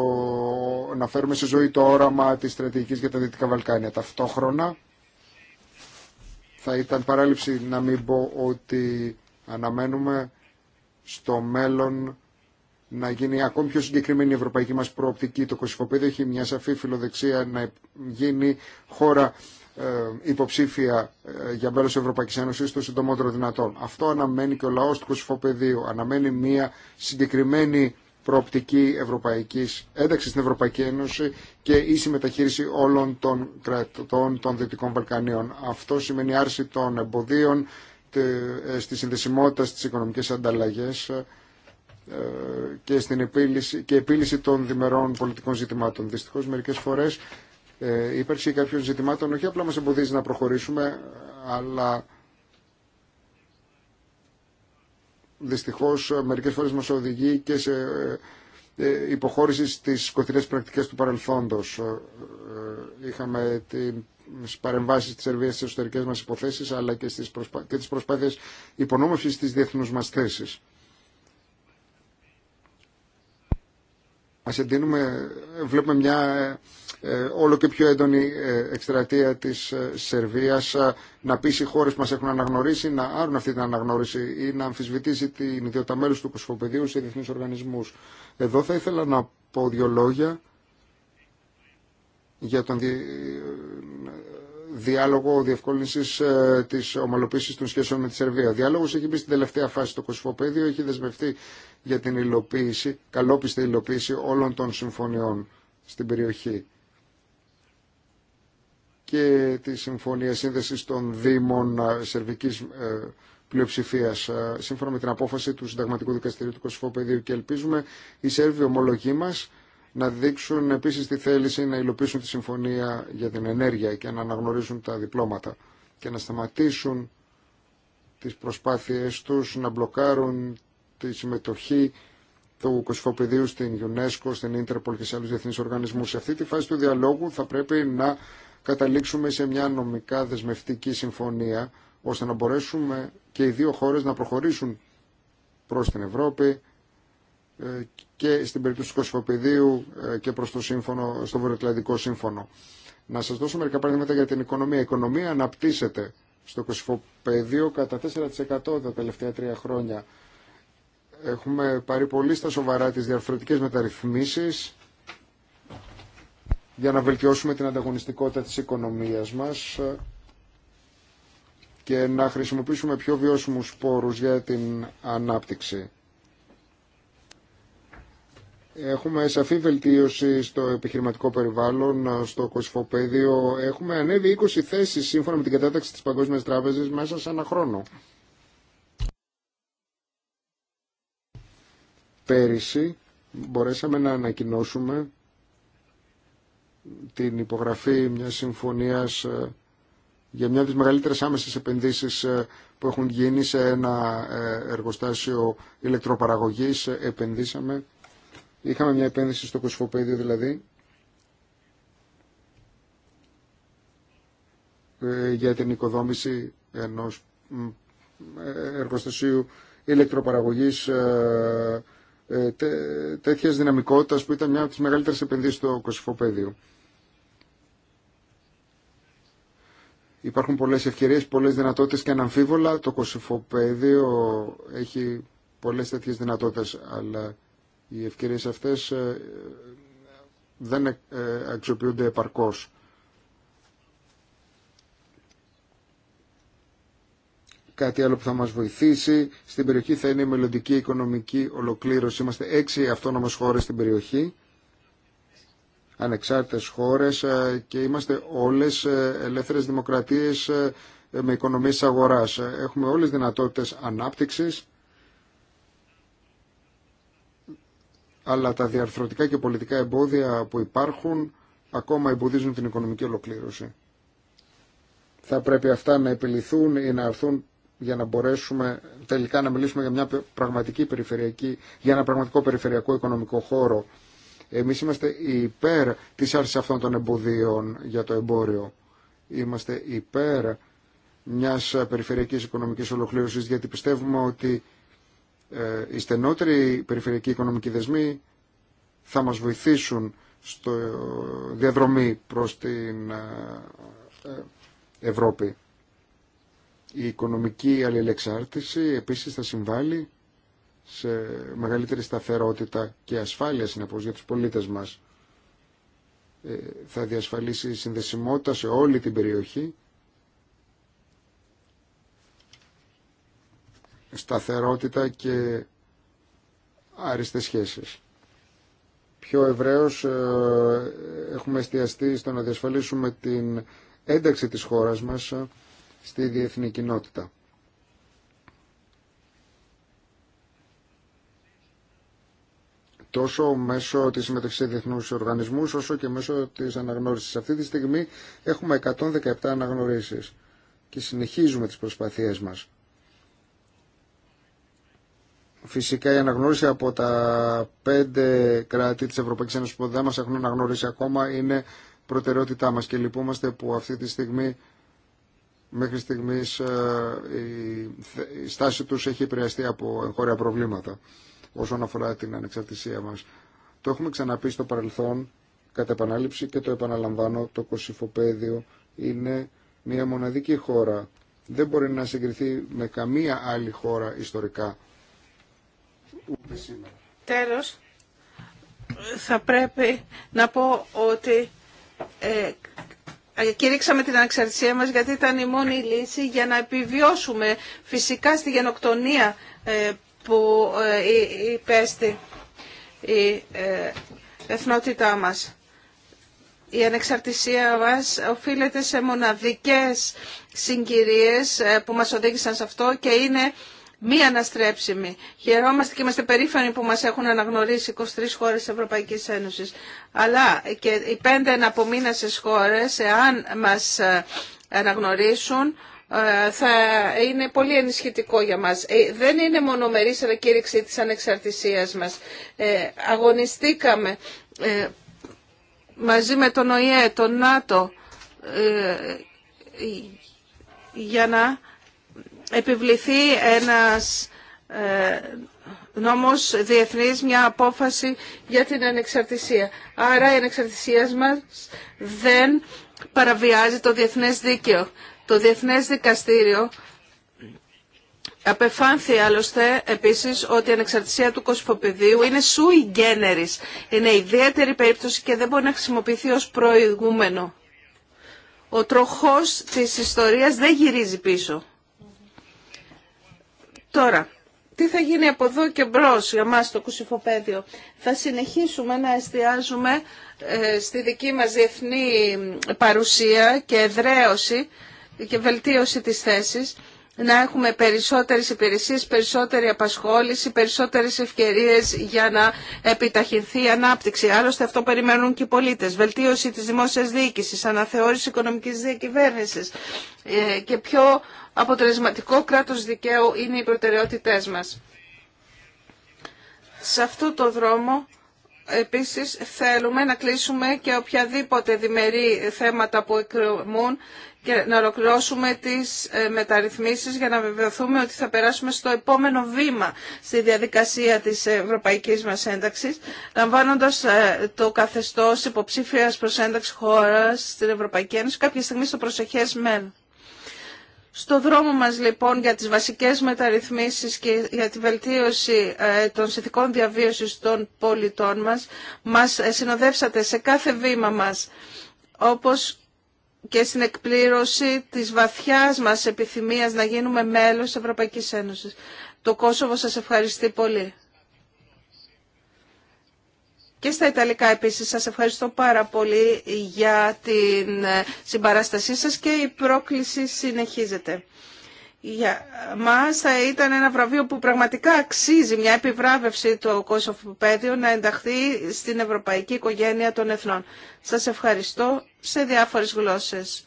να φέρουμε σε ζωή το όραμα της στρατηγικής για τα Δυτικά Βαλκάνια. Ταυτόχρονα θα ήταν παράληψη να μην πω ότι αναμένουμε στο μέλλον να γίνει ακόμη πιο συγκεκριμένη η ευρωπαϊκή μας προοπτική. Το Κωσυφοπέδιο έχει μια σαφή φιλοδεξία να γίνει χώρα ε, υποψήφια ε, για μέλος Ευρωπαϊκής Ένωσης το συντομότερο δυνατόν. Αυτό αναμένει και ο λαός του Κωσυφοπεδίου. Αναμένει μια συγκεκριμένη προοπτική ευρωπαϊκής ένταξης στην Ευρωπαϊκή Ένωση και ίση μεταχείριση όλων των κρατών των Δυτικών Βαλκανίων. Αυτό σημαίνει άρση των εμποδίων ε, στη συνδεσιμότητα στις οικονομικές ανταλλαγές ε, και, στην επίλυση, και επίλυση των διμερών πολιτικών ζητημάτων. Δυστυχώς μερικές φορές ε, ύπαρξη κάποιων ζητημάτων όχι απλά μας εμποδίζει να προχωρήσουμε αλλά δυστυχώς ε, μερικές φορές μας οδηγεί και σε ε, ε, υποχώρηση στις σκοτεινές πρακτικές του παρελθόντος. Είχαμε τις παρεμβάσεις της Σερβίας στις εσωτερικές μας υποθέσεις αλλά και, στις προσπάθειε και τις προσπάθειες υπονόμευσης της διεθνούς μας Μας εντείνουμε, βλέπουμε μια ε, όλο και πιο έντονη ε, εκστρατεία της ε, Σερβίας να πείσει χώρες που μας έχουν αναγνωρίσει να άρουν αυτή την αναγνώριση ή να αμφισβητήσει την ιδιότητα μέλους του κοσμοπεδίου σε διεθνείς οργανισμούς. Εδώ θα ήθελα να πω δύο λόγια για τον διάλογο διευκόλυνση ε, τη ομαλοποίηση των σχέσεων με τη Σερβία. Ο διάλογο έχει μπει στην τελευταία φάση στο Κωσυφοπαίδιο, έχει δεσμευτεί για την υλοποίηση, καλόπιστη υλοποίηση όλων των συμφωνιών στην περιοχή και τη Συμφωνία σύνδεση των Δήμων ε, Σερβικής ε, πλειοψηφία ε, σύμφωνα με την απόφαση του Συνταγματικού Δικαστηρίου του Κωσυφοπαιδίου και ελπίζουμε οι Σέρβοι ομολογοί μα να δείξουν επίσης τη θέληση να υλοποιήσουν τη συμφωνία για την ενέργεια και να αναγνωρίσουν τα διπλώματα και να σταματήσουν τις προσπάθειές τους να μπλοκάρουν τη συμμετοχή του κοσφοπεδίου στην UNESCO, στην Interpol και σε άλλους διεθνείς οργανισμούς. Σε αυτή τη φάση του διαλόγου θα πρέπει να καταλήξουμε σε μια νομικά δεσμευτική συμφωνία ώστε να μπορέσουμε και οι δύο χώρες να προχωρήσουν προς την Ευρώπη ε, και στην περίπτωση του Κωσυφοπεδίου ε, και προς το σύμφωνο, στο Βορειοατλαντικό Σύμφωνο. Να σας δώσω μερικά παραδείγματα για την οικονομία. Η οικονομία αναπτύσσεται στο Κωσυφοπεδίο κατά 4% τα τελευταία τρία χρόνια. Έχουμε πάρει πολύ στα σοβαρά τις διαφορετικές μεταρρυθμίσεις για να βελτιώσουμε την ανταγωνιστικότητα της οικονομίας μας ε, και να χρησιμοποιήσουμε πιο βιώσιμους πόρους για την ανάπτυξη. Έχουμε σαφή βελτίωση στο επιχειρηματικό περιβάλλον, στο κοσφοπέδιο. Έχουμε ανέβει 20 θέσεις σύμφωνα με την κατάταξη της Παγκόσμιας Τράπεζας μέσα σε ένα χρόνο. Πέρυσι μπορέσαμε να ανακοινώσουμε την υπογραφή μιας συμφωνίας ε, για μια από τις μεγαλύτερες άμεσες επενδύσεις ε, που έχουν γίνει σε ένα ε, εργοστάσιο ηλεκτροπαραγωγής επενδύσαμε Είχαμε μια επένδυση στο κοσφοπέδιο δηλαδή ε, για την οικοδόμηση ενός ε, εργοστασίου ηλεκτροπαραγωγής ε, τέ, τέτοιας δυναμικότητας που ήταν μια από τις μεγαλύτερες επενδύσεις στο κοσφοπέδιο. Υπάρχουν πολλές ευκαιρίες, πολλές δυνατότητες και αναμφίβολα το κοσυφοπέδιο έχει πολλές τέτοιες δυνατότητες, αλλά οι ευκαιρίες αυτές ε, δεν ε, αξιοποιούνται επαρκώς. Κάτι άλλο που θα μας βοηθήσει στην περιοχή θα είναι η μελλοντική οικονομική ολοκλήρωση. Είμαστε έξι αυτόνομες χώρες στην περιοχή, ανεξάρτητες χώρες ε, και είμαστε όλες ελεύθερες δημοκρατίες με οικονομίες αγοράς. Έχουμε όλες δυνατότητες ανάπτυξης αλλά τα διαρθρωτικά και πολιτικά εμπόδια που υπάρχουν ακόμα εμποδίζουν την οικονομική ολοκλήρωση. Θα πρέπει αυτά να επιληθούν ή να έρθουν για να μπορέσουμε τελικά να μιλήσουμε για μια πραγματική περιφερειακή, για ένα πραγματικό περιφερειακό οικονομικό χώρο. Εμείς είμαστε υπέρ της άρσης αυτών των εμποδίων για το εμπόριο. Είμαστε υπέρ μιας περιφερειακής οικονομικής ολοκλήρωσης γιατί πιστεύουμε ότι ε, οι στενότεροι περιφερειακοί οικονομικοί δεσμοί θα μας βοηθήσουν στο διαδρομή προς την ε, ε, Ευρώπη. Η οικονομική αλληλεξάρτηση επίσης θα συμβάλλει σε μεγαλύτερη σταθερότητα και ασφάλεια συνεπώς για τους πολίτες μας. Θα διασφαλίσει συνδεσιμότητα σε όλη την περιοχή σταθερότητα και άριστες σχέσεις. Πιο ευρέως ε, έχουμε εστιαστεί στο να διασφαλίσουμε την ένταξη της χώρας μας ε, στη διεθνή κοινότητα. τόσο μέσω της συμμετοχής σε διεθνούς οργανισμούς όσο και μέσω της αναγνώρισης. Αυτή τη στιγμή έχουμε 117 αναγνωρίσεις και συνεχίζουμε τις προσπαθίες μας. Φυσικά η αναγνώριση από τα πέντε κράτη της Ευρωπαϊκής Ένωσης που δεν μας έχουν αναγνωρίσει ακόμα είναι προτεραιότητά μας και λυπούμαστε που αυτή τη στιγμή μέχρι στιγμής ε, η στάση τους έχει επηρεαστεί από εγχώρια προβλήματα όσον αφορά την ανεξαρτησία μας. Το έχουμε ξαναπεί στο παρελθόν κατά επανάληψη και το επαναλαμβάνω το Κωσυφοπαίδιο είναι μια μοναδική χώρα. Δεν μπορεί να συγκριθεί με καμία άλλη χώρα ιστορικά Τέλος, θα πρέπει να πω ότι ε, κηρύξαμε την ανεξαρτησία μας γιατί ήταν η μόνη λύση για να επιβιώσουμε φυσικά στη γενοκτονία ε, που ε, υπέστη η ε, εθνότητά μας. Η ανεξαρτησία μας οφείλεται σε μοναδικές συγκυρίες ε, που μας οδήγησαν σε αυτό και είναι μη αναστρέψιμη. Χαιρόμαστε και είμαστε περήφανοι που μας έχουν αναγνωρίσει 23 χώρες της Ευρωπαϊκής Ένωσης. Αλλά και οι πέντε εναπομείνασες χώρες, εάν μας ε, αναγνωρίσουν, ε, θα είναι πολύ ενισχυτικό για μας. Ε, δεν είναι μονομερής ανακήρυξη της ανεξαρτησίας μας. Αγωνιστήκαμε μαζί με τον ΟΗΕ, τον ΝΑΤΟ, για να επιβληθεί ένας ε, νόμος διεθνής, μια απόφαση για την ανεξαρτησία. Άρα η ανεξαρτησία μας δεν παραβιάζει το διεθνές δίκαιο. Το διεθνές δικαστήριο Απεφάνθη άλλωστε επίσης ότι η ανεξαρτησία του κοσφοπεδίου είναι sui generis. Είναι ιδιαίτερη περίπτωση και δεν μπορεί να χρησιμοποιηθεί ως προηγούμενο. Ο τροχός της ιστορίας δεν γυρίζει πίσω. Τώρα, τι θα γίνει από εδώ και μπρο για στο το κουσιφοπέδιο. Θα συνεχίσουμε να εστιάζουμε ε, στη δική μας διεθνή παρουσία και εδραίωση και βελτίωση της θέσης να έχουμε περισσότερες υπηρεσίες, περισσότερη απασχόληση, περισσότερες ευκαιρίες για να επιταχυνθεί η ανάπτυξη. Άλλωστε αυτό περιμένουν και οι πολίτες. Βελτίωση της δημόσιας διοίκησης, αναθεώρηση οικονομικής διακυβέρνησης ε, και πιο αποτελεσματικό κράτος δικαίου είναι οι προτεραιότητές μας. Σε αυτό το δρόμο επίσης θέλουμε να κλείσουμε και οποιαδήποτε διμερεί θέματα που εκκρεμούν και να ολοκληρώσουμε τις ε, μεταρρυθμίσεις για να βεβαιωθούμε ότι θα περάσουμε στο επόμενο βήμα στη διαδικασία της ευρωπαϊκής μας ένταξης, λαμβάνοντας ε, το καθεστώς υποψήφιας προς ένταξη χώρας στην Ευρωπαϊκή Ένωση κάποια στιγμή στο προσεχές μέλλον. Στο δρόμο μας λοιπόν για τις βασικές μεταρρυθμίσεις και για τη βελτίωση ε, των συνθηκών διαβίωσης των πολιτών μας, μας ε, συνοδεύσατε σε κάθε βήμα μας, όπως και στην εκπλήρωση της βαθιάς μας επιθυμίας να γίνουμε μέλος Ευρωπαϊκής Ένωσης. Το Κόσοβο σας ευχαριστεί πολύ και στα Ιταλικά επίσης. Σας ευχαριστώ πάρα πολύ για την ε, συμπαράστασή σας και η πρόκληση συνεχίζεται. Για μας θα ήταν ένα βραβείο που πραγματικά αξίζει μια επιβράβευση του Κωσοφοπέδιου να ενταχθεί στην Ευρωπαϊκή Οικογένεια των Εθνών. Σας ευχαριστώ σε διάφορες γλώσσες.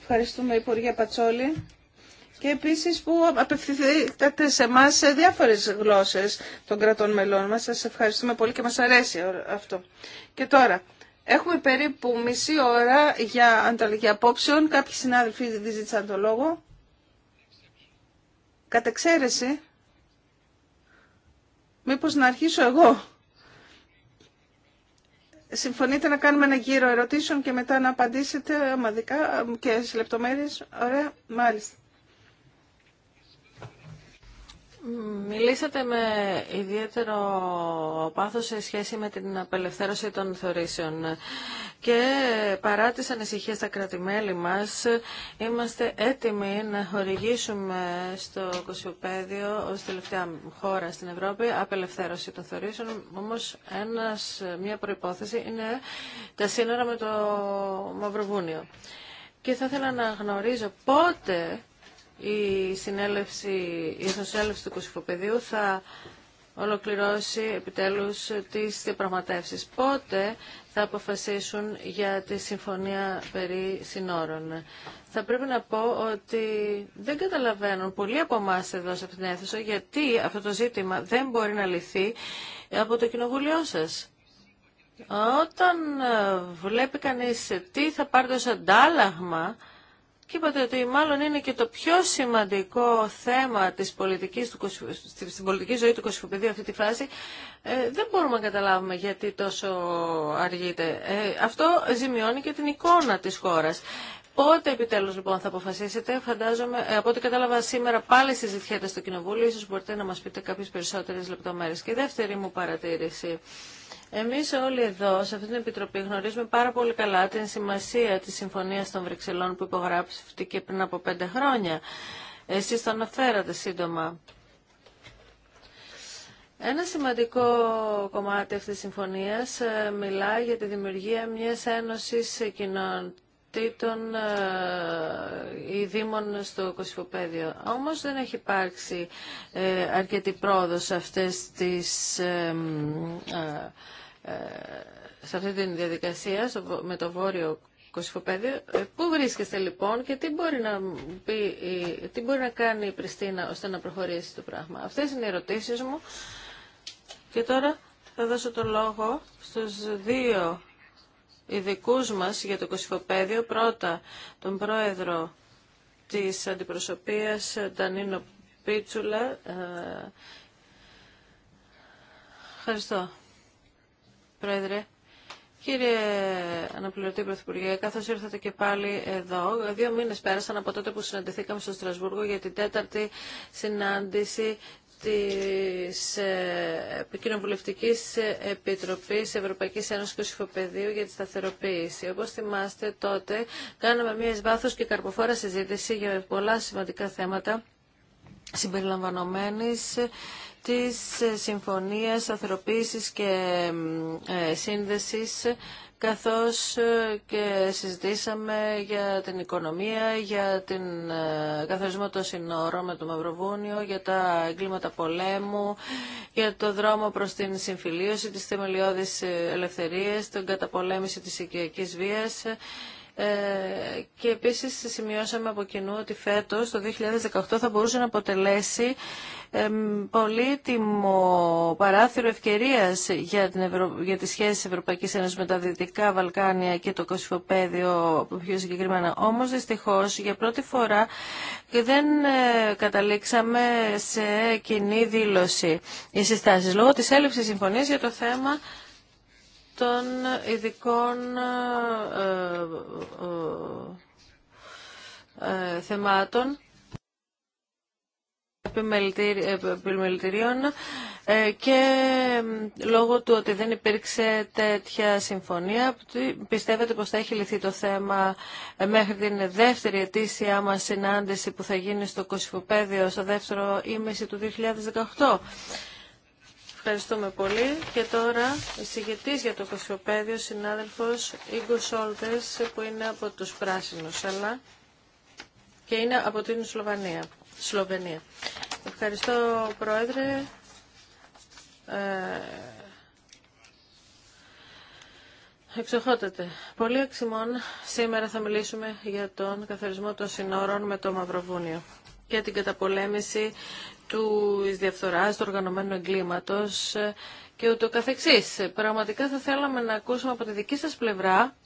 Ευχαριστούμε, Υπουργέ Πατσόλη. Και επίσης που απευθυνθείτε σε εμά σε διάφορες γλώσσες των κρατών μελών μας. Σας ευχαριστούμε πολύ και μας αρέσει αυτό. Και τώρα, έχουμε περίπου μισή ώρα για ανταλλαγή απόψεων. Κάποιοι συνάδελφοι δεν ζήτησαν το λόγο. Κατ' εξαίρεση, μήπως να αρχίσω εγώ. Συμφωνείτε να κάνουμε ένα γύρο ερωτήσεων και μετά να απαντήσετε ομαδικά και σε λεπτομέρειες. Ωραία, μάλιστα. Μιλήσατε με ιδιαίτερο πάθος σε σχέση με την απελευθέρωση των θεωρήσεων και παρά τις ανησυχίες στα κρατημέλη μας είμαστε έτοιμοι να χορηγήσουμε στο κοσιοπέδιο ως τελευταία χώρα στην Ευρώπη απελευθέρωση των θεωρήσεων όμως ένας, μια προϋπόθεση είναι τα σύνορα με το Μαυροβούνιο και θα ήθελα να γνωρίζω πότε η συνέλευση, η εθνοσέλευση του κοσυφοπεδίου θα ολοκληρώσει επιτέλους τις διαπραγματεύσεις. Πότε θα αποφασίσουν για τη συμφωνία περί συνόρων. Θα πρέπει να πω ότι δεν καταλαβαίνουν πολλοί από εμά εδώ σε αυτήν την αίθουσα γιατί αυτό το ζήτημα δεν μπορεί να λυθεί από το κοινοβουλίο σας. Όταν ε, βλέπει κανείς τι θα πάρει ως αντάλλαγμα και είπατε ότι μάλλον είναι και το πιο σημαντικό θέμα της πολιτικής του, στην πολιτική ζωή του Κωσυφοπεδίου αυτή τη φάση. Ε, δεν μπορούμε να καταλάβουμε γιατί τόσο αργείται. Ε, αυτό ζημιώνει και την εικόνα της χώρας. Πότε επιτέλους λοιπόν θα αποφασίσετε, φαντάζομαι, ε, από ό,τι κατάλαβα σήμερα πάλι συζητιέται στο Κοινοβούλιο, ίσως μπορείτε να μας πείτε κάποιες περισσότερες λεπτομέρειες. Και δεύτερη μου παρατήρηση. Εμείς όλοι εδώ, σε αυτή την Επιτροπή, γνωρίζουμε πάρα πολύ καλά την σημασία της συμφωνία των Βρυξελών που υπογράφηκε πριν από πέντε χρόνια. Εσεί το αναφέρατε σύντομα. Ένα σημαντικό κομμάτι αυτής της συμφωνίας ε, μιλά για τη δημιουργία μιας ένωσης κοινοτήτων ή ε, ε, δήμων στο Κωσυφοπαίδιο. Όμως δεν έχει υπάρξει ε, αρκετή πρόοδος σε αυτές τις σε αυτή τη διαδικασία με το Βόρειο Κωσυφοπαίδιο. Πού βρίσκεστε λοιπόν και τι μπορεί, να τι μπορεί να κάνει η Πριστίνα ώστε να προχωρήσει το πράγμα. Αυτές είναι οι ερωτήσεις μου. Και τώρα θα δώσω το λόγο στους δύο ειδικού μας για το Κωσυφοπαίδιο. Πρώτα τον πρόεδρο της αντιπροσωπείας Ντανίνο Πίτσουλα. Ε, ευχαριστώ, πρόεδρε. Κύριε Αναπληρωτή Πρωθυπουργέ, καθώς ήρθατε και πάλι εδώ, δύο μήνες πέρασαν από τότε που συναντηθήκαμε στο Στρασβούργο για την τέταρτη συνάντηση της ε, Κοινοβουλευτικής Επιτροπής Ευρωπαϊκής Ένωσης Κωσυφοπεδίου για τη σταθεροποίηση. Όπως θυμάστε τότε κάναμε μια εσβάθος και καρποφόρα συζήτηση για πολλά σημαντικά θέματα συμπεριλαμβανομένης της Συμφωνίας Σταθεροποίησης και ε, Σύνδεσης καθώς ε, και συζητήσαμε για την οικονομία, για την ε, καθορισμό των συνόρων με το Μαυροβούνιο, για τα εγκλήματα πολέμου, για το δρόμο προς την συμφιλίωση, της θεμελιώδης ε, ελευθερίας, την καταπολέμηση της οικιακής βίας, και επίσης σημειώσαμε από κοινού ότι φέτος το 2018 θα μπορούσε να αποτελέσει πολύτιμο παράθυρο ευκαιρίας για, την Ευρω... για τις σχέσεις Ευρωπαϊκής Ένωσης με τα Δυτικά Βαλκάνια και το Κωσυφοπαίδιο πιο συγκεκριμένα. Όμως δυστυχώς για πρώτη φορά δεν ε, καταλήξαμε σε κοινή δήλωση ή συστάσεις λόγω της έλλειψης συμφωνίας για το θέμα των ειδικών ε, ε, θεμάτων ε, επιμελητηρίων ε, και λόγω του ότι δεν υπήρξε τέτοια συμφωνία πιστεύετε πως θα έχει λυθεί το θέμα ε, μέχρι την δεύτερη ετήσια μας συνάντηση που θα γίνει στο Κωσυφοπαίδιο στο δεύτερο ήμιση του 2018. Ευχαριστούμε πολύ. Και τώρα η για το Κωσυφοπαίδιο, συνάδελφος Ίγκο Σόλτες που είναι από τους Πράσινους αλλά και είναι από την Σλοβανία. Σλοβενία. Ευχαριστώ, Πρόεδρε. Ε, εξοχότατε. Πολύ αξιμών. Σήμερα θα μιλήσουμε για τον καθαρισμό των συνόρων με το Μαυροβούνιο και την καταπολέμηση του διαφθοράς, του οργανωμένου εγκλήματος ε, και ούτω καθεξής. Πραγματικά θα θέλαμε να ακούσουμε από τη δική σας πλευρά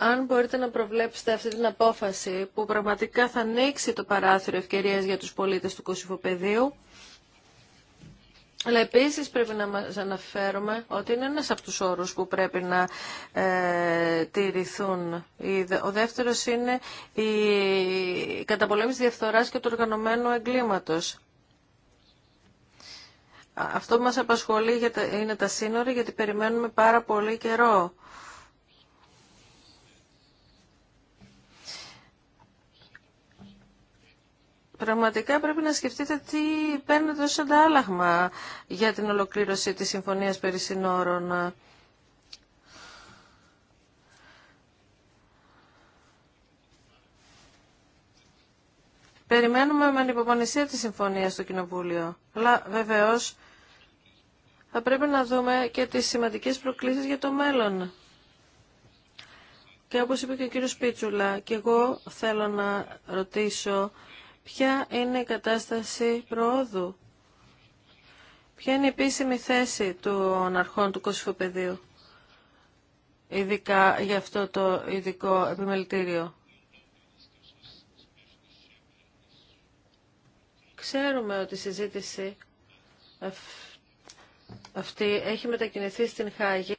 αν μπορείτε να προβλέψετε αυτή την απόφαση που πραγματικά θα ανοίξει το παράθυρο ευκαιρίας για τους πολίτες του Κωσυφοπεδίου, αλλά επίσης πρέπει να μας αναφέρουμε ότι είναι ένας από τους όρους που πρέπει να ε, τηρηθούν. Ο δεύτερος είναι η καταπολέμηση διαφθοράς και του οργανωμένου εγκλήματος. Αυτό που μας απασχολεί είναι τα σύνορα γιατί περιμένουμε πάρα πολύ καιρό. Πραγματικά πρέπει να σκεφτείτε τι παίρνετε ως αντάλλαγμα για την ολοκλήρωση της Συμφωνίας περί συνόρων. Περιμένουμε με ανυπομονησία τη συμφωνία στο Κοινοβούλιο. Αλλά βεβαίως θα πρέπει να δούμε και τις σημαντικές προκλήσεις για το μέλλον. Και όπω είπε και ο κύριο Πίτσουλα, και εγώ θέλω να ρωτήσω Ποια είναι η κατάσταση προόδου. Ποια είναι η επίσημη θέση των αρχών του Κωσυφοπεδίου, ειδικά για αυτό το ειδικό επιμελητήριο. Ξέρουμε ότι η συζήτηση αυτή έχει μετακινηθεί στην Χάγη.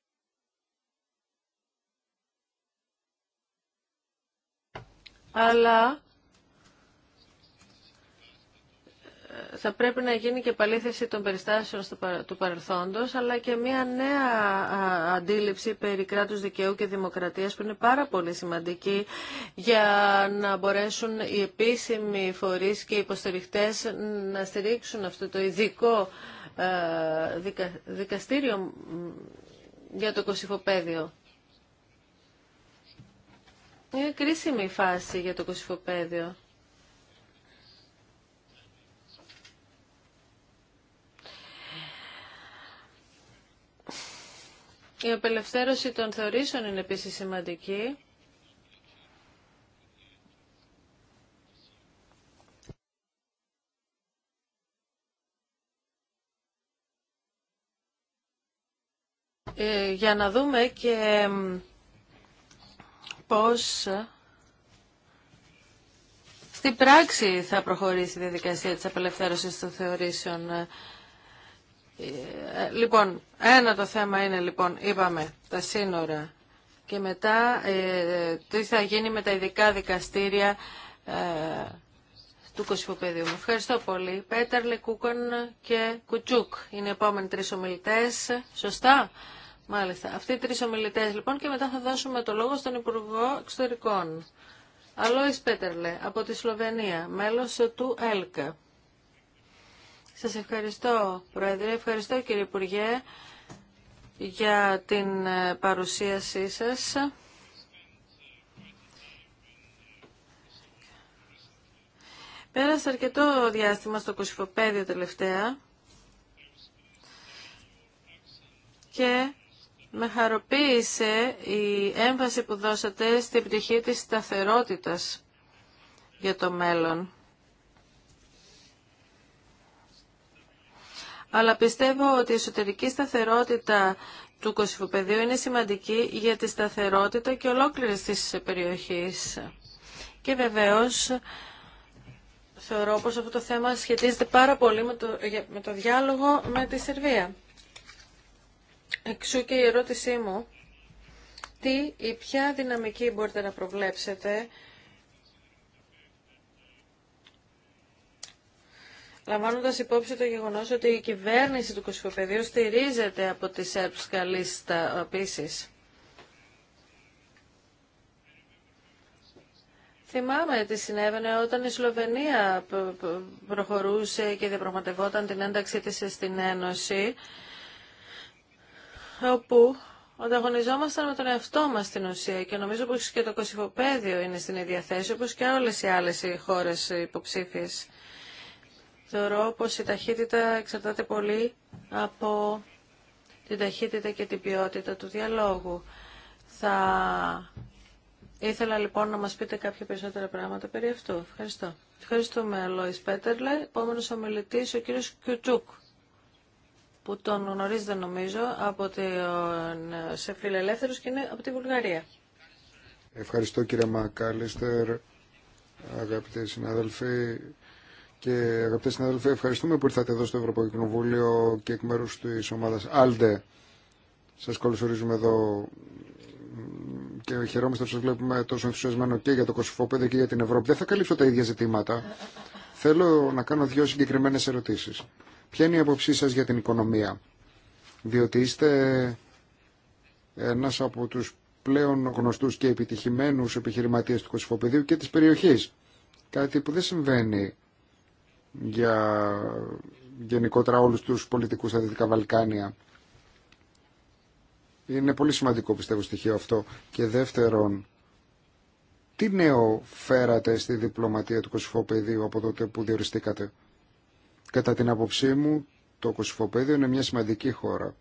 Αλλά θα πρέπει να γίνει και παλήθευση των περιστάσεων του παρελθόντος, αλλά και μια νέα αντίληψη περί κράτους δικαίου και δημοκρατίας που είναι πάρα πολύ σημαντική για να μπορέσουν οι επίσημοι φορείς και οι υποστηριχτές να στηρίξουν αυτό το ειδικό δικαστήριο για το κοσυφοπαίδιο. Είναι κρίσιμη η φάση για το κοσυφοπαίδιο. Η απελευθέρωση των θεωρήσεων είναι επίσης σημαντική. Ε, για να δούμε και πώς στην πράξη θα προχωρήσει η διαδικασία της απελευθέρωσης των θεωρήσεων ε, λοιπόν, ένα το θέμα είναι λοιπόν, είπαμε, τα σύνορα και μετά ε, τι θα γίνει με τα ειδικά δικαστήρια ε, του Κωσυφοπαιδίου. Ευχαριστώ πολύ. Πέτερ, Λεκούκον και Κουτσούκ είναι οι επόμενοι τρεις ομιλητές. Σωστά. Μάλιστα. Αυτοί οι τρεις ομιλητές λοιπόν και μετά θα δώσουμε το λόγο στον Υπουργό Εξωτερικών. Αλόης Πέτερλε από τη Σλοβενία, μέλος του ΕΛΚΑ. Σας ευχαριστώ, Πρόεδρε. Ευχαριστώ, κύριε Υπουργέ, για την ε, παρουσίασή σας. Πέρασε αρκετό διάστημα στο Κωσυφοπαίδιο τελευταία και με χαροποίησε η έμφαση που δώσατε στην πτυχή της σταθερότητας για το μέλλον. αλλά πιστεύω ότι η εσωτερική σταθερότητα του Κωσυφοπεδίου είναι σημαντική για τη σταθερότητα και ολόκληρη της περιοχής. Και βεβαίως θεωρώ πως αυτό το θέμα σχετίζεται πάρα πολύ με το, με το διάλογο με τη Σερβία. Εξού και η ερώτησή μου, τι ή ποια δυναμική μπορείτε να προβλέψετε Λαμβάνοντα υπόψη το γεγονός ότι η κυβέρνηση του Κωσυφοπεδίου στηρίζεται από τη Σέρψκα λίστα επίση. Θυμάμαι τι συνέβαινε όταν η Σλοβενία προχωρούσε και διαπραγματευόταν την ένταξή της στην Ένωση, όπου ανταγωνιζόμασταν με τον εαυτό μας στην ουσία και νομίζω πως και το Κωσυφοπαίδιο είναι στην ίδια θέση, όπως και όλες οι άλλες χώρε χώρες υποψήφιες. Θεωρώ πως η ταχύτητα εξαρτάται πολύ από την ταχύτητα και την ποιότητα του διαλόγου. Θα ήθελα λοιπόν να μας πείτε κάποια περισσότερα πράγματα περί αυτού. Ευχαριστώ. Ευχαριστούμε Λόις Πέτερλε. Επόμενος ομιλητής ο κύριος Κιουτσούκ που τον γνωρίζετε νομίζω από τη, ε, σε και είναι από τη Βουλγαρία. Ευχαριστώ κύριε Μακάλιστερ, αγαπητοί συνάδελφοι. Και αγαπητέ συνάδελφοι, ευχαριστούμε που ήρθατε εδώ στο Ευρωπαϊκό Κοινοβούλιο και εκ μέρου τη ομάδα ALDE. Σα καλωσορίζουμε εδώ και χαιρόμαστε που σα βλέπουμε τόσο ενθουσιασμένο και για το Κωσυφόπεδο και για την Ευρώπη. Δεν θα καλύψω τα ίδια ζητήματα. Θέλω να κάνω δύο συγκεκριμένε ερωτήσει. Ποια είναι η άποψή σα για την οικονομία, διότι είστε ένα από του πλέον γνωστού και επιτυχημένου επιχειρηματίε του Κωσυφοπεδίου και τη περιοχή. Κάτι που δεν συμβαίνει για γενικότερα όλους τους πολιτικούς στα Δυτικά Βαλκάνια. Είναι πολύ σημαντικό πιστεύω στοιχείο αυτό. Και δεύτερον, τι νέο φέρατε στη διπλωματία του Κωσυφοπεδίου από τότε που διοριστήκατε. Κατά την άποψή μου, το Κωσυφοπέδιο είναι μια σημαντική χώρα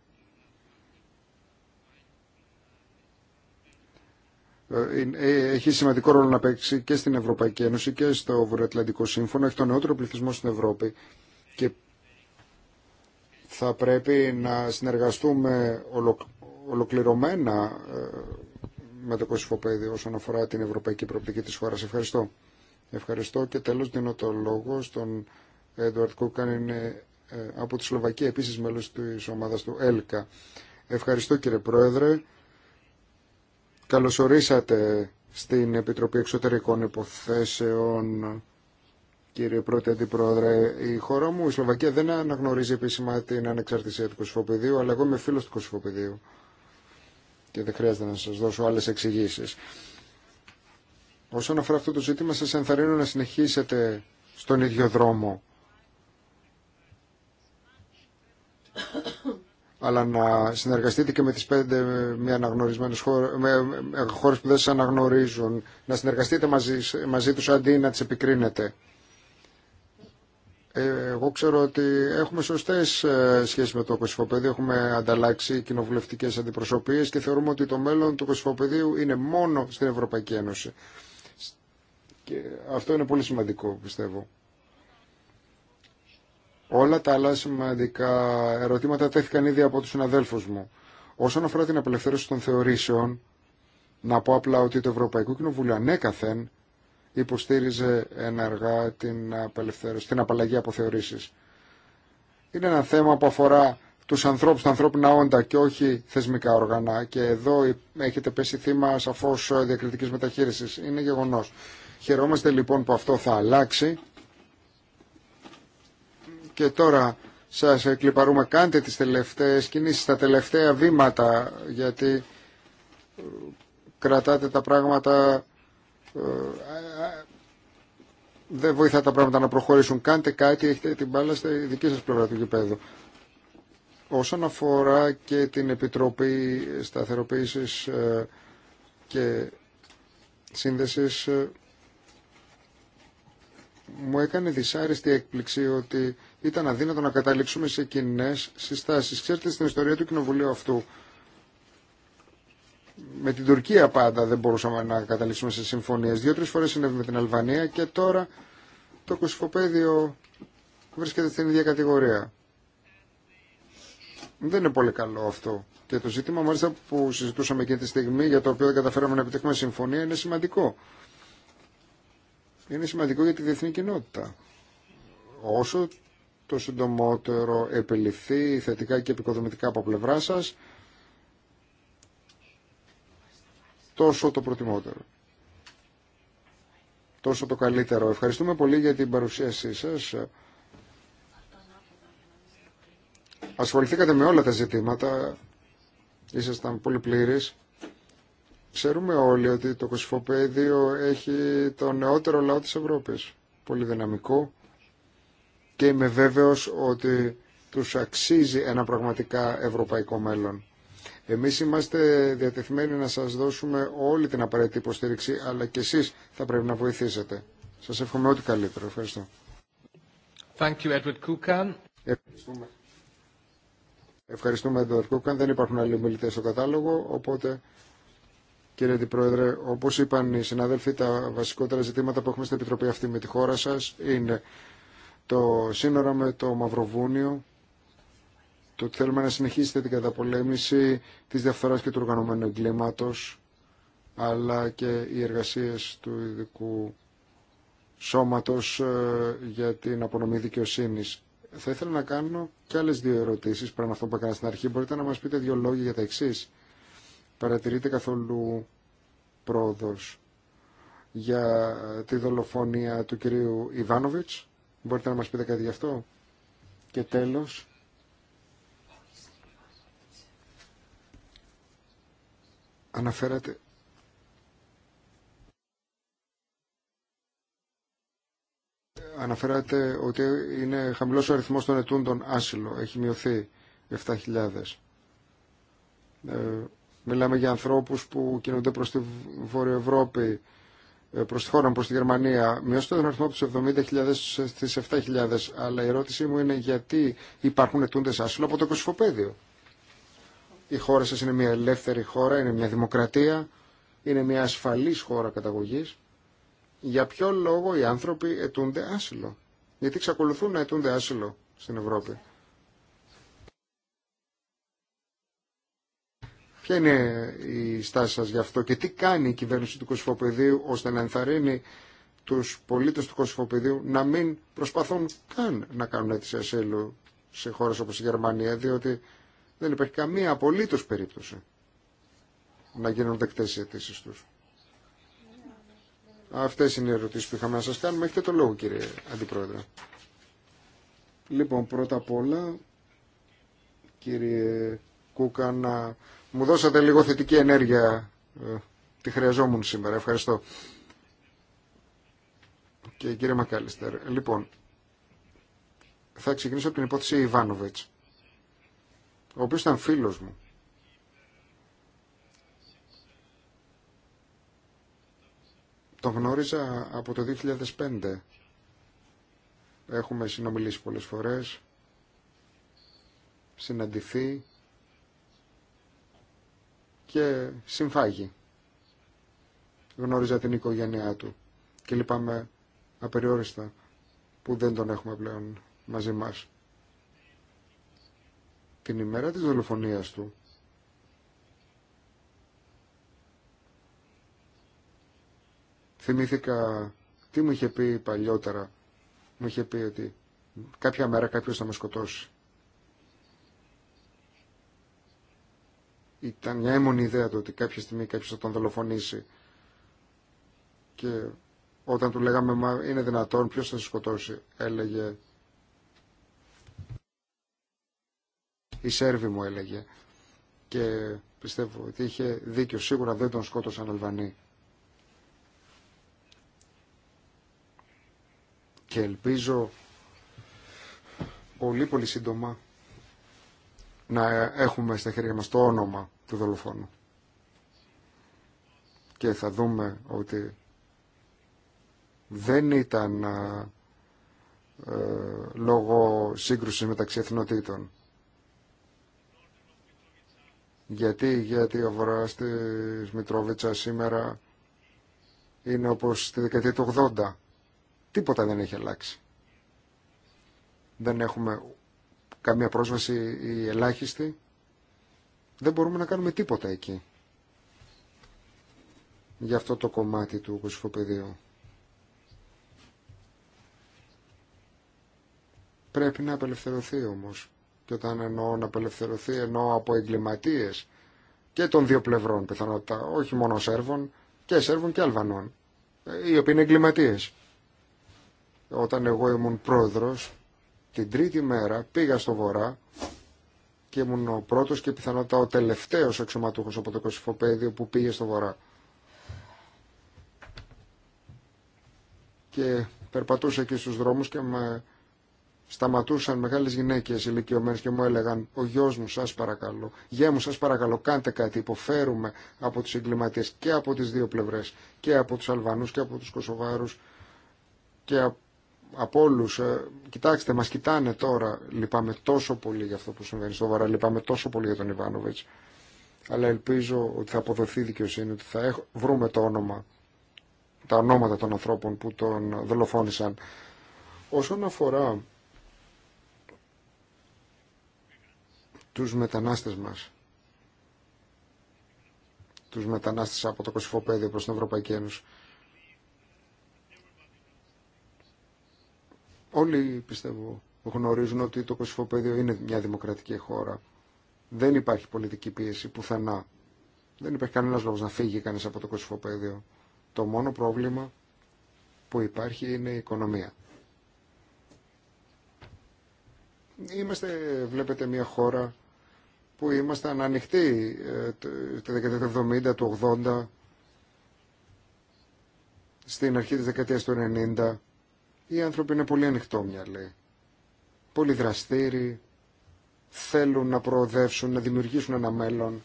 Ε, ε, έχει σημαντικό ρόλο να παίξει και στην Ευρωπαϊκή Ένωση και στο Βορειοατλαντικό Σύμφωνο. Έχει τον νεότερο πληθυσμό στην Ευρώπη και θα πρέπει να συνεργαστούμε ολοκληρωμένα ε, με το Κωσυφοπαίδιο όσον αφορά την ευρωπαϊκή προοπτική της χώρας. Ευχαριστώ. Ευχαριστώ και τέλος δίνω το λόγο στον Εντουαρτ Κούκαν από τη Σλοβακία επίσης μέλος της ομάδας του ΕΛΚΑ. Ευχαριστώ κύριε Πρόεδρε. Καλωσορίσατε στην Επιτροπή Εξωτερικών Υποθέσεων, κύριε Πρώτη Αντιπρόεδρε. Η χώρα μου, η Σλοβακία, δεν αναγνωρίζει επίσημα την ανεξαρτησία του Κωσυφοπηδίου, αλλά εγώ είμαι φίλος του Κωσυφοπηδίου και δεν χρειάζεται να σας δώσω άλλες εξηγήσει. Όσον αφορά αυτό το ζήτημα, σας ενθαρρύνω να συνεχίσετε στον ίδιο δρόμο αλλά να συνεργαστείτε και με τις πέντε μη αναγνωρισμένες χώρες, που δεν σας αναγνωρίζουν, να συνεργαστείτε μαζί, μαζί τους αντί να τις επικρίνετε. Ε, εγώ ξέρω ότι έχουμε σωστέ ε, σχέσεις με το Κωσυφοπέδιο, έχουμε ανταλλάξει κοινοβουλευτικέ αντιπροσωπείες και θεωρούμε ότι το μέλλον του Κωσυφοπεδίου είναι μόνο στην Ευρωπαϊκή Ένωση. Και αυτό είναι πολύ σημαντικό, πιστεύω. Όλα τα άλλα σημαντικά ερωτήματα τέθηκαν ήδη από τους συναδέλφους μου. Όσον αφορά την απελευθέρωση των θεωρήσεων, να πω απλά ότι το Ευρωπαϊκό Κοινοβούλιο ανέκαθεν υποστήριζε ενεργά την απελευθέρωση, την απαλλαγή από θεωρήσεις. Είναι ένα θέμα που αφορά τους ανθρώπους, τα ανθρώπινα όντα και όχι θεσμικά όργανα. Και εδώ έχετε πέσει θύμα σαφώς διακριτικής μεταχείρισης. Είναι γεγονός. Χαιρόμαστε λοιπόν που αυτό θα αλλάξει και τώρα σας εκλυπαρούμε, κάντε τις τελευταίες κινήσεις, τα τελευταία βήματα, γιατί ε, κρατάτε τα πράγματα, ε, ε, δεν βοηθά τα πράγματα να προχωρήσουν. Κάντε κάτι, έχετε την μπάλα στη δική σας πλευρά του γηπέδου. Όσον αφορά και την Επιτροπή Σταθεροποίησης και Σύνδεσης, μου έκανε δυσάρεστη έκπληξη ότι ήταν αδύνατο να καταλήξουμε σε κοινέ συστάσεις. Ξέρετε στην ιστορία του κοινοβουλίου αυτού, με την Τουρκία πάντα δεν μπορούσαμε να καταλήξουμε σε συμφωνίε. δυο Δύο-τρει φορές συνέβη με την Αλβανία και τώρα το κοσφοπέδιο βρίσκεται στην ίδια κατηγορία. Δεν είναι πολύ καλό αυτό. Και το ζήτημα μάλιστα που συζητούσαμε εκείνη τη στιγμή για το οποίο δεν καταφέραμε να επιτύχουμε συμφωνία είναι σημαντικό είναι σημαντικό για τη διεθνή κοινότητα. Όσο το συντομότερο επιληφθεί θετικά και επικοδομητικά από πλευρά σας, τόσο το προτιμότερο. Τόσο το καλύτερο. Ευχαριστούμε πολύ για την παρουσίασή σας. Ασχοληθήκατε με όλα τα ζητήματα. Ήσασταν πολύ πλήρης. Ξέρουμε όλοι ότι το Κοσφοπέδιο έχει το νεότερο λαό της Ευρώπης. Πολύ δυναμικό. Και είμαι βέβαιος ότι τους αξίζει ένα πραγματικά ευρωπαϊκό μέλλον. Εμείς είμαστε διατεθειμένοι να σας δώσουμε όλη την απαραίτητη υποστήριξη, αλλά και εσείς θα πρέπει να βοηθήσετε. Σας εύχομαι ό,τι καλύτερο. Ευχαριστώ. Thank you, Edward Kukan. Ευχαριστούμε. Ευχαριστούμε, Edward Kukan. Δεν υπάρχουν άλλοι μιλητές στο κατάλογο, οπότε... Κύριε Αντιπρόεδρε, όπως είπαν οι συναδέλφοι, τα βασικότερα ζητήματα που έχουμε στην Επιτροπή αυτή με τη χώρα σας είναι το σύνορα με το Μαυροβούνιο, το ότι θέλουμε να συνεχίσετε την καταπολέμηση της διαφθοράς και του οργανωμένου εγκλήματος, αλλά και οι εργασίες του ειδικού σώματος ε, για την απονομή δικαιοσύνη. Θα ήθελα να κάνω και άλλες δύο ερωτήσεις, πριν αυτό που έκανα στην αρχή. Μπορείτε να μας πείτε δύο λόγια για τα εξή παρατηρείται καθόλου πρόοδος για τη δολοφονία του κυρίου Ιβάνοβιτς. Μπορείτε να μας πείτε κάτι γι' αυτό. Και τέλος, αναφέρατε αναφέρατε ότι είναι χαμηλός ο αριθμός των ετούντων άσυλο, έχει μειωθεί 7.000. Μιλάμε για ανθρώπους που κινούνται προς τη Βόρεια Ευρώπη, ε, προς τη χώρα προς τη Γερμανία. Μειώστε τον αριθμό από 70.000 στις 7.000. Αλλά η ερώτησή μου είναι γιατί υπάρχουν ετούντες άσυλο από το κοσυφοπαίδιο. Η χώρα σας είναι μια ελεύθερη χώρα, είναι μια δημοκρατία, είναι μια ασφαλής χώρα καταγωγής. Για ποιο λόγο οι άνθρωποι ετούνται άσυλο. Γιατί εξακολουθούν να ετούνται άσυλο στην Ευρώπη. Ποια είναι η στάση σας γι' αυτό και τι κάνει η κυβέρνηση του Κωσυφοπεδίου ώστε να ενθαρρύνει τους πολίτες του Κωσυφοπεδίου να μην προσπαθούν καν να κάνουν αίτηση ασύλου σε χώρες όπως η Γερμανία, διότι δεν υπάρχει καμία απολύτως περίπτωση να γίνουν δεκτές οι αιτήσει τους. Αυτές είναι οι ερωτήσεις που είχαμε να σας κάνουμε. Έχετε το λόγο κύριε Αντιπρόεδρε. Λοιπόν, πρώτα απ' όλα, κύριε Κούκα, μου δώσατε λίγο θετική ενέργεια. Ε, τη χρειαζόμουν σήμερα. Ευχαριστώ. Και κύριε Μακάλιστερ, λοιπόν, θα ξεκινήσω από την υπόθεση Ιβάνοβιτς, ο οποίος ήταν φίλος μου. Τον γνώριζα από το 2005. Έχουμε συνομιλήσει πολλές φορές, συναντηθεί, και συμφάγει. Γνώριζα την οικογένειά του και λυπάμαι απεριόριστα που δεν τον έχουμε πλέον μαζί μας. Την ημέρα της δολοφονίας του θυμήθηκα τι μου είχε πει παλιότερα. Μου είχε πει ότι κάποια μέρα κάποιος θα με σκοτώσει. ήταν μια έμονη ιδέα του ότι κάποια στιγμή κάποιος θα τον δολοφονήσει. Και όταν του λέγαμε μα είναι δυνατόν ποιος θα σε σκοτώσει έλεγε η Σέρβη μου έλεγε και πιστεύω ότι είχε δίκιο σίγουρα δεν τον σκότωσαν Αλβανοί και ελπίζω πολύ πολύ σύντομα να έχουμε στα χέρια μας το όνομα του δολοφόνου. Και θα δούμε ότι δεν ήταν ε, λόγω σύγκρουσης μεταξύ εθνοτήτων. Γιατί, γιατί ο τη της Μητρόβιτσα σήμερα είναι όπως στη δεκαετία του 80. Τίποτα δεν έχει αλλάξει. Δεν έχουμε καμία πρόσβαση ή ελάχιστη. Δεν μπορούμε να κάνουμε τίποτα εκεί για αυτό το κομμάτι του κοσφοπεδίου. Πρέπει να απελευθερωθεί όμως. Και όταν εννοώ να απελευθερωθεί εννοώ από εγκληματίες και των δύο πλευρών πιθανότητα, όχι μόνο Σέρβων και Σέρβων και Αλβανών, ε, οι οποίοι είναι εγκληματίες. Όταν εγώ ήμουν πρόεδρος την τρίτη μέρα πήγα στο βορρά και ήμουν ο πρώτος και πιθανότατα ο τελευταίος αξιωματούχος από το κοσυφοπαίδιο που πήγε στο βορρά. Και περπατούσα εκεί στους δρόμους και με σταματούσαν μεγάλες γυναίκες ηλικιωμένες και μου έλεγαν «Ο γιο μου σας παρακαλώ, γέ μου σα παρακαλώ, κάντε κάτι, υποφέρουμε από του εγκληματίε και από τις δύο πλευρέ και από του Αλβανού και από του Κοσοβάρου. και από από όλους. Ε, κοιτάξτε, μας κοιτάνε τώρα. Λυπάμαι τόσο πολύ για αυτό που συμβαίνει στο Βαρά. Λυπάμαι τόσο πολύ για τον Ιβάνοβιτς. Αλλά ελπίζω ότι θα αποδοθεί δικαιοσύνη, ότι θα έχ... βρούμε το όνομα, τα ονόματα των ανθρώπων που τον δολοφόνησαν. Όσον αφορά τους μετανάστες μας, τους μετανάστες από το Κωσυφοπέδιο προς την Ευρωπαϊκή Ένωση, Όλοι πιστεύω γνωρίζουν ότι το Κωσυφοπαίδιο είναι μια δημοκρατική χώρα. Δεν υπάρχει πολιτική πίεση πουθενά. Δεν υπάρχει κανένας λόγος να φύγει κανείς από το Κωσυφοπαίδιο. Το μόνο πρόβλημα που υπάρχει είναι η οικονομία. Είμαστε, βλέπετε, μια χώρα που ήμασταν ανοιχτοί ε, τα δεκαετία του 70, του 80, στην αρχή της δεκαετίας του 90 οι άνθρωποι είναι πολύ λέει. πολύ δραστήριοι, θέλουν να προοδεύσουν, να δημιουργήσουν ένα μέλλον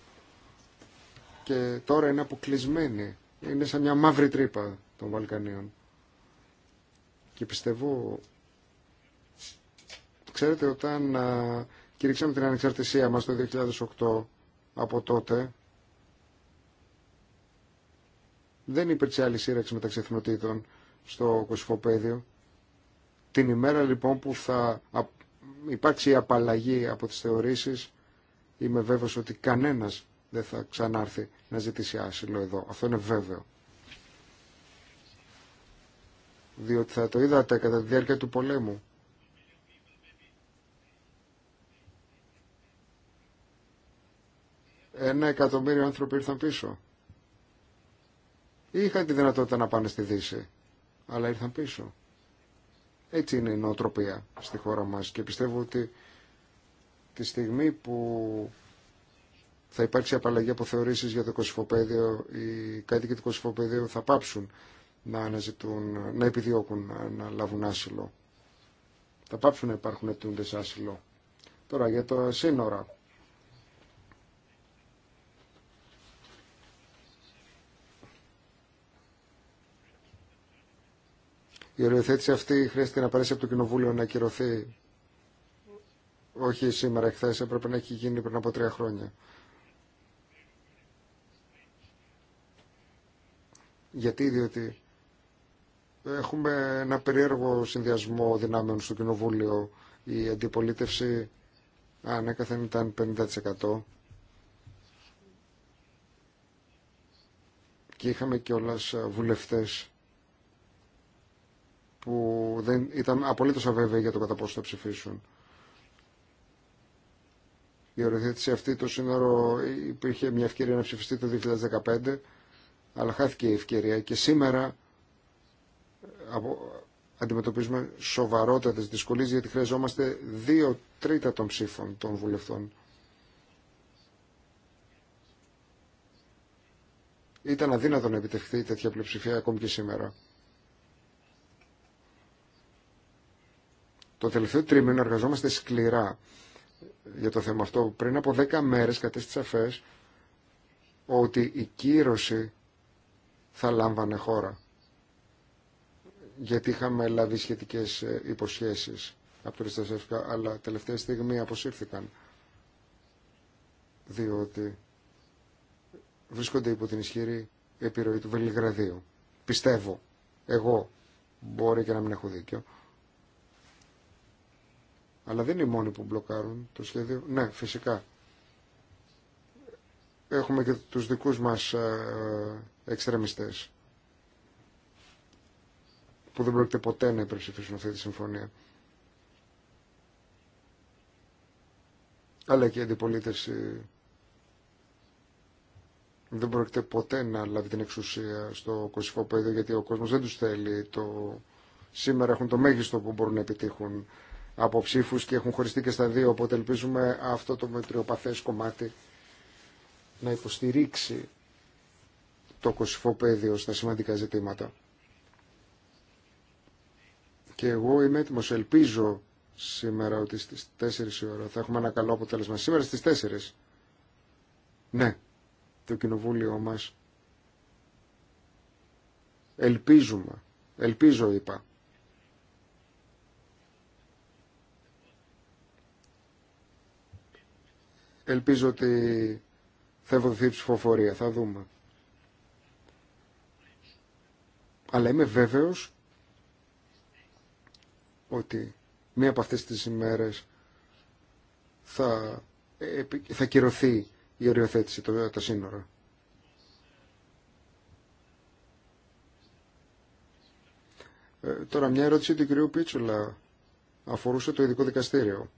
και τώρα είναι αποκλεισμένοι. Είναι σαν μια μαύρη τρύπα των Βαλκανίων. Και πιστεύω, ξέρετε, όταν κηρύξαμε την ανεξαρτησία μας το 2008 από τότε, δεν υπήρξε άλλη σύραξη μεταξύ εθνοτήτων στο κοσυφοπαίδιο. Την ημέρα λοιπόν που θα υπάρξει η απαλλαγή από τις θεωρήσεις είμαι βέβαιος ότι κανένας δεν θα ξανάρθει να ζητήσει άσυλο εδώ. Αυτό είναι βέβαιο. Διότι θα το είδατε κατά τη διάρκεια του πολέμου. Ένα εκατομμύριο άνθρωποι ήρθαν πίσω. Είχαν τη δυνατότητα να πάνε στη Δύση, αλλά ήρθαν πίσω. Έτσι είναι η νοοτροπία στη χώρα μας και πιστεύω ότι τη στιγμή που θα υπάρξει απαλλαγή από θεωρήσεις για το κοσυφοπαίδιο, οι κάτοικοι του κοσυφοπαιδίου θα πάψουν να αναζητούν, να επιδιώκουν να, λάβουν άσυλο. Θα πάψουν να υπάρχουν αιτούντες άσυλο. Τώρα για τα σύνορα. Η οριοθέτηση αυτή χρειάζεται να παρέσει από το Κοινοβούλιο να ακυρωθεί. Όχι σήμερα, εχθέ, έπρεπε να έχει γίνει πριν από τρία χρόνια. Γιατί, διότι έχουμε ένα περίεργο συνδυασμό δυνάμεων στο Κοινοβούλιο. Η αντιπολίτευση ανέκαθεν ήταν 50%. Και είχαμε κιόλας βουλευτές που δεν ήταν απολύτως αβέβαιοι για το κατά πόσο θα ψηφίσουν. Η οριοθέτηση αυτή το σύνορο υπήρχε μια ευκαιρία να ψηφιστεί το 2015, αλλά χάθηκε η ευκαιρία και σήμερα αντιμετωπίζουμε σοβαρότατε δυσκολίε γιατί χρειαζόμαστε δύο τρίτα των ψήφων των βουλευτών. Ήταν αδύνατο να επιτευχθεί τέτοια πλειοψηφία ακόμη και σήμερα. Το τελευταίο τρίμηνο εργαζόμαστε σκληρά για το θέμα αυτό. Πριν από 10 μέρες κατέστησα φες ότι η κύρωση θα λάμβανε χώρα. Γιατί είχαμε λάβει σχετικές ε, υποσχέσεις από το Ριστασέφικα, αλλά τελευταία στιγμή αποσύρθηκαν. Διότι βρίσκονται υπό την ισχυρή επιρροή του Βελιγραδίου. Πιστεύω, εγώ, μπορεί και να μην έχω δίκιο, αλλά δεν είναι οι μόνοι που μπλοκάρουν το σχέδιο. Ναι, φυσικά. Έχουμε και τους δικούς μας ε, εξτρεμιστές που δεν πρόκειται ποτέ να υπερψηφίσουν αυτή τη συμφωνία. Αλλά και η αντιπολίτευση ε, δεν πρόκειται ποτέ να λάβει την εξουσία στο κοσικό πεδίο γιατί ο κόσμος δεν τους θέλει. Το... Σήμερα έχουν το μέγιστο που μπορούν να επιτύχουν από ψήφου και έχουν χωριστεί και στα δύο. Οπότε ελπίζουμε αυτό το μετριοπαθέ κομμάτι να υποστηρίξει το πέδιο στα σημαντικά ζητήματα. Και εγώ είμαι έτοιμο, ελπίζω σήμερα ότι στι 4 η ώρα θα έχουμε ένα καλό αποτέλεσμα. Σήμερα στι 4. Ναι, το κοινοβούλιο μας. Ελπίζουμε, ελπίζω είπα, Ελπίζω ότι θα ευοδοθεί ψηφοφορία. Θα δούμε. Αλλά είμαι βέβαιος ότι μία από αυτές τις ημέρες θα, θα κυρωθεί η οριοθέτηση το, τα σύνορα. Ε, τώρα μια ερώτηση του κυρίου Πίτσουλα αφορούσε το ειδικό δικαστήριο.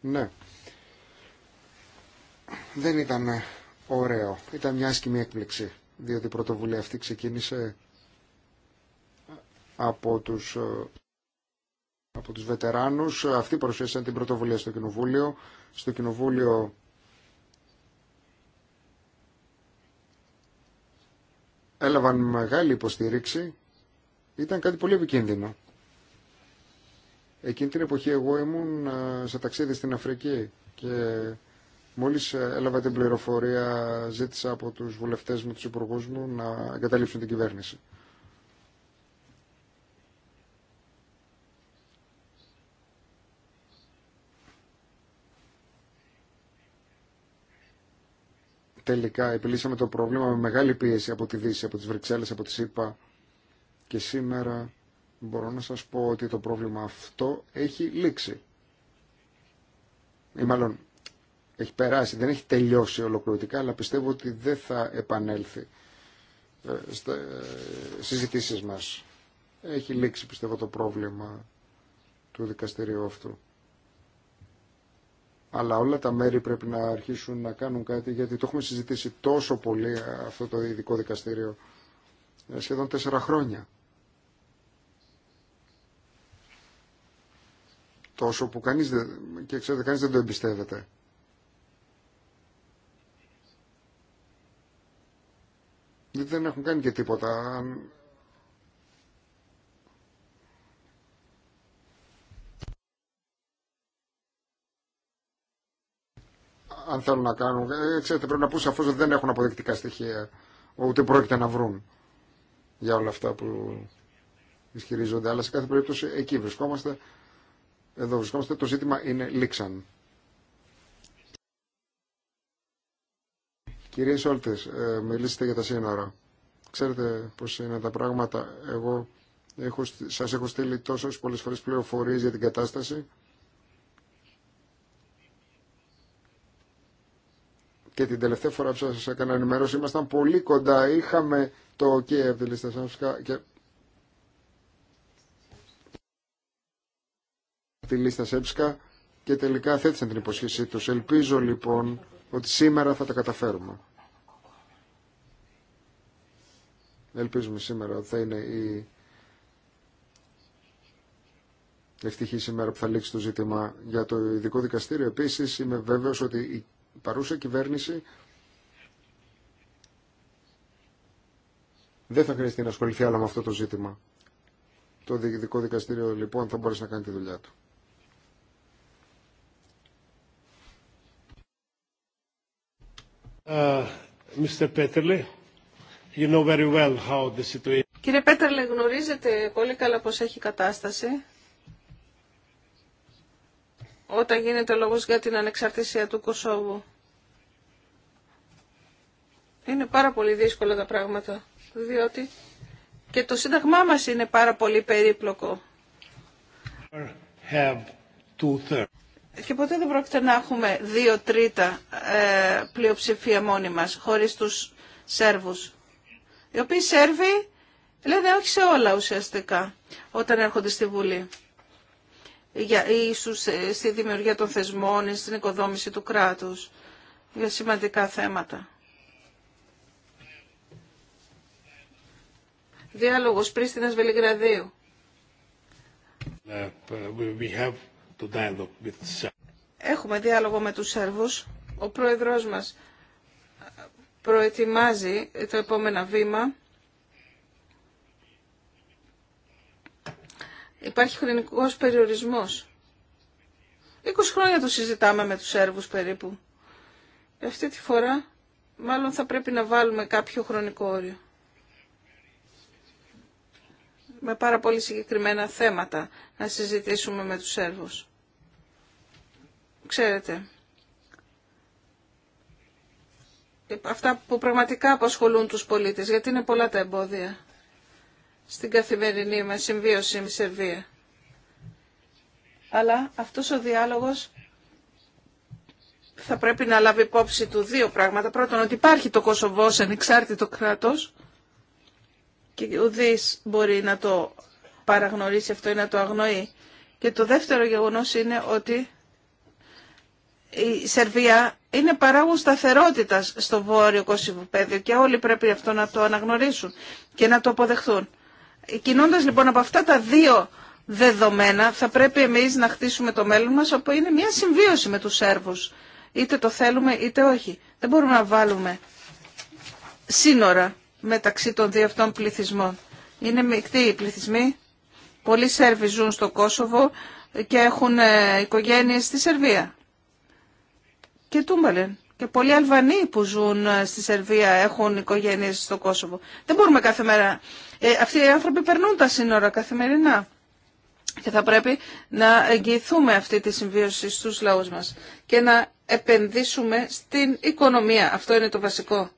Ναι δεν ήταν ωραίο. Ήταν μια άσκημη έκπληξη, διότι η πρωτοβουλία αυτή ξεκίνησε από τους, ε, από τους βετεράνους. Αυτοί παρουσίασαν την πρωτοβουλία στο Κοινοβούλιο. Στο Κοινοβούλιο έλαβαν μεγάλη υποστήριξη. Ήταν κάτι πολύ επικίνδυνο. Εκείνη την εποχή εγώ ήμουν ε, σε ταξίδι στην Αφρική και Μόλις ε, έλαβα την πληροφορία, ζήτησα από τους βουλευτές μου, του υπουργού μου, να εγκαταλείψουν την κυβέρνηση. Τελικά επιλύσαμε το πρόβλημα με μεγάλη πίεση από τη Δύση, από τις Βρυξέλλες, από τη ΣΥΠΑ και σήμερα μπορώ να σας πω ότι το πρόβλημα αυτό έχει λήξει. Ή μάλλον έχει περάσει, δεν έχει τελειώσει ολοκληρωτικά, αλλά πιστεύω ότι δεν θα επανέλθει ε, στι ε, συζητήσεις μας. Έχει λήξει πιστεύω το πρόβλημα του δικαστηρίου αυτού. Αλλά όλα τα μέρη πρέπει να αρχίσουν να κάνουν κάτι, γιατί το έχουμε συζητήσει τόσο πολύ αυτό το ειδικό δικαστήριο, ε, σχεδόν τέσσερα χρόνια. Τόσο που κανείς δεν, και ξέρετε, κανείς δεν το εμπιστεύεται. δεν έχουν κάνει και τίποτα. αν θέλουν να κάνουν. Ε, ξέρετε, πρέπει να πούν αφού ότι δεν έχουν αποδεικτικά στοιχεία, ούτε πρόκειται να βρουν για όλα αυτά που ισχυρίζονται. Αλλά σε κάθε περίπτωση εκεί βρισκόμαστε. Εδώ βρισκόμαστε. Το ζήτημα είναι λήξαν. Κυρίε κύριοι, ε, μιλήσετε για τα σύνορα. Ξέρετε πώς είναι τα πράγματα. Εγώ έχω, σας έχω στείλει τόσες πολλές φορές πληροφορίες για την κατάσταση. Και την τελευταία φορά που σας έκανα ενημέρωση ήμασταν πολύ κοντά. Είχαμε το OK από τη λίστα σας και τη λίστα και τελικά θέτησαν την υποσχέσή τους. Ελπίζω λοιπόν ότι σήμερα θα τα καταφέρουμε. Ελπίζουμε σήμερα ότι θα είναι η ευτυχή σήμερα που θα λήξει το ζήτημα για το ειδικό δικαστήριο. Επίσης είμαι βέβαιος ότι η παρούσα κυβέρνηση δεν θα χρειαστεί να ασχοληθεί άλλο με αυτό το ζήτημα. Το ειδικό δικαστήριο λοιπόν θα μπορέσει να κάνει τη δουλειά του. Uh, Κύριε Πέτερλε, γνωρίζετε πολύ καλά πώς έχει κατάσταση όταν γίνεται λόγος για την ανεξαρτησία του Κωσόβου. Είναι πάρα πολύ δύσκολα τα πράγματα, διότι και το σύνταγμά μας είναι πάρα πολύ περίπλοκο και ποτέ δεν πρόκειται να έχουμε δύο τρίτα ε, πλειοψηφία μόνοι μας, χωρίς τους Σέρβους. Οι οποίοι Σέρβοι λένε όχι σε όλα ουσιαστικά όταν έρχονται στη Βουλή για, ή ε, στη δημιουργία των θεσμών στην οικοδόμηση του κράτους για σημαντικά θέματα. Διάλογος Πρίστινας Βελιγραδίου. Uh, Έχουμε διάλογο με τους Σέρβους. Ο πρόεδρός μας προετοιμάζει το επόμενο βήμα. Υπάρχει χρονικός περιορισμός. 20 χρόνια το συζητάμε με τους Σέρβους περίπου. Αυτή τη φορά μάλλον θα πρέπει να βάλουμε κάποιο χρονικό όριο με πάρα πολύ συγκεκριμένα θέματα να συζητήσουμε με τους Σέρβους. Ξέρετε, αυτά που πραγματικά απασχολούν τους πολίτες, γιατί είναι πολλά τα εμπόδια στην καθημερινή μας συμβίωση με Σερβία. Αλλά αυτός ο διάλογος θα πρέπει να λάβει υπόψη του δύο πράγματα. Πρώτον, ότι υπάρχει το Κωσοβό σε ανεξάρτητο κράτος και ουδής μπορεί να το παραγνωρίσει αυτό ή να το αγνοεί. Και το δεύτερο γεγονός είναι ότι η Σερβία είναι παράγον σταθερότητα στο βόρειο Κωσυβοπαίδιο και όλοι πρέπει αυτό να το αναγνωρίσουν και να το αποδεχθούν. Κινώντας λοιπόν από αυτά τα δύο δεδομένα θα πρέπει εμείς να χτίσουμε το μέλλον μας όπου είναι μια συμβίωση με τους Σέρβους. Είτε το θέλουμε είτε όχι. Δεν μπορούμε να βάλουμε σύνορα μεταξύ των δύο αυτών πληθυσμών. Είναι μεικτοί οι πληθυσμοί. Πολλοί Σέρβοι ζουν στο Κόσοβο και έχουν ε, οικογένειες στη Σερβία. Και Τούμπαλεν. Και πολλοί Αλβανοί που ζουν ε, στη Σερβία έχουν οικογένειες στο Κόσοβο. Δεν μπορούμε κάθε μέρα. Ε, αυτοί οι άνθρωποι περνούν τα σύνορα καθημερινά. Και θα πρέπει να εγγυηθούμε αυτή τη συμβίωση στους λαούς μας και να επενδύσουμε στην οικονομία. Αυτό είναι το βασικό.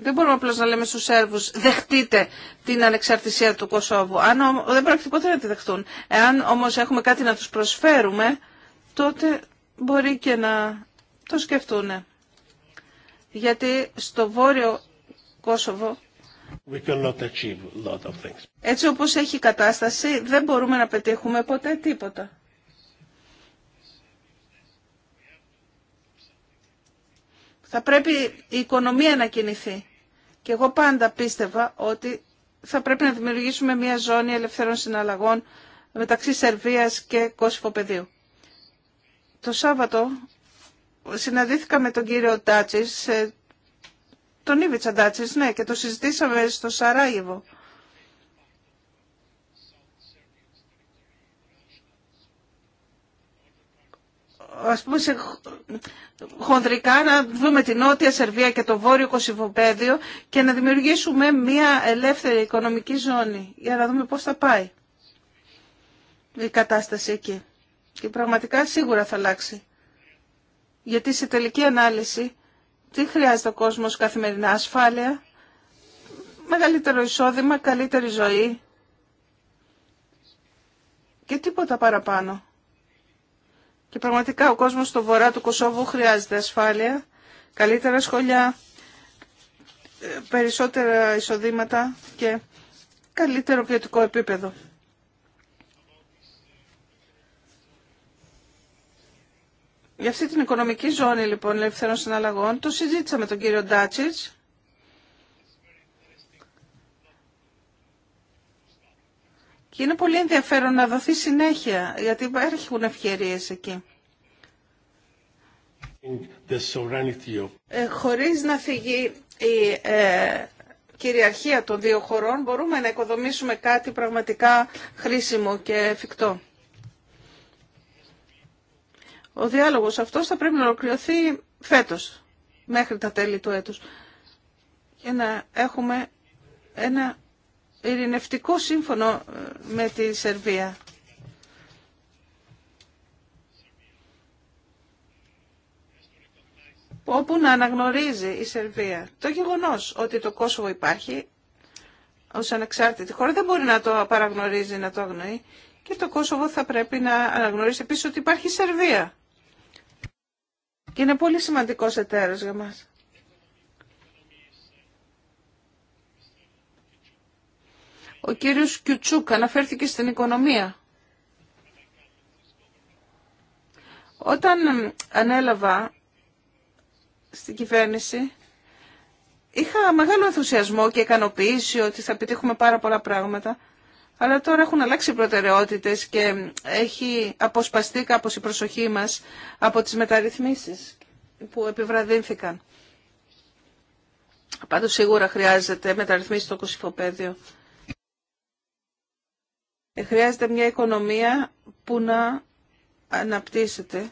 Δεν μπορούμε απλώ να λέμε στου Σέρβου δεχτείτε την ανεξαρτησία του Κωσόβου. δεν πρόκειται ποτέ να τη δεχτούν. Εάν όμω έχουμε κάτι να του προσφέρουμε, τότε μπορεί και να το σκεφτούν. Γιατί στο βόρειο Κόσοβο Έτσι όπως έχει η κατάσταση δεν μπορούμε να πετύχουμε ποτέ τίποτα. Θα πρέπει η οικονομία να κινηθεί. Και εγώ πάντα πίστευα ότι θα πρέπει να δημιουργήσουμε μια ζώνη ελευθερών συναλλαγών μεταξύ Σερβίας και πεδίου. Το Σάββατο συναντήθηκα με τον κύριο Τάτσης, ε, τον Ήβιτσα Τάτσης, ναι, και το συζητήσαμε στο Σαράγεβο. ας πούμε σε χονδρικά να δούμε την Νότια Σερβία και το Βόρειο Κωσυβοπέδιο και να δημιουργήσουμε μια ελεύθερη οικονομική ζώνη για να δούμε πώς θα πάει η κατάσταση εκεί. Και πραγματικά σίγουρα θα αλλάξει. Γιατί σε τελική ανάλυση τι χρειάζεται ο κόσμος καθημερινά ασφάλεια, μεγαλύτερο εισόδημα, καλύτερη ζωή και τίποτα παραπάνω. Και πραγματικά ο κόσμος στο βορρά του Κωσόβου χρειάζεται ασφάλεια, καλύτερα σχολιά, ε, περισσότερα εισοδήματα και καλύτερο ποιοτικό επίπεδο. Για αυτή την οικονομική ζώνη λοιπόν ελευθερών συναλλαγών το συζήτησα με τον κύριο Ντάτσιτς Και είναι πολύ ενδιαφέρον να δοθεί συνέχεια, γιατί υπάρχουν ευκαιρίες εκεί. The ε, χωρίς να φύγει η ε, κυριαρχία των δύο χωρών, μπορούμε να οικοδομήσουμε κάτι πραγματικά χρήσιμο και εφικτό. Ο διάλογος αυτός θα πρέπει να ολοκληρωθεί φέτος, μέχρι τα τέλη του έτους, για να έχουμε ένα ειρηνευτικό σύμφωνο ε, με τη Σερβία. όπου να αναγνωρίζει η Σερβία το γεγονός ότι το Κόσοβο υπάρχει ως ανεξάρτητη χώρα δεν μπορεί να το παραγνωρίζει, να το αγνοεί και το Κόσοβο θα πρέπει να αναγνωρίσει επίσης ότι υπάρχει η Σερβία. Και είναι πολύ σημαντικός εταίρος για μας. Ο κύριος Κιουτσούκ αναφέρθηκε στην οικονομία. Όταν ανέλαβα στην κυβέρνηση, είχα μεγάλο ενθουσιασμό και ικανοποίηση ότι θα επιτύχουμε πάρα πολλά πράγματα. Αλλά τώρα έχουν αλλάξει οι προτεραιότητες και έχει αποσπαστεί κάπως η προσοχή μας από τις μεταρρυθμίσεις που επιβραδύνθηκαν. Πάντως σίγουρα χρειάζεται μεταρρυθμίσεις στο κοσυφοπαίδιο. Χρειάζεται μια οικονομία που να αναπτύσσεται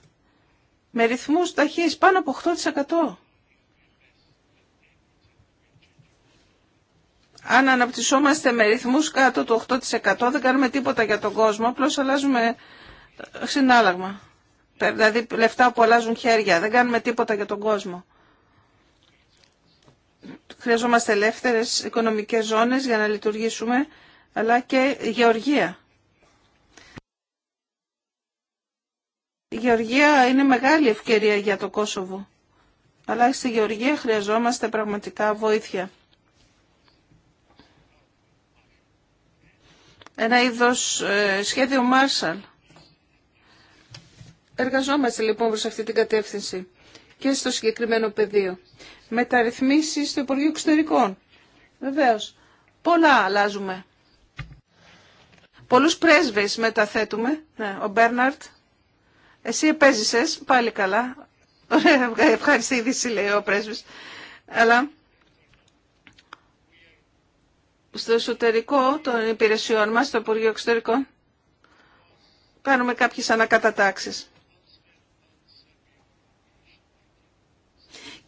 με ρυθμούς ταχύς πάνω από 8%. Αν αναπτυσσόμαστε με ρυθμούς κάτω του 8% δεν κάνουμε τίποτα για τον κόσμο, απλώς αλλάζουμε συνάλλαγμα. Δηλαδή λεφτά που αλλάζουν χέρια, δεν κάνουμε τίποτα για τον κόσμο. Χρειαζόμαστε ελεύθερες οικονομικές ζώνες για να λειτουργήσουμε αλλά και γεωργία. Η γεωργία είναι μεγάλη ευκαιρία για το Κόσοβο. Αλλά στη γεωργία χρειαζόμαστε πραγματικά βοήθεια. Ένα είδος ε, σχέδιο Μάρσαλ. Εργαζόμαστε λοιπόν προς αυτή την κατεύθυνση και στο συγκεκριμένο πεδίο. Μεταρρυθμίσεις στο Υπουργείο Εξωτερικών. Βεβαίως. Πολλά αλλάζουμε. Πολλούς πρέσβες μεταθέτουμε. Ναι, ο Μπέρναρτ. Εσύ επέζησες, πάλι καλά. Ωραία, ευχαριστή είδηση λέει ο πρέσβης. Αλλά στο εσωτερικό των υπηρεσιών μας, στο Υπουργείο Εξωτερικών, κάνουμε κάποιες ανακατατάξεις.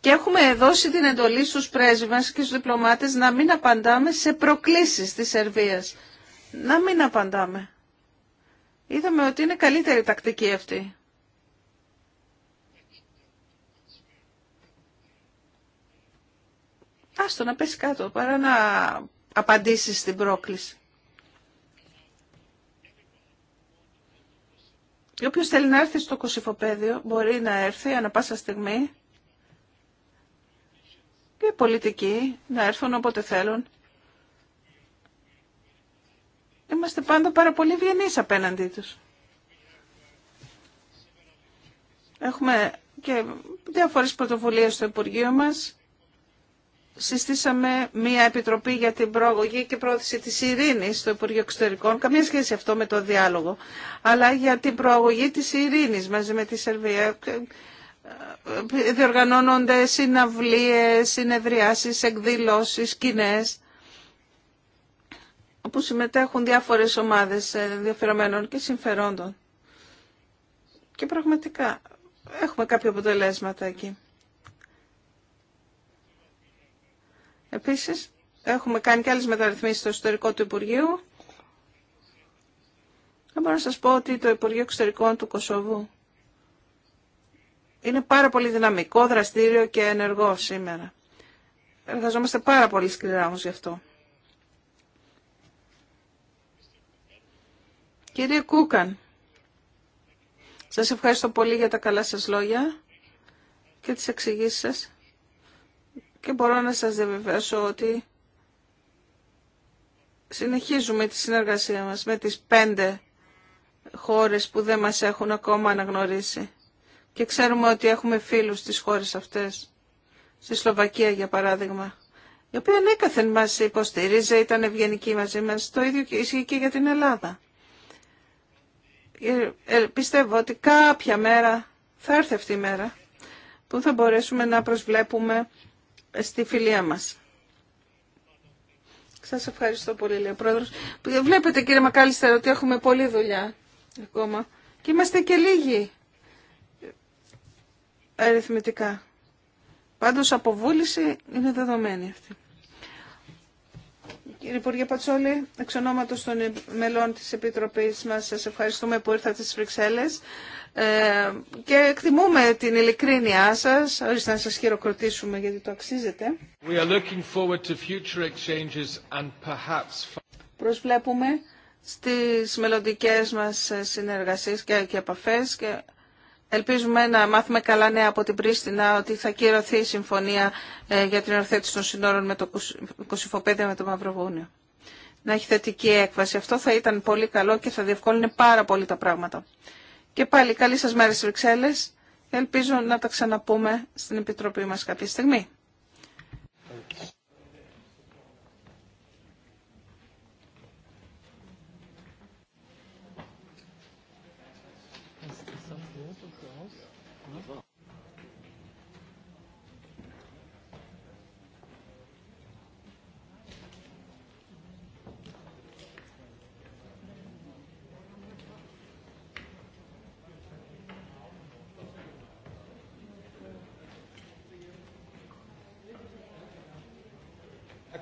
Και έχουμε δώσει την εντολή στους πρέσβες και στους διπλωμάτες να μην απαντάμε σε προκλήσεις της Σερβίας να μην απαντάμε. Είδαμε ότι είναι καλύτερη τακτική αυτή. Άστο να πέσει κάτω παρά να απαντήσει στην πρόκληση. Και όποιος θέλει να έρθει στο κοσυφοπαίδιο μπορεί να έρθει ανα πάσα στιγμή και πολιτικοί να έρθουν όποτε θέλουν είμαστε πάντα πάρα πολύ ευγενείς απέναντί τους. Έχουμε και διάφορες πρωτοβουλίες στο Υπουργείο μας. Συστήσαμε μία επιτροπή για την προαγωγή και πρόθεση της ειρήνης στο Υπουργείο Εξωτερικών. Καμία σχέση αυτό με το διάλογο. Αλλά για την προαγωγή της ειρήνης μαζί με τη Σερβία. Διοργανώνονται συναυλίες, συνεδριάσεις, εκδηλώσεις, σκηνές όπου συμμετέχουν διάφορες ομάδες ε, ενδιαφερομένων και συμφερόντων. Και πραγματικά έχουμε κάποια αποτελέσματα εκεί. Επίσης, έχουμε κάνει και άλλες μεταρρυθμίσεις στο εσωτερικό του Υπουργείου. Θα μπορώ να σας πω ότι το Υπουργείο Εξωτερικών του Κωσοβού είναι πάρα πολύ δυναμικό, δραστήριο και ενεργό σήμερα. Εργαζόμαστε πάρα πολύ σκληρά όμως γι' αυτό. Κύριε Κούκαν, σας ευχαριστώ πολύ για τα καλά σας λόγια και τις εξηγήσεις σας και μπορώ να σας διαβεβαιώσω ότι συνεχίζουμε τη συνεργασία μας με τις πέντε χώρες που δεν μας έχουν ακόμα αναγνωρίσει. Και ξέρουμε ότι έχουμε φίλους στις χώρες αυτές. Στη Σλοβακία, για παράδειγμα, η οποία ανέκαθεν ναι, μας υποστηρίζει, ήταν ευγενική μαζί μας. Το ίδιο ισχύει και για την Ελλάδα. Ε, πιστεύω ότι κάποια μέρα θα έρθει αυτή η μέρα που θα μπορέσουμε να προσβλέπουμε στη φιλία μας. Σας ευχαριστώ πολύ, λέει ο Πρόεδρος. Βλέπετε, κύριε Μακάλιστερ, ότι έχουμε πολλή δουλειά ακόμα και είμαστε και λίγοι αριθμητικά. Πάντως, αποβούληση είναι δεδομένη αυτή. Κύριε Υπουργέ Πατσόλη, εξ ονόματος των μελών της Επιτροπής μας, σας ευχαριστούμε που ήρθατε στις Βρυξέλλες ε, και εκτιμούμε την ειλικρίνειά σας, ώστε να σας χειροκροτήσουμε γιατί το αξίζετε. We are Προσβλέπουμε στις μελλοντικές μας συνεργασίες και, και επαφές και Ελπίζουμε να μάθουμε καλά νέα από την Πρίστινα ότι θα κυρωθεί η συμφωνία ε, για την ορθέτηση των συνόρων με το Κωσυφοπέδιο με το Μαυροβούνιο. Να έχει θετική έκβαση. Αυτό θα ήταν πολύ καλό και θα διευκόλυνε πάρα πολύ τα πράγματα. Και πάλι καλή σας μέρα στις Βρυξέλλες. Ελπίζω να τα ξαναπούμε στην Επιτροπή μας κάποια στιγμή.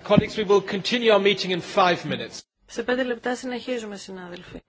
Colleagues, we will continue our meeting in five minutes. Σε πέντε λεπτά συνεχίζουμε, συνάδελφοι.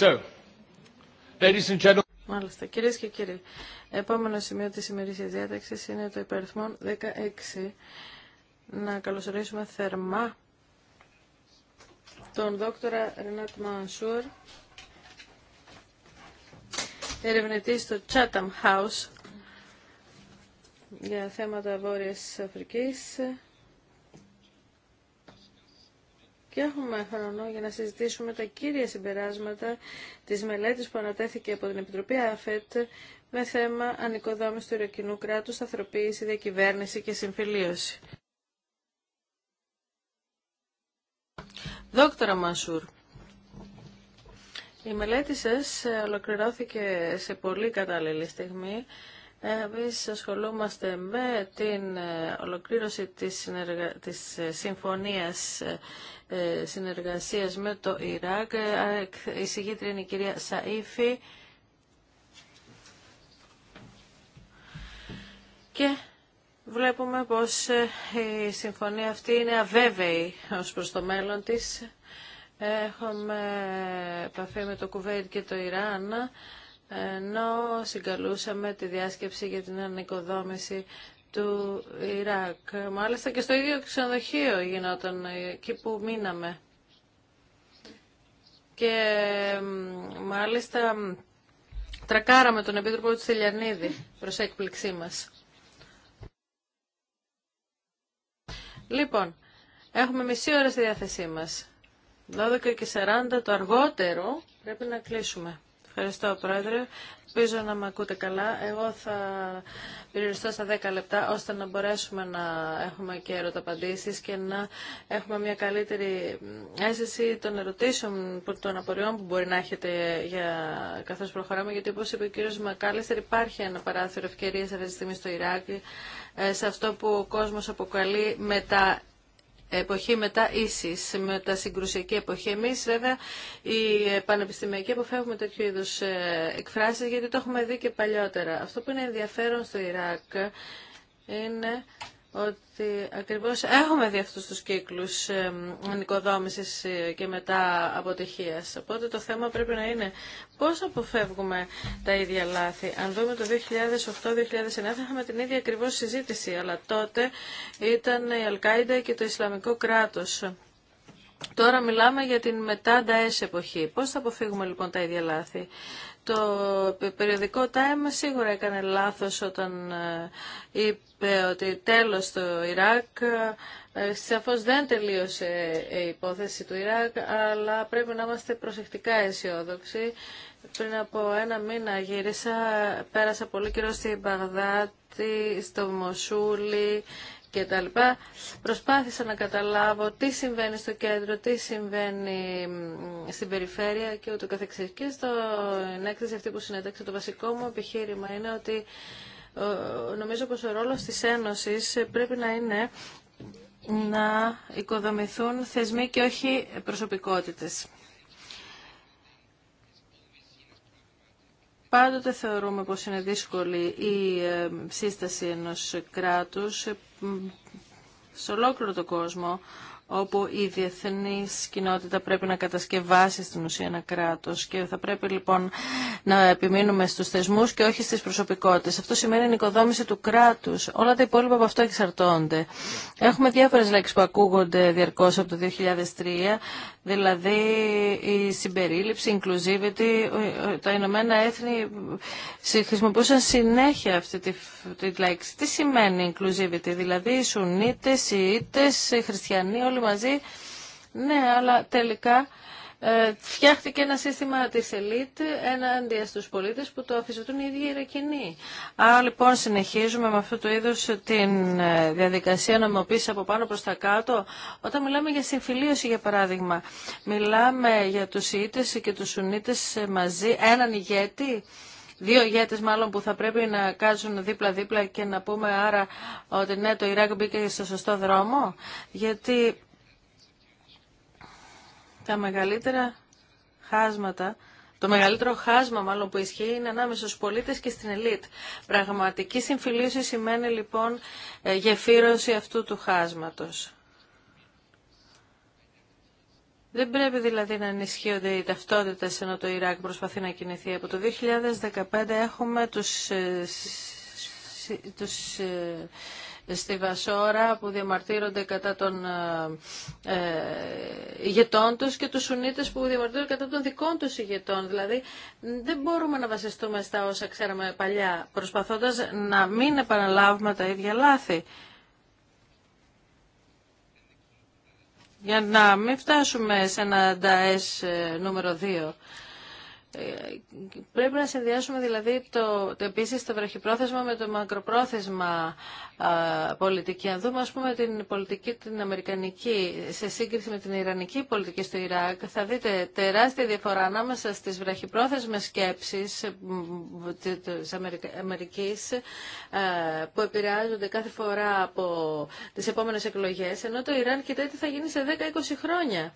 So, Κυρίες και κύριοι, επόμενο σημείο της ημερήσιας διάταξης είναι το υπαριθμό 16. Να καλωσορίσουμε θερμά τον δόκτωρα Ρενάτ Μανσούρ, ερευνητή στο Chatham House για θέματα Βόρειας Αφρικής. και έχουμε χρόνο για να συζητήσουμε τα κύρια συμπεράσματα της μελέτης που ανατέθηκε από την Επιτροπή ΑΦΕΤ με θέμα ανοικοδόμηση του Ιρακινού κράτους, σταθεροποίηση, διακυβέρνηση και συμφιλίωση. Δόκτωρα Μασούρ, η μελέτη σας ε, ολοκληρώθηκε σε πολύ κατάλληλη στιγμή. Εμεί ασχολούμαστε με την ε, ολοκλήρωση της, συνεργα... της ε, συμφωνίας ε, συνεργασίας με το Ιράκ. Η συγγήτρια είναι η κυρία Σαΐφη. Και βλέπουμε πως η συμφωνία αυτή είναι αβέβαιη ως προς το μέλλον της. Έχουμε επαφή με το Κουβέιτ και το Ιράν ενώ συγκαλούσαμε τη διάσκεψη για την ανοικοδόμηση του Ιράκ. Μάλιστα και στο ίδιο ξενοδοχείο γινόταν εκεί που μείναμε. Και μάλιστα τρακάραμε τον Επίτροπο του Στυλιανίδη προς έκπληξή μας. Λοιπόν, έχουμε μισή ώρα στη διάθεσή μας. 12 και 40 το αργότερο πρέπει να κλείσουμε. Ευχαριστώ, Πρόεδρε. Ελπίζω να με ακούτε καλά. Εγώ θα περιοριστώ στα 10 λεπτά ώστε να μπορέσουμε να έχουμε και ερωταπαντήσεις και να έχουμε μια καλύτερη αίσθηση των ερωτήσεων, των απορριών που μπορεί να έχετε για... καθώς προχωράμε. Γιατί όπως είπε ο κύριος Μακάλιστερ υπάρχει ένα παράθυρο ευκαιρίας αυτή τη στιγμή στο Ιράκ ε, σε αυτό που ο κόσμος αποκαλεί μετα εποχή μετά ίσης, τα συγκρουσιακή εποχή. Εμείς βέβαια οι πανεπιστημιακοί αποφεύγουμε τέτοιου είδου ε, εκφράσεις γιατί το έχουμε δει και παλιότερα. Αυτό που είναι ενδιαφέρον στο Ιράκ είναι ότι ακριβώς έχουμε δει αυτούς τους κύκλους νοικοδόμησης ε, και μετά αποτυχίας. Οπότε το θέμα πρέπει να είναι πώς αποφεύγουμε τα ίδια λάθη. Αν δούμε το 2008-2009 θα είχαμε την ίδια ακριβώς συζήτηση, αλλά τότε ήταν η Αλκάιντα και το Ισλαμικό κράτος. Τώρα μιλάμε για την μετά Νταές εποχή. Πώς θα αποφύγουμε λοιπόν τα ίδια λάθη το περιοδικό Time σίγουρα έκανε λάθος όταν ε, είπε ότι τέλος το Ιράκ. Ε, σαφώς δεν τελείωσε η υπόθεση του Ιράκ, αλλά πρέπει να είμαστε προσεκτικά αισιόδοξοι. Πριν από ένα μήνα γύρισα, πέρασα πολύ καιρό στην Παγδάτη, στο Μοσούλη, και τα λοιπά, προσπάθησα να καταλάβω τι συμβαίνει στο κέντρο, τι συμβαίνει στην περιφέρεια και ούτω καθεξής. Και στο έκθεση αυτή που συνέταξε το βασικό μου επιχείρημα είναι ότι νομίζω πως ο ρόλος της Ένωσης πρέπει να είναι να οικοδομηθούν θεσμοί και όχι προσωπικότητες. Πάντοτε θεωρούμε πως είναι δύσκολη η ε, σύσταση ενός κράτους ε, σε ολόκληρο τον κόσμο όπου η διεθνή κοινότητα πρέπει να κατασκευάσει στην ουσία ένα κράτος και θα πρέπει λοιπόν να επιμείνουμε στους θεσμούς και όχι στις προσωπικότητες. Αυτό σημαίνει η οικοδόμηση του κράτους. Όλα τα υπόλοιπα από αυτό εξαρτώνται. Έχουμε διάφορες λέξεις που ακούγονται διαρκώς από το 2003 Δηλαδή η συμπερίληψη, η inclusivity, τα Ηνωμένα Έθνη χρησιμοποιούσαν συνέχεια αυτή τη, τη λέξη. Τι σημαίνει inclusivity, δηλαδή οι Σουνίτες, οι Ιτες, οι Χριστιανοί όλοι μαζί. Ναι, αλλά τελικά ε, φτιάχτηκε ένα σύστημα της ελίτ έναντι στου πολίτε που το αφισβητούν οι ίδιοι οι Ιρακινοί. Άρα λοιπόν συνεχίζουμε με αυτό το είδος την ε, διαδικασία νομιμοποίηση από πάνω προς τα κάτω. Όταν μιλάμε για συμφιλίωση για παράδειγμα, μιλάμε για του Ιήτε και τους Σουνίτε μαζί, έναν ηγέτη, δύο ηγέτε μάλλον που θα πρέπει να κάτσουν δίπλα-δίπλα και να πούμε άρα ότι ναι, το Ιράκ μπήκε στο σωστό δρόμο. Γιατί τα μεγαλύτερα χάσματα το μεγαλύτερο χάσμα μάλλον που ισχύει είναι ανάμεσα στους πολίτες και στην ελίτ. Πραγματική συμφιλίωση σημαίνει λοιπόν ε, γεφύρωση αυτού του χάσματος. Δεν πρέπει δηλαδή να ενισχύονται οι ταυτότητε ενώ το Ιράκ προσπαθεί να κινηθεί. Από το 2015 έχουμε τους, ε, τους ε, στη Βασόρα που διαμαρτύρονται κατά των ε, ε, ηγετών τους και τους Σουνίτες που διαμαρτύρονται κατά των δικών τους ηγετών. Δηλαδή δεν μπορούμε να βασιστούμε στα όσα ξέραμε παλιά προσπαθώντας να μην επαναλάβουμε τα ίδια λάθη. Για να μην φτάσουμε σε ένα νταές ε, νούμερο 2. Ε, πρέπει να συνδυάσουμε δηλαδή το, το επίσης το βραχυπρόθεσμα με το μακροπρόθεσμα πολιτική. Αν δούμε ας την πολιτική την αμερικανική σε σύγκριση με την ιρανική πολιτική στο Ιράκ θα δείτε τεράστια διαφορά ανάμεσα στις βραχυπρόθεσμες σκέψεις της Αμερικής α, ε, που επηρεάζονται κάθε φορά από τις επόμενες εκλογές ενώ το Ιράν κοιτάει τι θα γίνει σε 10-20 χρόνια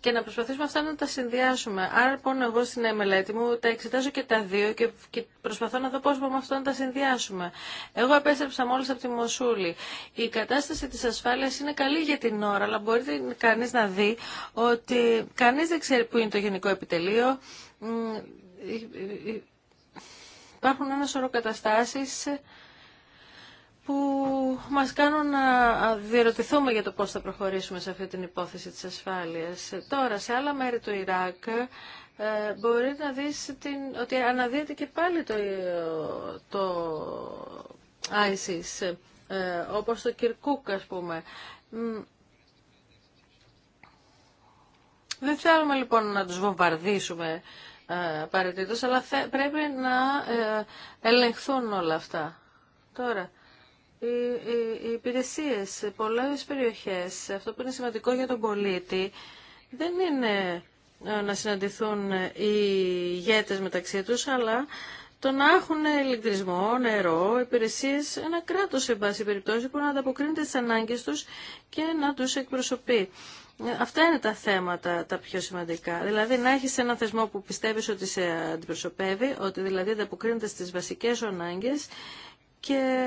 και να προσπαθήσουμε αυτά να τα συνδυάσουμε. Άρα λοιπόν εγώ στην μελέτη μου τα εξετάζω και τα δύο και, προσπαθώ να δω πώς μπορούμε αυτό να τα συνδυάσουμε. Εγώ επέστρεψα μόλις από τη Μοσούλη. Η κατάσταση της ασφάλειας είναι καλή για την ώρα, αλλά μπορεί κανείς να δει ότι κανείς δεν ξέρει που είναι το γενικό επιτελείο. Υπάρχουν ένα σωρό καταστάσεις που μας κάνουν να διερωτηθούμε για το πώς θα προχωρήσουμε σε αυτή την υπόθεση της ασφάλειας. Τώρα, σε άλλα μέρη του Ιράκ, ε, μπορεί να δεις την, ότι αναδύεται και πάλι το, το ISIS, ε, όπως το Κυρκούκ, ας πούμε. Δεν θέλουμε λοιπόν να τους βομβαρδίσουμε ε, απαραίτητος, αλλά πρέπει να ελεγχθούν όλα αυτά. Τώρα, οι υπηρεσίες σε πολλές περιοχές. Αυτό που είναι σημαντικό για τον πολίτη δεν είναι ε, να συναντηθούν ε, οι ηγέτες μεταξύ τους, αλλά το να έχουν ηλεκτρισμό, νερό, υπηρεσίες, ένα κράτος σε βάση περιπτώσει που να ανταποκρίνεται στις ανάγκες τους και να τους εκπροσωπεί. Ε, αυτά είναι τα θέματα τα πιο σημαντικά. Δηλαδή να έχεις ένα θεσμό που πιστεύεις ότι σε αντιπροσωπεύει, ότι δηλαδή ανταποκρίνεται στις βασικές ανάγκες και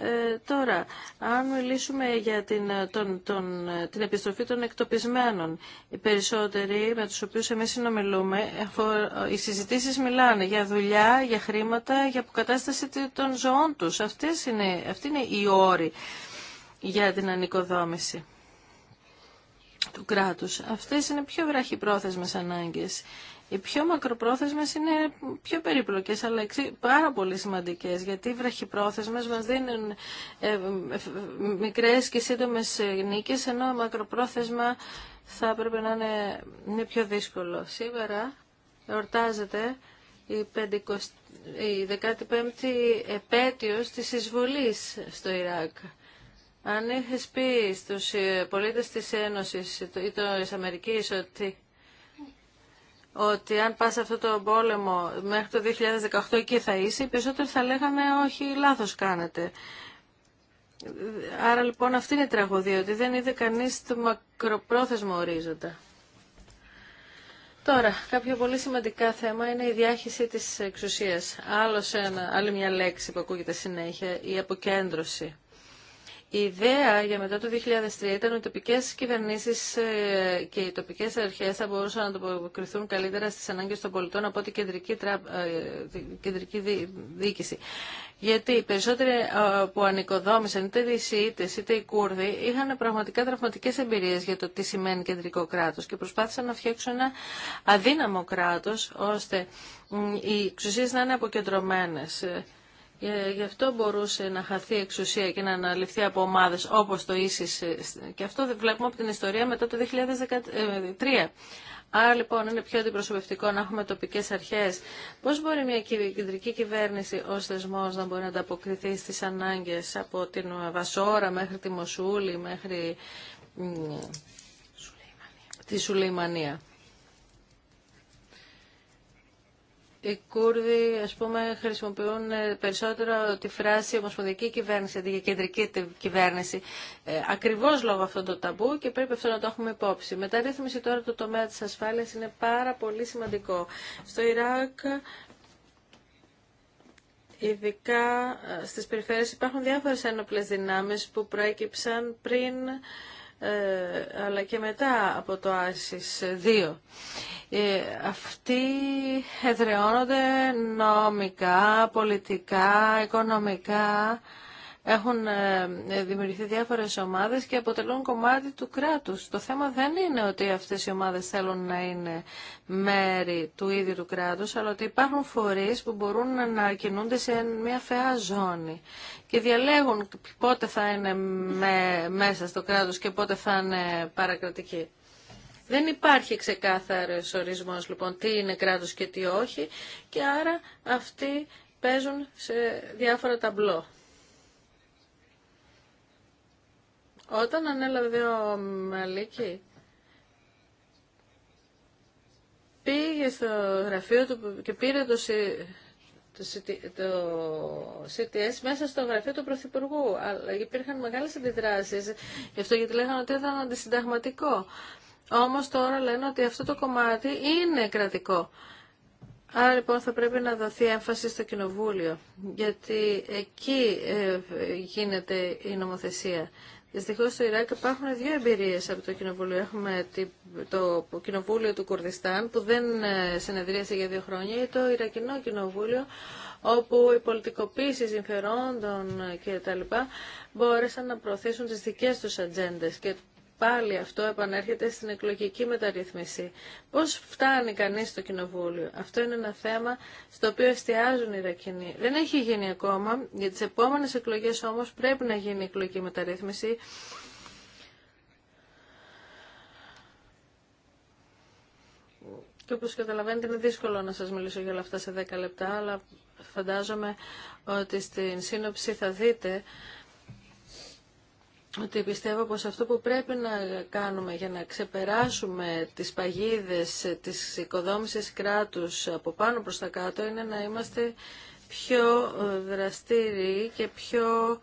ε, τώρα, αν μιλήσουμε για την, τον, τον, την επιστροφή των εκτοπισμένων, οι περισσότεροι με τους οποίους εμείς συνομιλούμε, οι συζητήσεις μιλάνε για δουλειά, για χρήματα, για αποκατάσταση των ζωών τους. Αυτές είναι, η είναι η για την ανοικοδόμηση του κράτους. Αυτές είναι πιο βραχυπρόθεσμες ανάγκες. Οι πιο μακροπρόθεσμε είναι πιο περίπλοκέ, αλλά πάρα πολύ σημαντικέ, γιατί οι βραχυπρόθεσμες μας δίνουν ε, μικρές και σύντομε νίκες, ενώ μακροπρόθεσμα θα έπρεπε να είναι, πιο δύσκολο. Σήμερα εορτάζεται η 15η επέτειος της εισβολή στο Ιράκ. Αν είχες πει στου ε, πολίτες της Ένωσης ε, ή τη Αμερική ότι ότι αν πας αυτό το πόλεμο μέχρι το 2018 εκεί θα είσαι, οι περισσότεροι θα λέγανε όχι, λάθος κάνετε. Άρα λοιπόν αυτή είναι η τραγωδία, ότι δεν είδε κανείς το μακροπρόθεσμο ορίζοντα. Τώρα, κάποιο πολύ σημαντικά θέμα είναι η διάχυση της εξουσίας. Άλλος ένα, άλλη μια λέξη που ακούγεται συνέχεια, η αποκέντρωση. Η ιδέα για μετά το 2003 ήταν ότι οι τοπικέ κυβερνήσει ε, και οι τοπικέ αρχέ θα μπορούσαν να τοποκριθούν καλύτερα στι ανάγκε των πολιτών από την κεντρική, τρα... Ε, κεντρική διοίκηση. Γιατί οι περισσότεροι ε, που ανοικοδόμησαν, είτε οι Σιήτε είτε οι Κούρδοι, είχαν πραγματικά τραυματικέ εμπειρίε για το τι σημαίνει κεντρικό κράτο και προσπάθησαν να φτιάξουν ένα αδύναμο κράτο, ώστε οι εξουσίε να είναι αποκεντρωμένε. Ε, γι' αυτό μπορούσε να χαθεί εξουσία και να αναλυφθεί από ομάδες όπως το ίσις ε, και αυτό βλέπουμε από την ιστορία μετά το 2013. Ε, Άρα λοιπόν είναι πιο αντιπροσωπευτικό να έχουμε τοπικές αρχές. Πώς μπορεί μια κεντρική κυβέρνηση ω θεσμό να μπορεί να ανταποκριθεί στις ανάγκες από την Βασόρα μέχρι τη Μοσούλη, μέχρι τη Σουλεϊμανία. οι Κούρδοι ας πούμε, χρησιμοποιούν ε, περισσότερο τη φράση ομοσπονδιακή κυβέρνηση αντί για κεντρική κυβέρνηση. Ε, Ακριβώ λόγω αυτών των ταμπού και πρέπει αυτό να το έχουμε υπόψη. Μεταρρύθμιση τώρα του τομέα τη ασφάλεια είναι πάρα πολύ σημαντικό. Στο Ιράκ, ειδικά ε, στις περιφέρειες, υπάρχουν διάφορες ένοπλε δυνάμει που προέκυψαν πριν ε, αλλά και μετά από το ΆΣΙΣ 2. Ε, αυτοί εδραιώνονται νομικά, πολιτικά, οικονομικά έχουν ε, ε, δημιουργηθεί διάφορες ομάδες και αποτελούν κομμάτι του κράτους. Το θέμα δεν είναι ότι αυτές οι ομάδες θέλουν να είναι μέρη του ίδιου του κράτους, αλλά ότι υπάρχουν φορείς που μπορούν να κινούνται σε μια φαιά ζώνη και διαλέγουν πότε θα είναι μέσα στο κράτος και πότε θα είναι παρακρατικοί. Δεν υπάρχει ξεκάθαρος ορισμός λοιπόν τι είναι κράτος και τι όχι και άρα αυτοί παίζουν σε διάφορα ταμπλό. Όταν ανέλαβε ο Μαλίκη, πήγε στο γραφείο του και πήρε το, το CTS μέσα στο γραφείο του Πρωθυπουργού. Αλλά υπήρχαν μεγάλες αντιδράσεις, γι' αυτό γιατί λέγανε ότι ήταν αντισυνταγματικό. Όμως τώρα λένε ότι αυτό το κομμάτι είναι κρατικό. Άρα λοιπόν θα πρέπει να δοθεί έμφαση στο Κοινοβούλιο, γιατί εκεί ε, γίνεται η νομοθεσία. Δυστυχώ στο Ιράκ υπάρχουν δύο εμπειρίε από το κοινοβούλιο. Έχουμε το κοινοβούλιο του Κουρδιστάν που δεν ε, συνεδρίασε για δύο χρόνια ή το Ιρακινό κοινοβούλιο όπου οι πολιτικοποίηση συμφερόντων και τα λοιπά μπόρεσαν να προωθήσουν τι δικέ τους ατζέντε. και πάλι αυτό επανέρχεται στην εκλογική μεταρρύθμιση. Πώς φτάνει κανείς στο κοινοβούλιο. Αυτό είναι ένα θέμα στο οποίο εστιάζουν οι Ρακινοί. Δεν έχει γίνει ακόμα. Για τις επόμενες εκλογές όμως πρέπει να γίνει η εκλογική μεταρρύθμιση. Και όπως καταλαβαίνετε είναι δύσκολο να σας μιλήσω για όλα αυτά σε 10 λεπτά, αλλά φαντάζομαι ότι στην σύνοψη θα δείτε ότι πιστεύω πως αυτό που πρέπει να κάνουμε για να ξεπεράσουμε τις παγίδες της οικοδόμησης κράτους από πάνω προς τα κάτω είναι να είμαστε πιο ε, δραστήριοι και πιο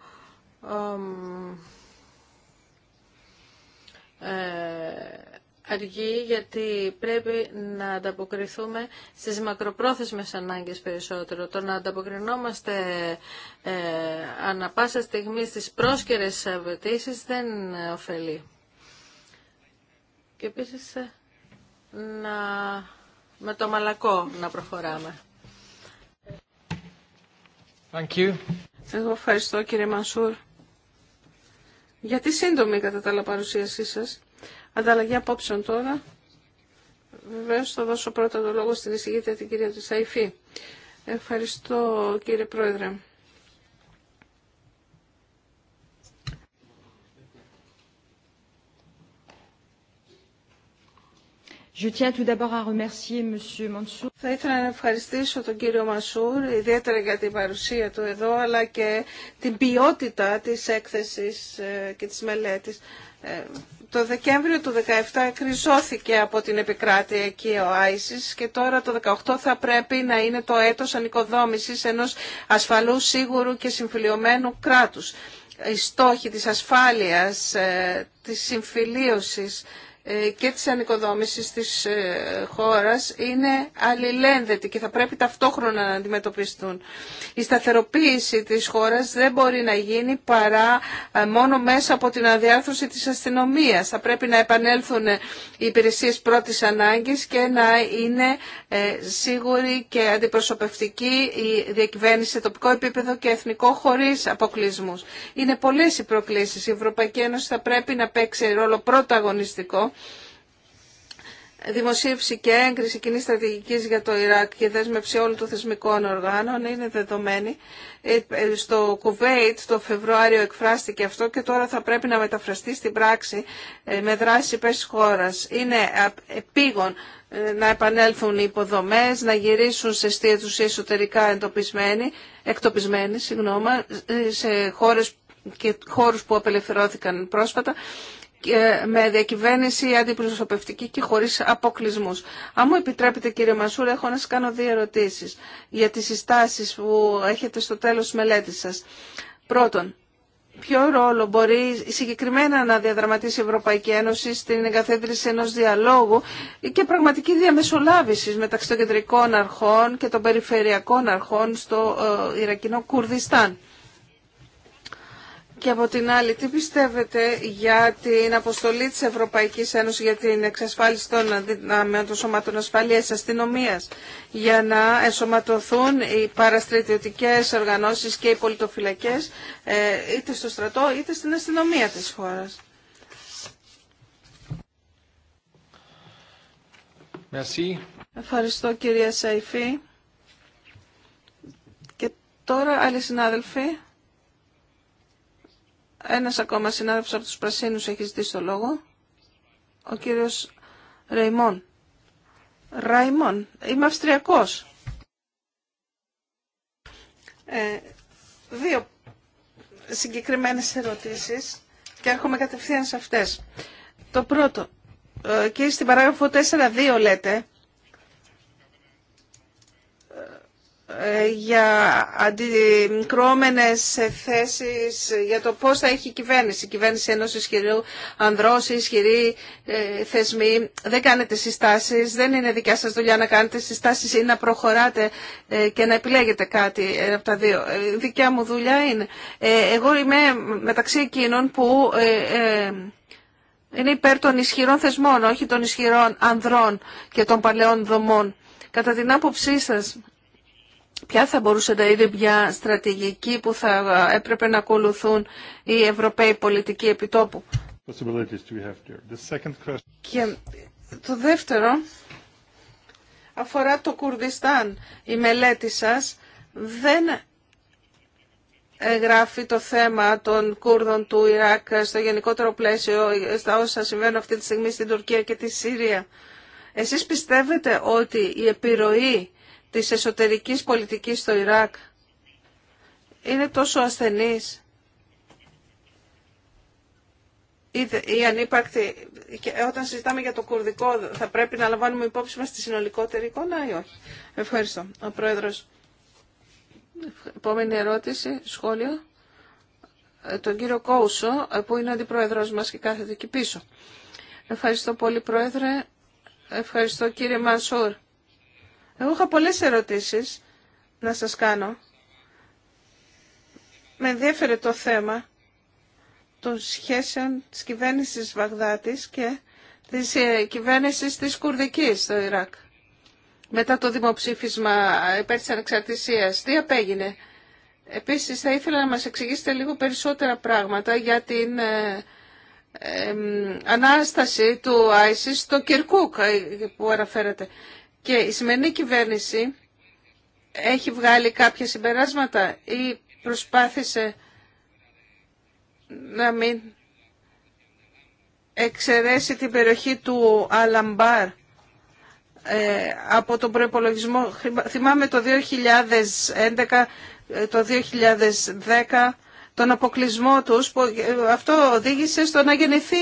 ε, αργή γιατί πρέπει να ανταποκριθούμε στις μακροπρόθεσμες ανάγκες περισσότερο. Το να ανταποκρινόμαστε ε, ανα πάσα στιγμή στις πρόσκαιρες απαιτήσει δεν ωφελεί. Και επίσης ε, να, με το μαλακό να προχωράμε. Thank you. Εγώ ευχαριστώ κύριε Μανσούρ. Γιατί σύντομη κατά τα άλλα παρουσίασή σας. Ανταλλαγή απόψεων τώρα. βεβαίω, θα δώσω πρώτα το λόγο στην εισηγήτρια την κυρία Τσαϊφή. Ευχαριστώ κύριε Πρόεδρε. Θα ήθελα να ευχαριστήσω τον κύριο Μασούρ, ιδιαίτερα για την παρουσία του εδώ, αλλά και την ποιότητα της έκθεσης ε, και της μελέτης. Ε, το Δεκέμβριο του 2017 κρυζώθηκε από την επικράτεια εκεί ο Άισις και τώρα το 2018 θα πρέπει να είναι το έτος ανοικοδόμησης ενός ασφαλού, σίγουρου και συμφιλειωμένου κράτους. Οι στόχοι της ασφάλειας, ε, της συμφιλίωσης ε, και της ανοικοδόμησης της ε, χώρας είναι αλληλένδετοι και θα πρέπει ταυτόχρονα να αντιμετωπιστούν. Η σταθεροποίηση της χώρας δεν μπορεί να γίνει παρά ε, μόνο μέσα από την αδιάρθρωση της αστυνομίας. Θα πρέπει να επανέλθουν οι υπηρεσίες πρώτης ανάγκης και να είναι σίγουρη και αντιπροσωπευτική η διακυβέρνηση σε τοπικό επίπεδο και εθνικό χωρίς αποκλεισμούς. Είναι πολλές οι προκλήσεις. Η Ευρωπαϊκή Ένωση θα πρέπει να παίξει ρόλο πρωταγωνιστικό Δημοσίευση και έγκριση κοινή στρατηγική για το Ιράκ και δέσμευση όλων των θεσμικών οργάνων είναι δεδομένη. Ε, ε, στο Κουβέιτ το Φεβρουάριο εκφράστηκε αυτό και τώρα θα πρέπει να μεταφραστεί στην πράξη ε, με δράση υπέρ χώρα. Είναι επίγον να επανέλθουν οι υποδομές, να γυρίσουν σε στήρε εσωτερικά εντοπισμένοι, εκτοπισμένοι σε χώρες και χώρους που απελευθερώθηκαν πρόσφατα ε, με διακυβέρνηση αντιπροσωπευτική και χωρίς αποκλεισμού, Αν μου επιτρέπετε κύριε Μασούρα, έχω να σα κάνω δύο ερωτήσει για τις συστάσεις που έχετε στο τέλος τη μελέτη σα. Πρώτον, ποιο ρόλο μπορεί συγκεκριμένα να διαδραματίσει η Ευρωπαϊκή Ένωση στην εγκαθίδρυση ενός διαλόγου και πραγματική διαμεσολάβηση μεταξύ των κεντρικών αρχών και των περιφερειακών αρχών στο ε, Ιρακινό Κουρδιστάν. Και από την άλλη, τι πιστεύετε για την αποστολή της Ευρωπαϊκής Ένωσης για την εξασφάλιση των δυνάμεων των σωματών ασφαλείας αστυνομίας για να εσωματωθούν οι παραστρατιωτικές οργανώσεις και οι πολιτοφυλακές ε, είτε στο στρατό είτε στην αστυνομία της χώρας. Merci. Ευχαριστώ κυρία Σαϊφή. Και τώρα άλλοι συνάδελφοι. Ένας ακόμα συνάδελφος από τους Πρασίνους έχει ζητήσει το λόγο. Ο κύριος Ραϊμόν. Ραϊμόν. Είμαι Αυστριακός. Ε, δύο συγκεκριμένες ερωτήσεις και έρχομαι κατευθείαν σε αυτές. Το πρώτο, ε, και στην παράγραφο 4.2 λέτε Ε, για αντικρώμενες θέσεις για το πώς θα έχει η κυβέρνηση. Η κυβέρνηση ενός ισχυρού ανδρός, ισχυροί ε, θεσμοί. Δεν κάνετε συστάσεις, δεν είναι δικιά σας δουλειά να κάνετε συστάσεις ή να προχωράτε ε, και να επιλέγετε κάτι ε, από τα δύο. δικιά μου δουλειά είναι. εγώ είμαι μεταξύ εκείνων που... είναι υπέρ των ισχυρών θεσμών, όχι των ισχυρών ανδρών και των παλαιών δομών. Κατά την άποψή σας, Ποια θα μπορούσε να είναι μια στρατηγική που θα έπρεπε να ακολουθούν οι Ευρωπαίοι πολιτικοί επιτόπου. Και το δεύτερο αφορά το Κουρδιστάν. Η μελέτη σας δεν γράφει το θέμα των Κούρδων του Ιράκ στο γενικότερο πλαίσιο, στα όσα συμβαίνουν αυτή τη στιγμή στην Τουρκία και τη Σύρια. Εσείς πιστεύετε ότι η επιρροή της εσωτερικής πολιτικής στο Ιράκ είναι τόσο ασθενής ή ανύπαρκτη και όταν συζητάμε για το κουρδικό θα πρέπει να λαμβάνουμε υπόψη μας τη συνολικότερη εικόνα ή όχι. Ευχαριστώ. Ο Πρόεδρος. Επόμενη ερώτηση, σχόλιο. Ε, τον κύριο Κόουσο ε, που είναι αντιπρόεδρος μας και κάθεται εκεί πίσω. Ευχαριστώ πολύ Πρόεδρε. Ευχαριστώ κύριε Μανσούρ εγώ είχα πολλές ερωτήσεις να σας κάνω. Με ενδιαφέρε το θέμα των σχέσεων της κυβέρνησης Βαγδάτης και της ε, κυβέρνησης της Κουρδικής στο Ιράκ. Μετά το δημοψήφισμα υπέρ της ανεξαρτησίας, τι απέγινε. Επίσης θα ήθελα να μας εξηγήσετε λίγο περισσότερα πράγματα για την ε, ε, ανάσταση του Άισις στο Κυρκούκ που αναφέρατε. Και η σημερινή κυβέρνηση έχει βγάλει κάποια συμπεράσματα ή προσπάθησε να μην εξαιρέσει την περιοχή του Αλαμπάρ ε, από τον προϋπολογισμό. Θυμάμαι το 2011, το 2010 τον αποκλεισμό τους, που ε, αυτό οδήγησε στο να γεννηθεί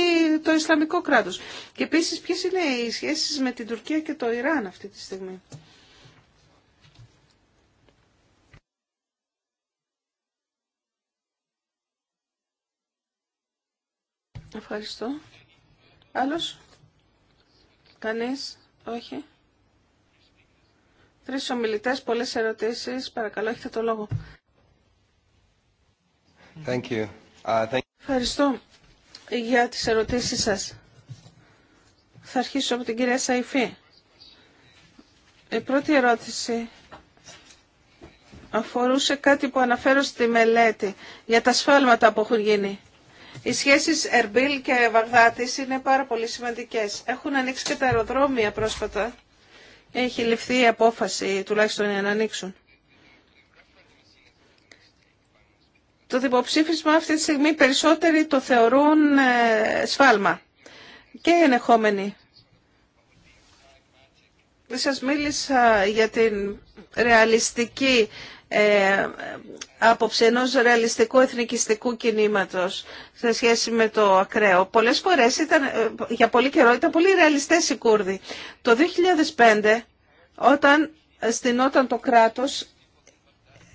το Ισλαμικό κράτος. Και επίσης ποιες είναι οι σχέσεις με την Τουρκία και το Ιράν αυτή τη στιγμή. Ευχαριστώ. Άλλος. Κανείς. Όχι. Τρεις ομιλητές, πολλές ερωτήσεις. Παρακαλώ, έχετε το λόγο. Uh, Ευχαριστώ για τις ερωτήσεις σας. Θα αρχίσω από την κυρία Σαϊφή. Η πρώτη ερώτηση αφορούσε κάτι που αναφέρω στη μελέτη για τα σφάλματα που έχουν γίνει. Οι σχέσεις Ερμπίλ και Βαγδάτης είναι πάρα πολύ σημαντικές. Έχουν ανοίξει και τα αεροδρόμια πρόσφατα. Έχει ληφθεί η απόφαση τουλάχιστον να ανοίξουν. Το δημοψήφισμα αυτή τη στιγμή περισσότεροι το θεωρούν ε, σφάλμα και οι ενεχόμενοι. Σας μίλησα για την ρεαλιστική ε, άποψη ενό ρεαλιστικού εθνικιστικού κινήματος σε σχέση με το ακραίο. Πολλές φορές ήταν, ε, για πολύ καιρό ήταν πολύ ρεαλιστές οι Κούρδοι. Το 2005 όταν ε, στην όταν το κράτος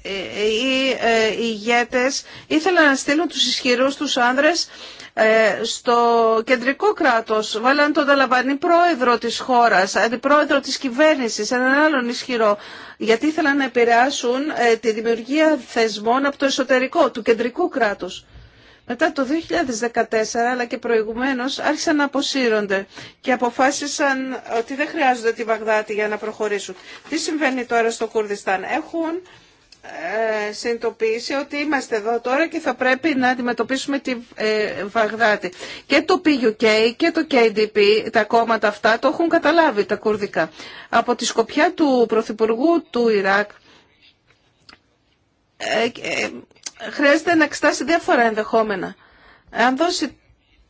ε, ε, ε, οι ηγέτες ήθελαν να στείλουν τους ισχυρούς τους άνδρες στο κεντρικό κράτος. Βάλαν τον Ταλαμπανή πρόεδρο της χώρας, αντιπρόεδρο της κυβέρνησης, έναν άλλον ισχυρό, γιατί ήθελαν να επηρεάσουν τη δημιουργία θεσμών από το εσωτερικό, του κεντρικού κράτους. Μετά το 2014 αλλά και προηγουμένως άρχισαν να αποσύρονται και αποφάσισαν ότι δεν χρειάζονται τη Βαγδάτη για να προχωρήσουν. Τι συμβαίνει τώρα στο Κουρδιστάν. Έχουν ε, συνειδητοποίησε ότι είμαστε εδώ τώρα και θα πρέπει να αντιμετωπίσουμε τη ε, Βαγδάτη. Και το PUK και το KDP, τα κόμματα αυτά, το έχουν καταλάβει τα κουρδικά. Από τη σκοπιά του Πρωθυπουργού του Ιράκ ε, χρειάζεται να εξετάσει διάφορα ενδεχόμενα. Αν δώσει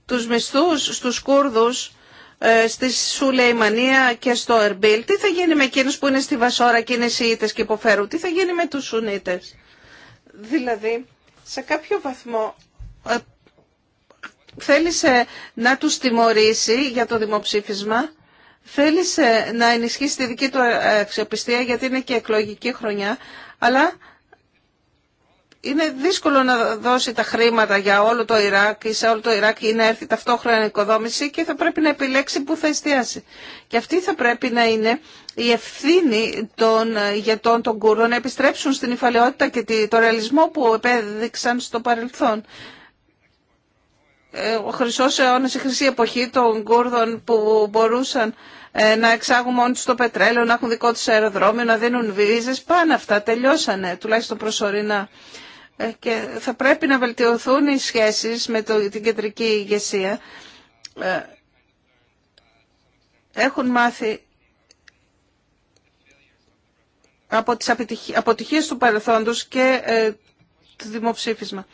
τους μισθούς στους Κούρδους ε, στη Σουλεϊμανία και στο Ερμπίλ. Τι θα γίνει με εκείνους που είναι στη Βασόρα και είναι Σιήτες και υποφέρουν. Τι θα γίνει με τους Σουνίτες. Δηλαδή, σε κάποιο βαθμό ε, θέλησε να τους τιμωρήσει για το δημοψήφισμα, θέλησε να ενισχύσει τη δική του αξιοπιστία γιατί είναι και εκλογική χρονιά, αλλά είναι δύσκολο να δώσει τα χρήματα για όλο το Ιράκ ή σε όλο το Ιράκ ή να έρθει ταυτόχρονα οικοδόμηση και θα πρέπει να επιλέξει που θα εστιάσει. Και αυτή θα πρέπει να είναι η ευθύνη των ηγετών των Κούρδων να επιστρέψουν στην υφαλαιότητα και το ρεαλισμό που επέδειξαν στο παρελθόν. Ε, ο χρυσός αιώνας, η χρυσή εποχή των Κούρδων που μπορούσαν ε, να εξάγουν μόνοι τους το πετρέλαιο, να έχουν δικό τους αεροδρόμιο, να δίνουν βίζες, πάνε αυτά, τελειώσανε, τουλάχιστον προσωρινά. Ε, και θα πρέπει να βελτιωθούν οι σχέσεις με το, την κεντρική ηγεσία. Ε, έχουν μάθει από τις αποτυχίες του παρελθόντος και ε, το δημοψήφισμα.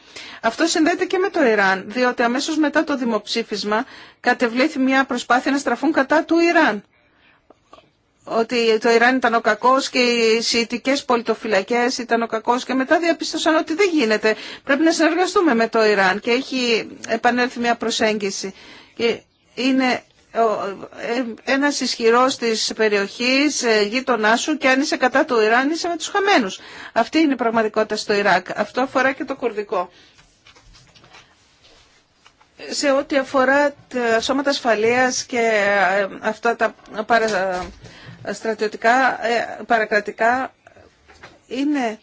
Αυτό συνδέεται και με το Ιράν, διότι αμέσως μετά το δημοψήφισμα κατεβλήθη μια προσπάθεια να στραφούν κατά του Ιράν ότι το Ιράν ήταν ο κακό και οι Σιητικέ πολιτοφυλακέ ήταν ο κακό και μετά διαπίστωσαν ότι δεν γίνεται. Πρέπει να συνεργαστούμε με το Ιράν και έχει επανέλθει μια προσέγγιση. Και είναι ε, ένας ισχυρός της περιοχής ε, γείτονά σου και αν είσαι κατά του Ιράν είσαι με τους χαμένους. Αυτή είναι η πραγματικότητα στο Ιράκ. Αυτό αφορά και το κουρδικό. Σε ό,τι αφορά τα σώματα ασφαλείας και ε, αυτά τα παρα στρατιωτικά, ε, παρακρατικά είναι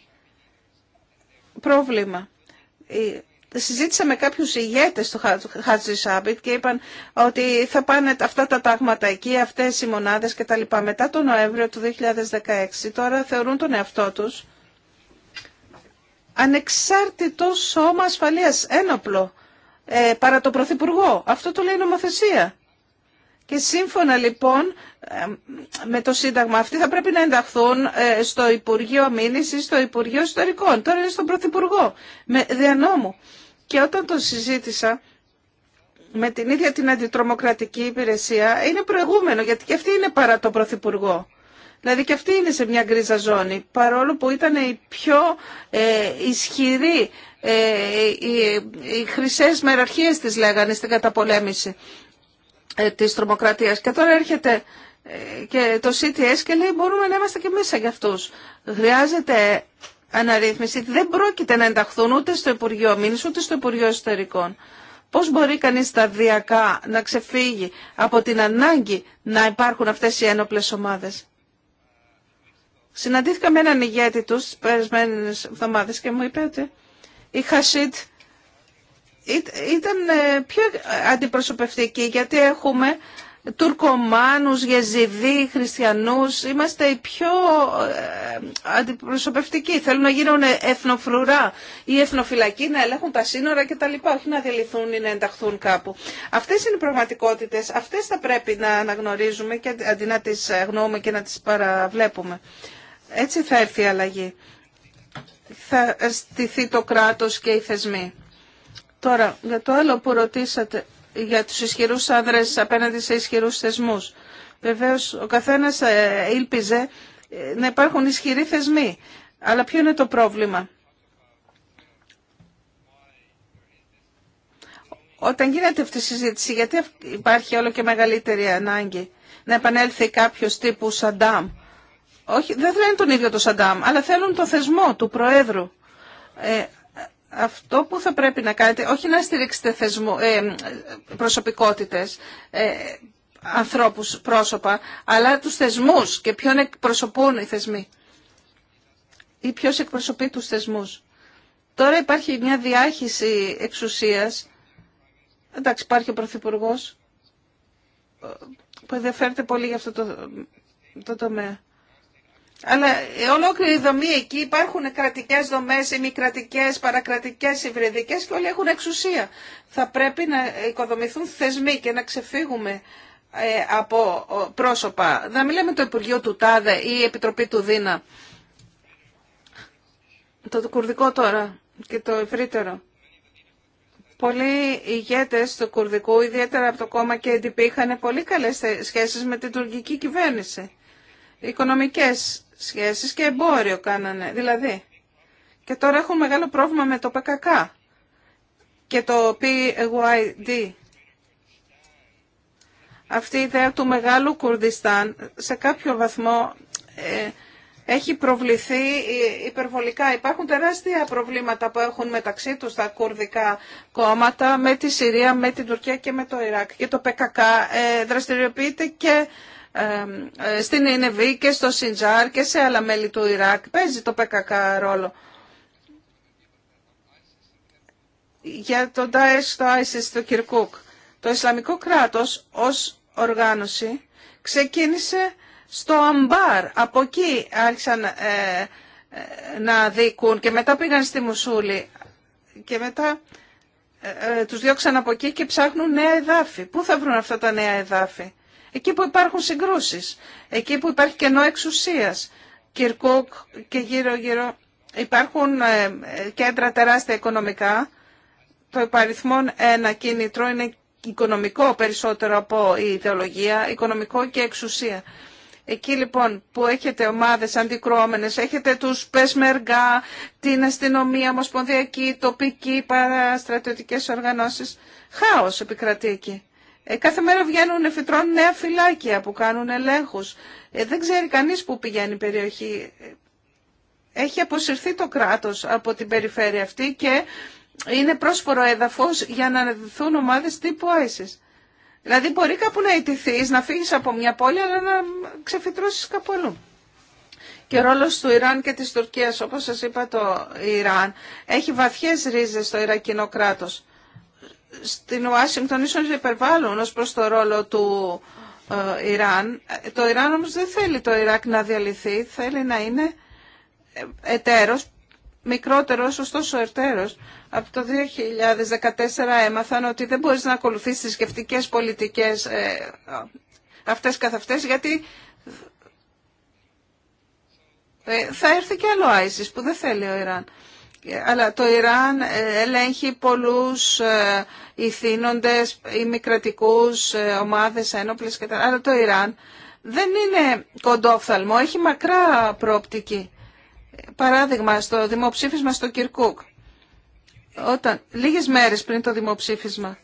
πρόβλημα. Ε, συζήτησα με κάποιους ηγέτες του Χατζη Σάμπιτ και είπαν ότι θα πάνε αυτά τα τάγματα εκεί, αυτές οι μονάδες και τα λοιπά. Μετά τον Νοέμβριο του 2016 τώρα θεωρούν τον εαυτό τους ανεξάρτητο σώμα ασφαλείας, ένοπλο, ε, παρά τον Πρωθυπουργό. Αυτό το λέει η νομοθεσία. Και σύμφωνα λοιπόν με το Σύνταγμα αυτοί θα πρέπει να ενταχθούν ε, στο Υπουργείο Αμήνης στο Υπουργείο Ιστορικών. Τώρα είναι στον Πρωθυπουργό, με διανόμου. Και όταν το συζήτησα με την ίδια την αντιτρομοκρατική υπηρεσία, είναι προηγούμενο γιατί και αυτή είναι παρά τον Πρωθυπουργό. Δηλαδή και αυτή είναι σε μια γκρίζα ζώνη, παρόλο που ήταν οι πιο ε, οι, ε, οι χρυσές μεραρχίες της λέγανε στην καταπολέμηση ε, της τρομοκρατίας. Και τώρα έρχεται ε, και το CTS και λέει μπορούμε να είμαστε και μέσα για αυτούς. Χρειάζεται αναρρύθμιση. Δεν πρόκειται να ενταχθούν ούτε στο Υπουργείο Μήνης ούτε στο Υπουργείο Εσωτερικών. Πώς μπορεί κανείς σταδιακά να ξεφύγει από την ανάγκη να υπάρχουν αυτές οι ένοπλες ομάδες. Συναντήθηκα με έναν ηγέτη τους περισμένες εβδομάδες και μου είπε ότι η Χασίτ ήταν ε, πιο αντιπροσωπευτική γιατί έχουμε Τουρκομάνους, Γεζιδί, Χριστιανούς, είμαστε οι πιο ε, αντιπροσωπευτικοί. Θέλουν να γίνουν εθνοφρουρά ή εθνοφυλακοί, να ελέγχουν τα σύνορα κτλ. Όχι να διαλυθούν ή να ενταχθούν κάπου. Αυτές είναι οι πραγματικότητες, αυτές θα πρέπει να αναγνωρίζουμε και αντί να τις και να τις παραβλέπουμε. Έτσι θα έρθει η αλλαγή. Θα στηθεί το κράτος και οι θεσμοί. Τώρα, για το άλλο που ρωτήσατε, για τους ισχυρούς άνδρες απέναντι σε ισχυρούς θεσμούς. Βεβαίως, ο καθένας ε, ήλπιζε ε, να υπάρχουν ισχυροί θεσμοί. Αλλά ποιο είναι το πρόβλημα. Όταν γίνεται αυτή η συζήτηση, γιατί υπάρχει όλο και μεγαλύτερη ανάγκη να επανέλθει κάποιο τύπου Σαντάμ. Όχι, δεν θέλουν τον ίδιο το Σαντάμ, αλλά θέλουν τον θεσμό του Προέδρου. Ε, αυτό που θα πρέπει να κάνετε, όχι να στηρίξετε θεσμο, ε, προσωπικότητες, ε, ανθρώπους, πρόσωπα, αλλά τους θεσμούς και ποιον εκπροσωπούν οι θεσμοί ή ποιος εκπροσωπεί τους θεσμούς. Τώρα υπάρχει μια διάχυση εξουσίας, εντάξει υπάρχει ο Πρωθυπουργό ε, που ενδιαφέρεται πολύ για αυτό το, το τομέα. Αλλά ε, ολόκληρη δομή εκεί υπάρχουν κρατικές δομές, ημικρατικέ, παρακρατικές, υβριδικέ και όλοι έχουν εξουσία. Θα πρέπει να οικοδομηθούν θεσμοί και να ξεφύγουμε ε, από πρόσωπα. Να μιλάμε το Υπουργείο του ΤΑΔΕ ή η Επιτροπή του ΔΗΝΑ. Το κουρδικό τώρα και το ευρύτερο. Πολλοί ηγέτες του κουρδικού, ιδιαίτερα από το κόμμα και είχαν πολύ καλέ σχέσει με την τουρκική κυβέρνηση. Οικονομικές σχέσεις και εμπόριο κάνανε. Δηλαδή, και τώρα έχουν μεγάλο πρόβλημα με το ΠΚΚ και το PYD. Αυτή η ιδέα του μεγάλου Κουρδιστάν σε κάποιο βαθμό ε, έχει προβληθεί υπερβολικά. Υπάρχουν τεράστια προβλήματα που έχουν μεταξύ τους τα κουρδικά κόμματα με τη Συρία, με την Τουρκία και με το Ιράκ. Και το ΠΚΚ ε, δραστηριοποιείται και ε, στην Ινεβή και στο Σιντζάρ και σε άλλα μέλη του Ιράκ. Παίζει το ΠΚΚ ρόλο. Για τον Τάες, το ISIS, το Κυρκούκ. Το Ισλαμικό κράτος ως οργάνωση ξεκίνησε στο Αμπάρ. Από εκεί άρχισαν ε, ε, να δίκουν και μετά πήγαν στη Μουσούλη και μετά ε, τους διώξαν από εκεί και ψάχνουν νέα εδάφη. Πού θα βρουν αυτά τα νέα εδάφη εκεί που υπάρχουν συγκρούσεις, εκεί που υπάρχει κενό εξουσίας. Κυρκούκ και γύρω-γύρω υπάρχουν ε, κέντρα τεράστια οικονομικά. Το υπαριθμόν ένα κίνητρο είναι οικονομικό περισσότερο από η ιδεολογία, οικονομικό και εξουσία. Εκεί λοιπόν που έχετε ομάδες αντικρώμενες, έχετε τους ΠΕΣΜΕΡΓΑ, την αστυνομία, ομοσπονδιακή, τοπική, παραστρατιωτικές οργανώσεις, χάος επικρατεί εκεί. Ε, κάθε μέρα βγαίνουν, φυτρών νέα φυλάκια που κάνουν ελέγχους. Ε, δεν ξέρει κανείς που πηγαίνει η περιοχή. Έχει αποσυρθεί το κράτος από την περιφέρεια αυτή και είναι πρόσφορο έδαφος για να αναδυθούν ομάδες τύπου ISIS. Δηλαδή μπορεί κάπου να ιτηθείς, να φύγεις από μια πόλη, αλλά να ξεφυτρώσεις κάπου αλλού. Και ο ρόλος του Ιράν και της Τουρκίας, όπως σας είπα το Ιράν, έχει βαθιές ρίζες στο Ιρακινό κράτος στην Ουάσιγκτον ίσως υπερβάλλουν ως προς το ρόλο του ε, Ιράν. Το Ιράν όμως δεν θέλει το Ιράκ να διαλυθεί, θέλει να είναι εταίρος, μικρότερος, ωστόσο εταίρος. Από το 2014 έμαθαν ότι δεν μπορείς να ακολουθείς τις σκεφτικές πολιτικές ε, αυτές καθ' αυτές, γιατί ε, θα έρθει και άλλο ISIS που δεν θέλει ο Ιράν αλλά το Ιράν ε, ελέγχει πολλούς ε, ηθήνοντες ή μη κρατικούς ε, ομάδες ένοπλες κτλ. Αλλά το Ιράν δεν είναι κοντόφθαλμο, έχει μακρά προοπτική. Παράδειγμα, στο δημοψήφισμα στο Κυρκούκ, όταν λίγες μέρες πριν το δημοψήφισμα,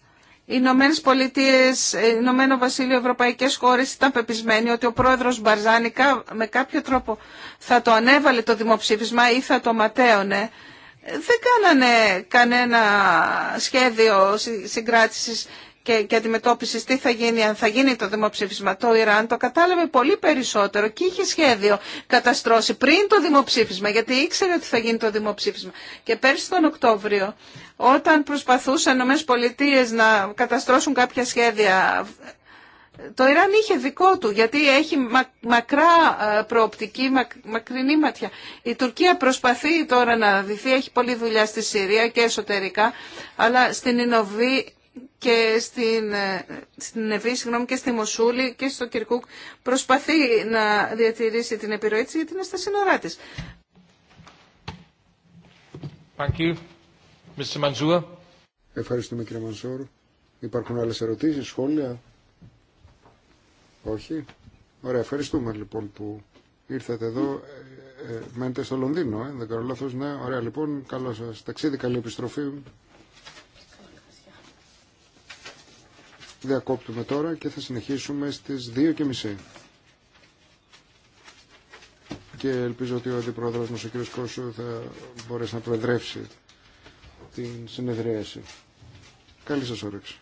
οι Ηνωμένε Πολιτείε, Ηνωμένο Βασίλειο, Ευρωπαϊκέ χώρε ήταν πεπισμένοι ότι ο πρόεδρο Μπαρζάνικα με κάποιο τρόπο θα το ανέβαλε το δημοψήφισμα ή θα το ματέωνε δεν κάνανε κανένα σχέδιο συγκράτησης και, και αντιμετώπισης τι θα γίνει αν θα γίνει το δημοψήφισμα. Το Ιράν το κατάλαβε πολύ περισσότερο και είχε σχέδιο καταστρώσει πριν το δημοψήφισμα γιατί ήξερε ότι θα γίνει το δημοψήφισμα. Και πέρσι τον Οκτώβριο όταν προσπαθούσαν οι ΗΠΑ να καταστρώσουν κάποια σχέδια το Ιράν είχε δικό του, γιατί έχει μακρά ε, προοπτική, μακρινή ματιά. Η Τουρκία προσπαθεί τώρα να δυθεί, έχει πολλή δουλειά στη Συρία και εσωτερικά, αλλά στην Ινωβή και στην, ε, στην Ευή, συγγνώμη, και στη Μοσούλη και στο Κυρκούκ προσπαθεί να διατηρήσει την επιρροή της, γιατί είναι στα σύνορά της. Ευχαριστούμε κύριε Υπάρχουν άλλες ερωτήσεις, σχόλια. Όχι. Ωραία, ευχαριστούμε λοιπόν που ήρθατε εδώ. Ε, ε μένετε στο Λονδίνο, ε, δεν κάνω λάθος. Ναι, ωραία λοιπόν, καλό σας ταξίδι, καλή επιστροφή. Διακόπτουμε τώρα και θα συνεχίσουμε στις 2.30. Και ελπίζω ότι ο αντιπρόεδρος μας, ο κ. Κόσο, θα μπορέσει να προεδρεύσει την συνεδρίαση. Καλή σας όρεξη.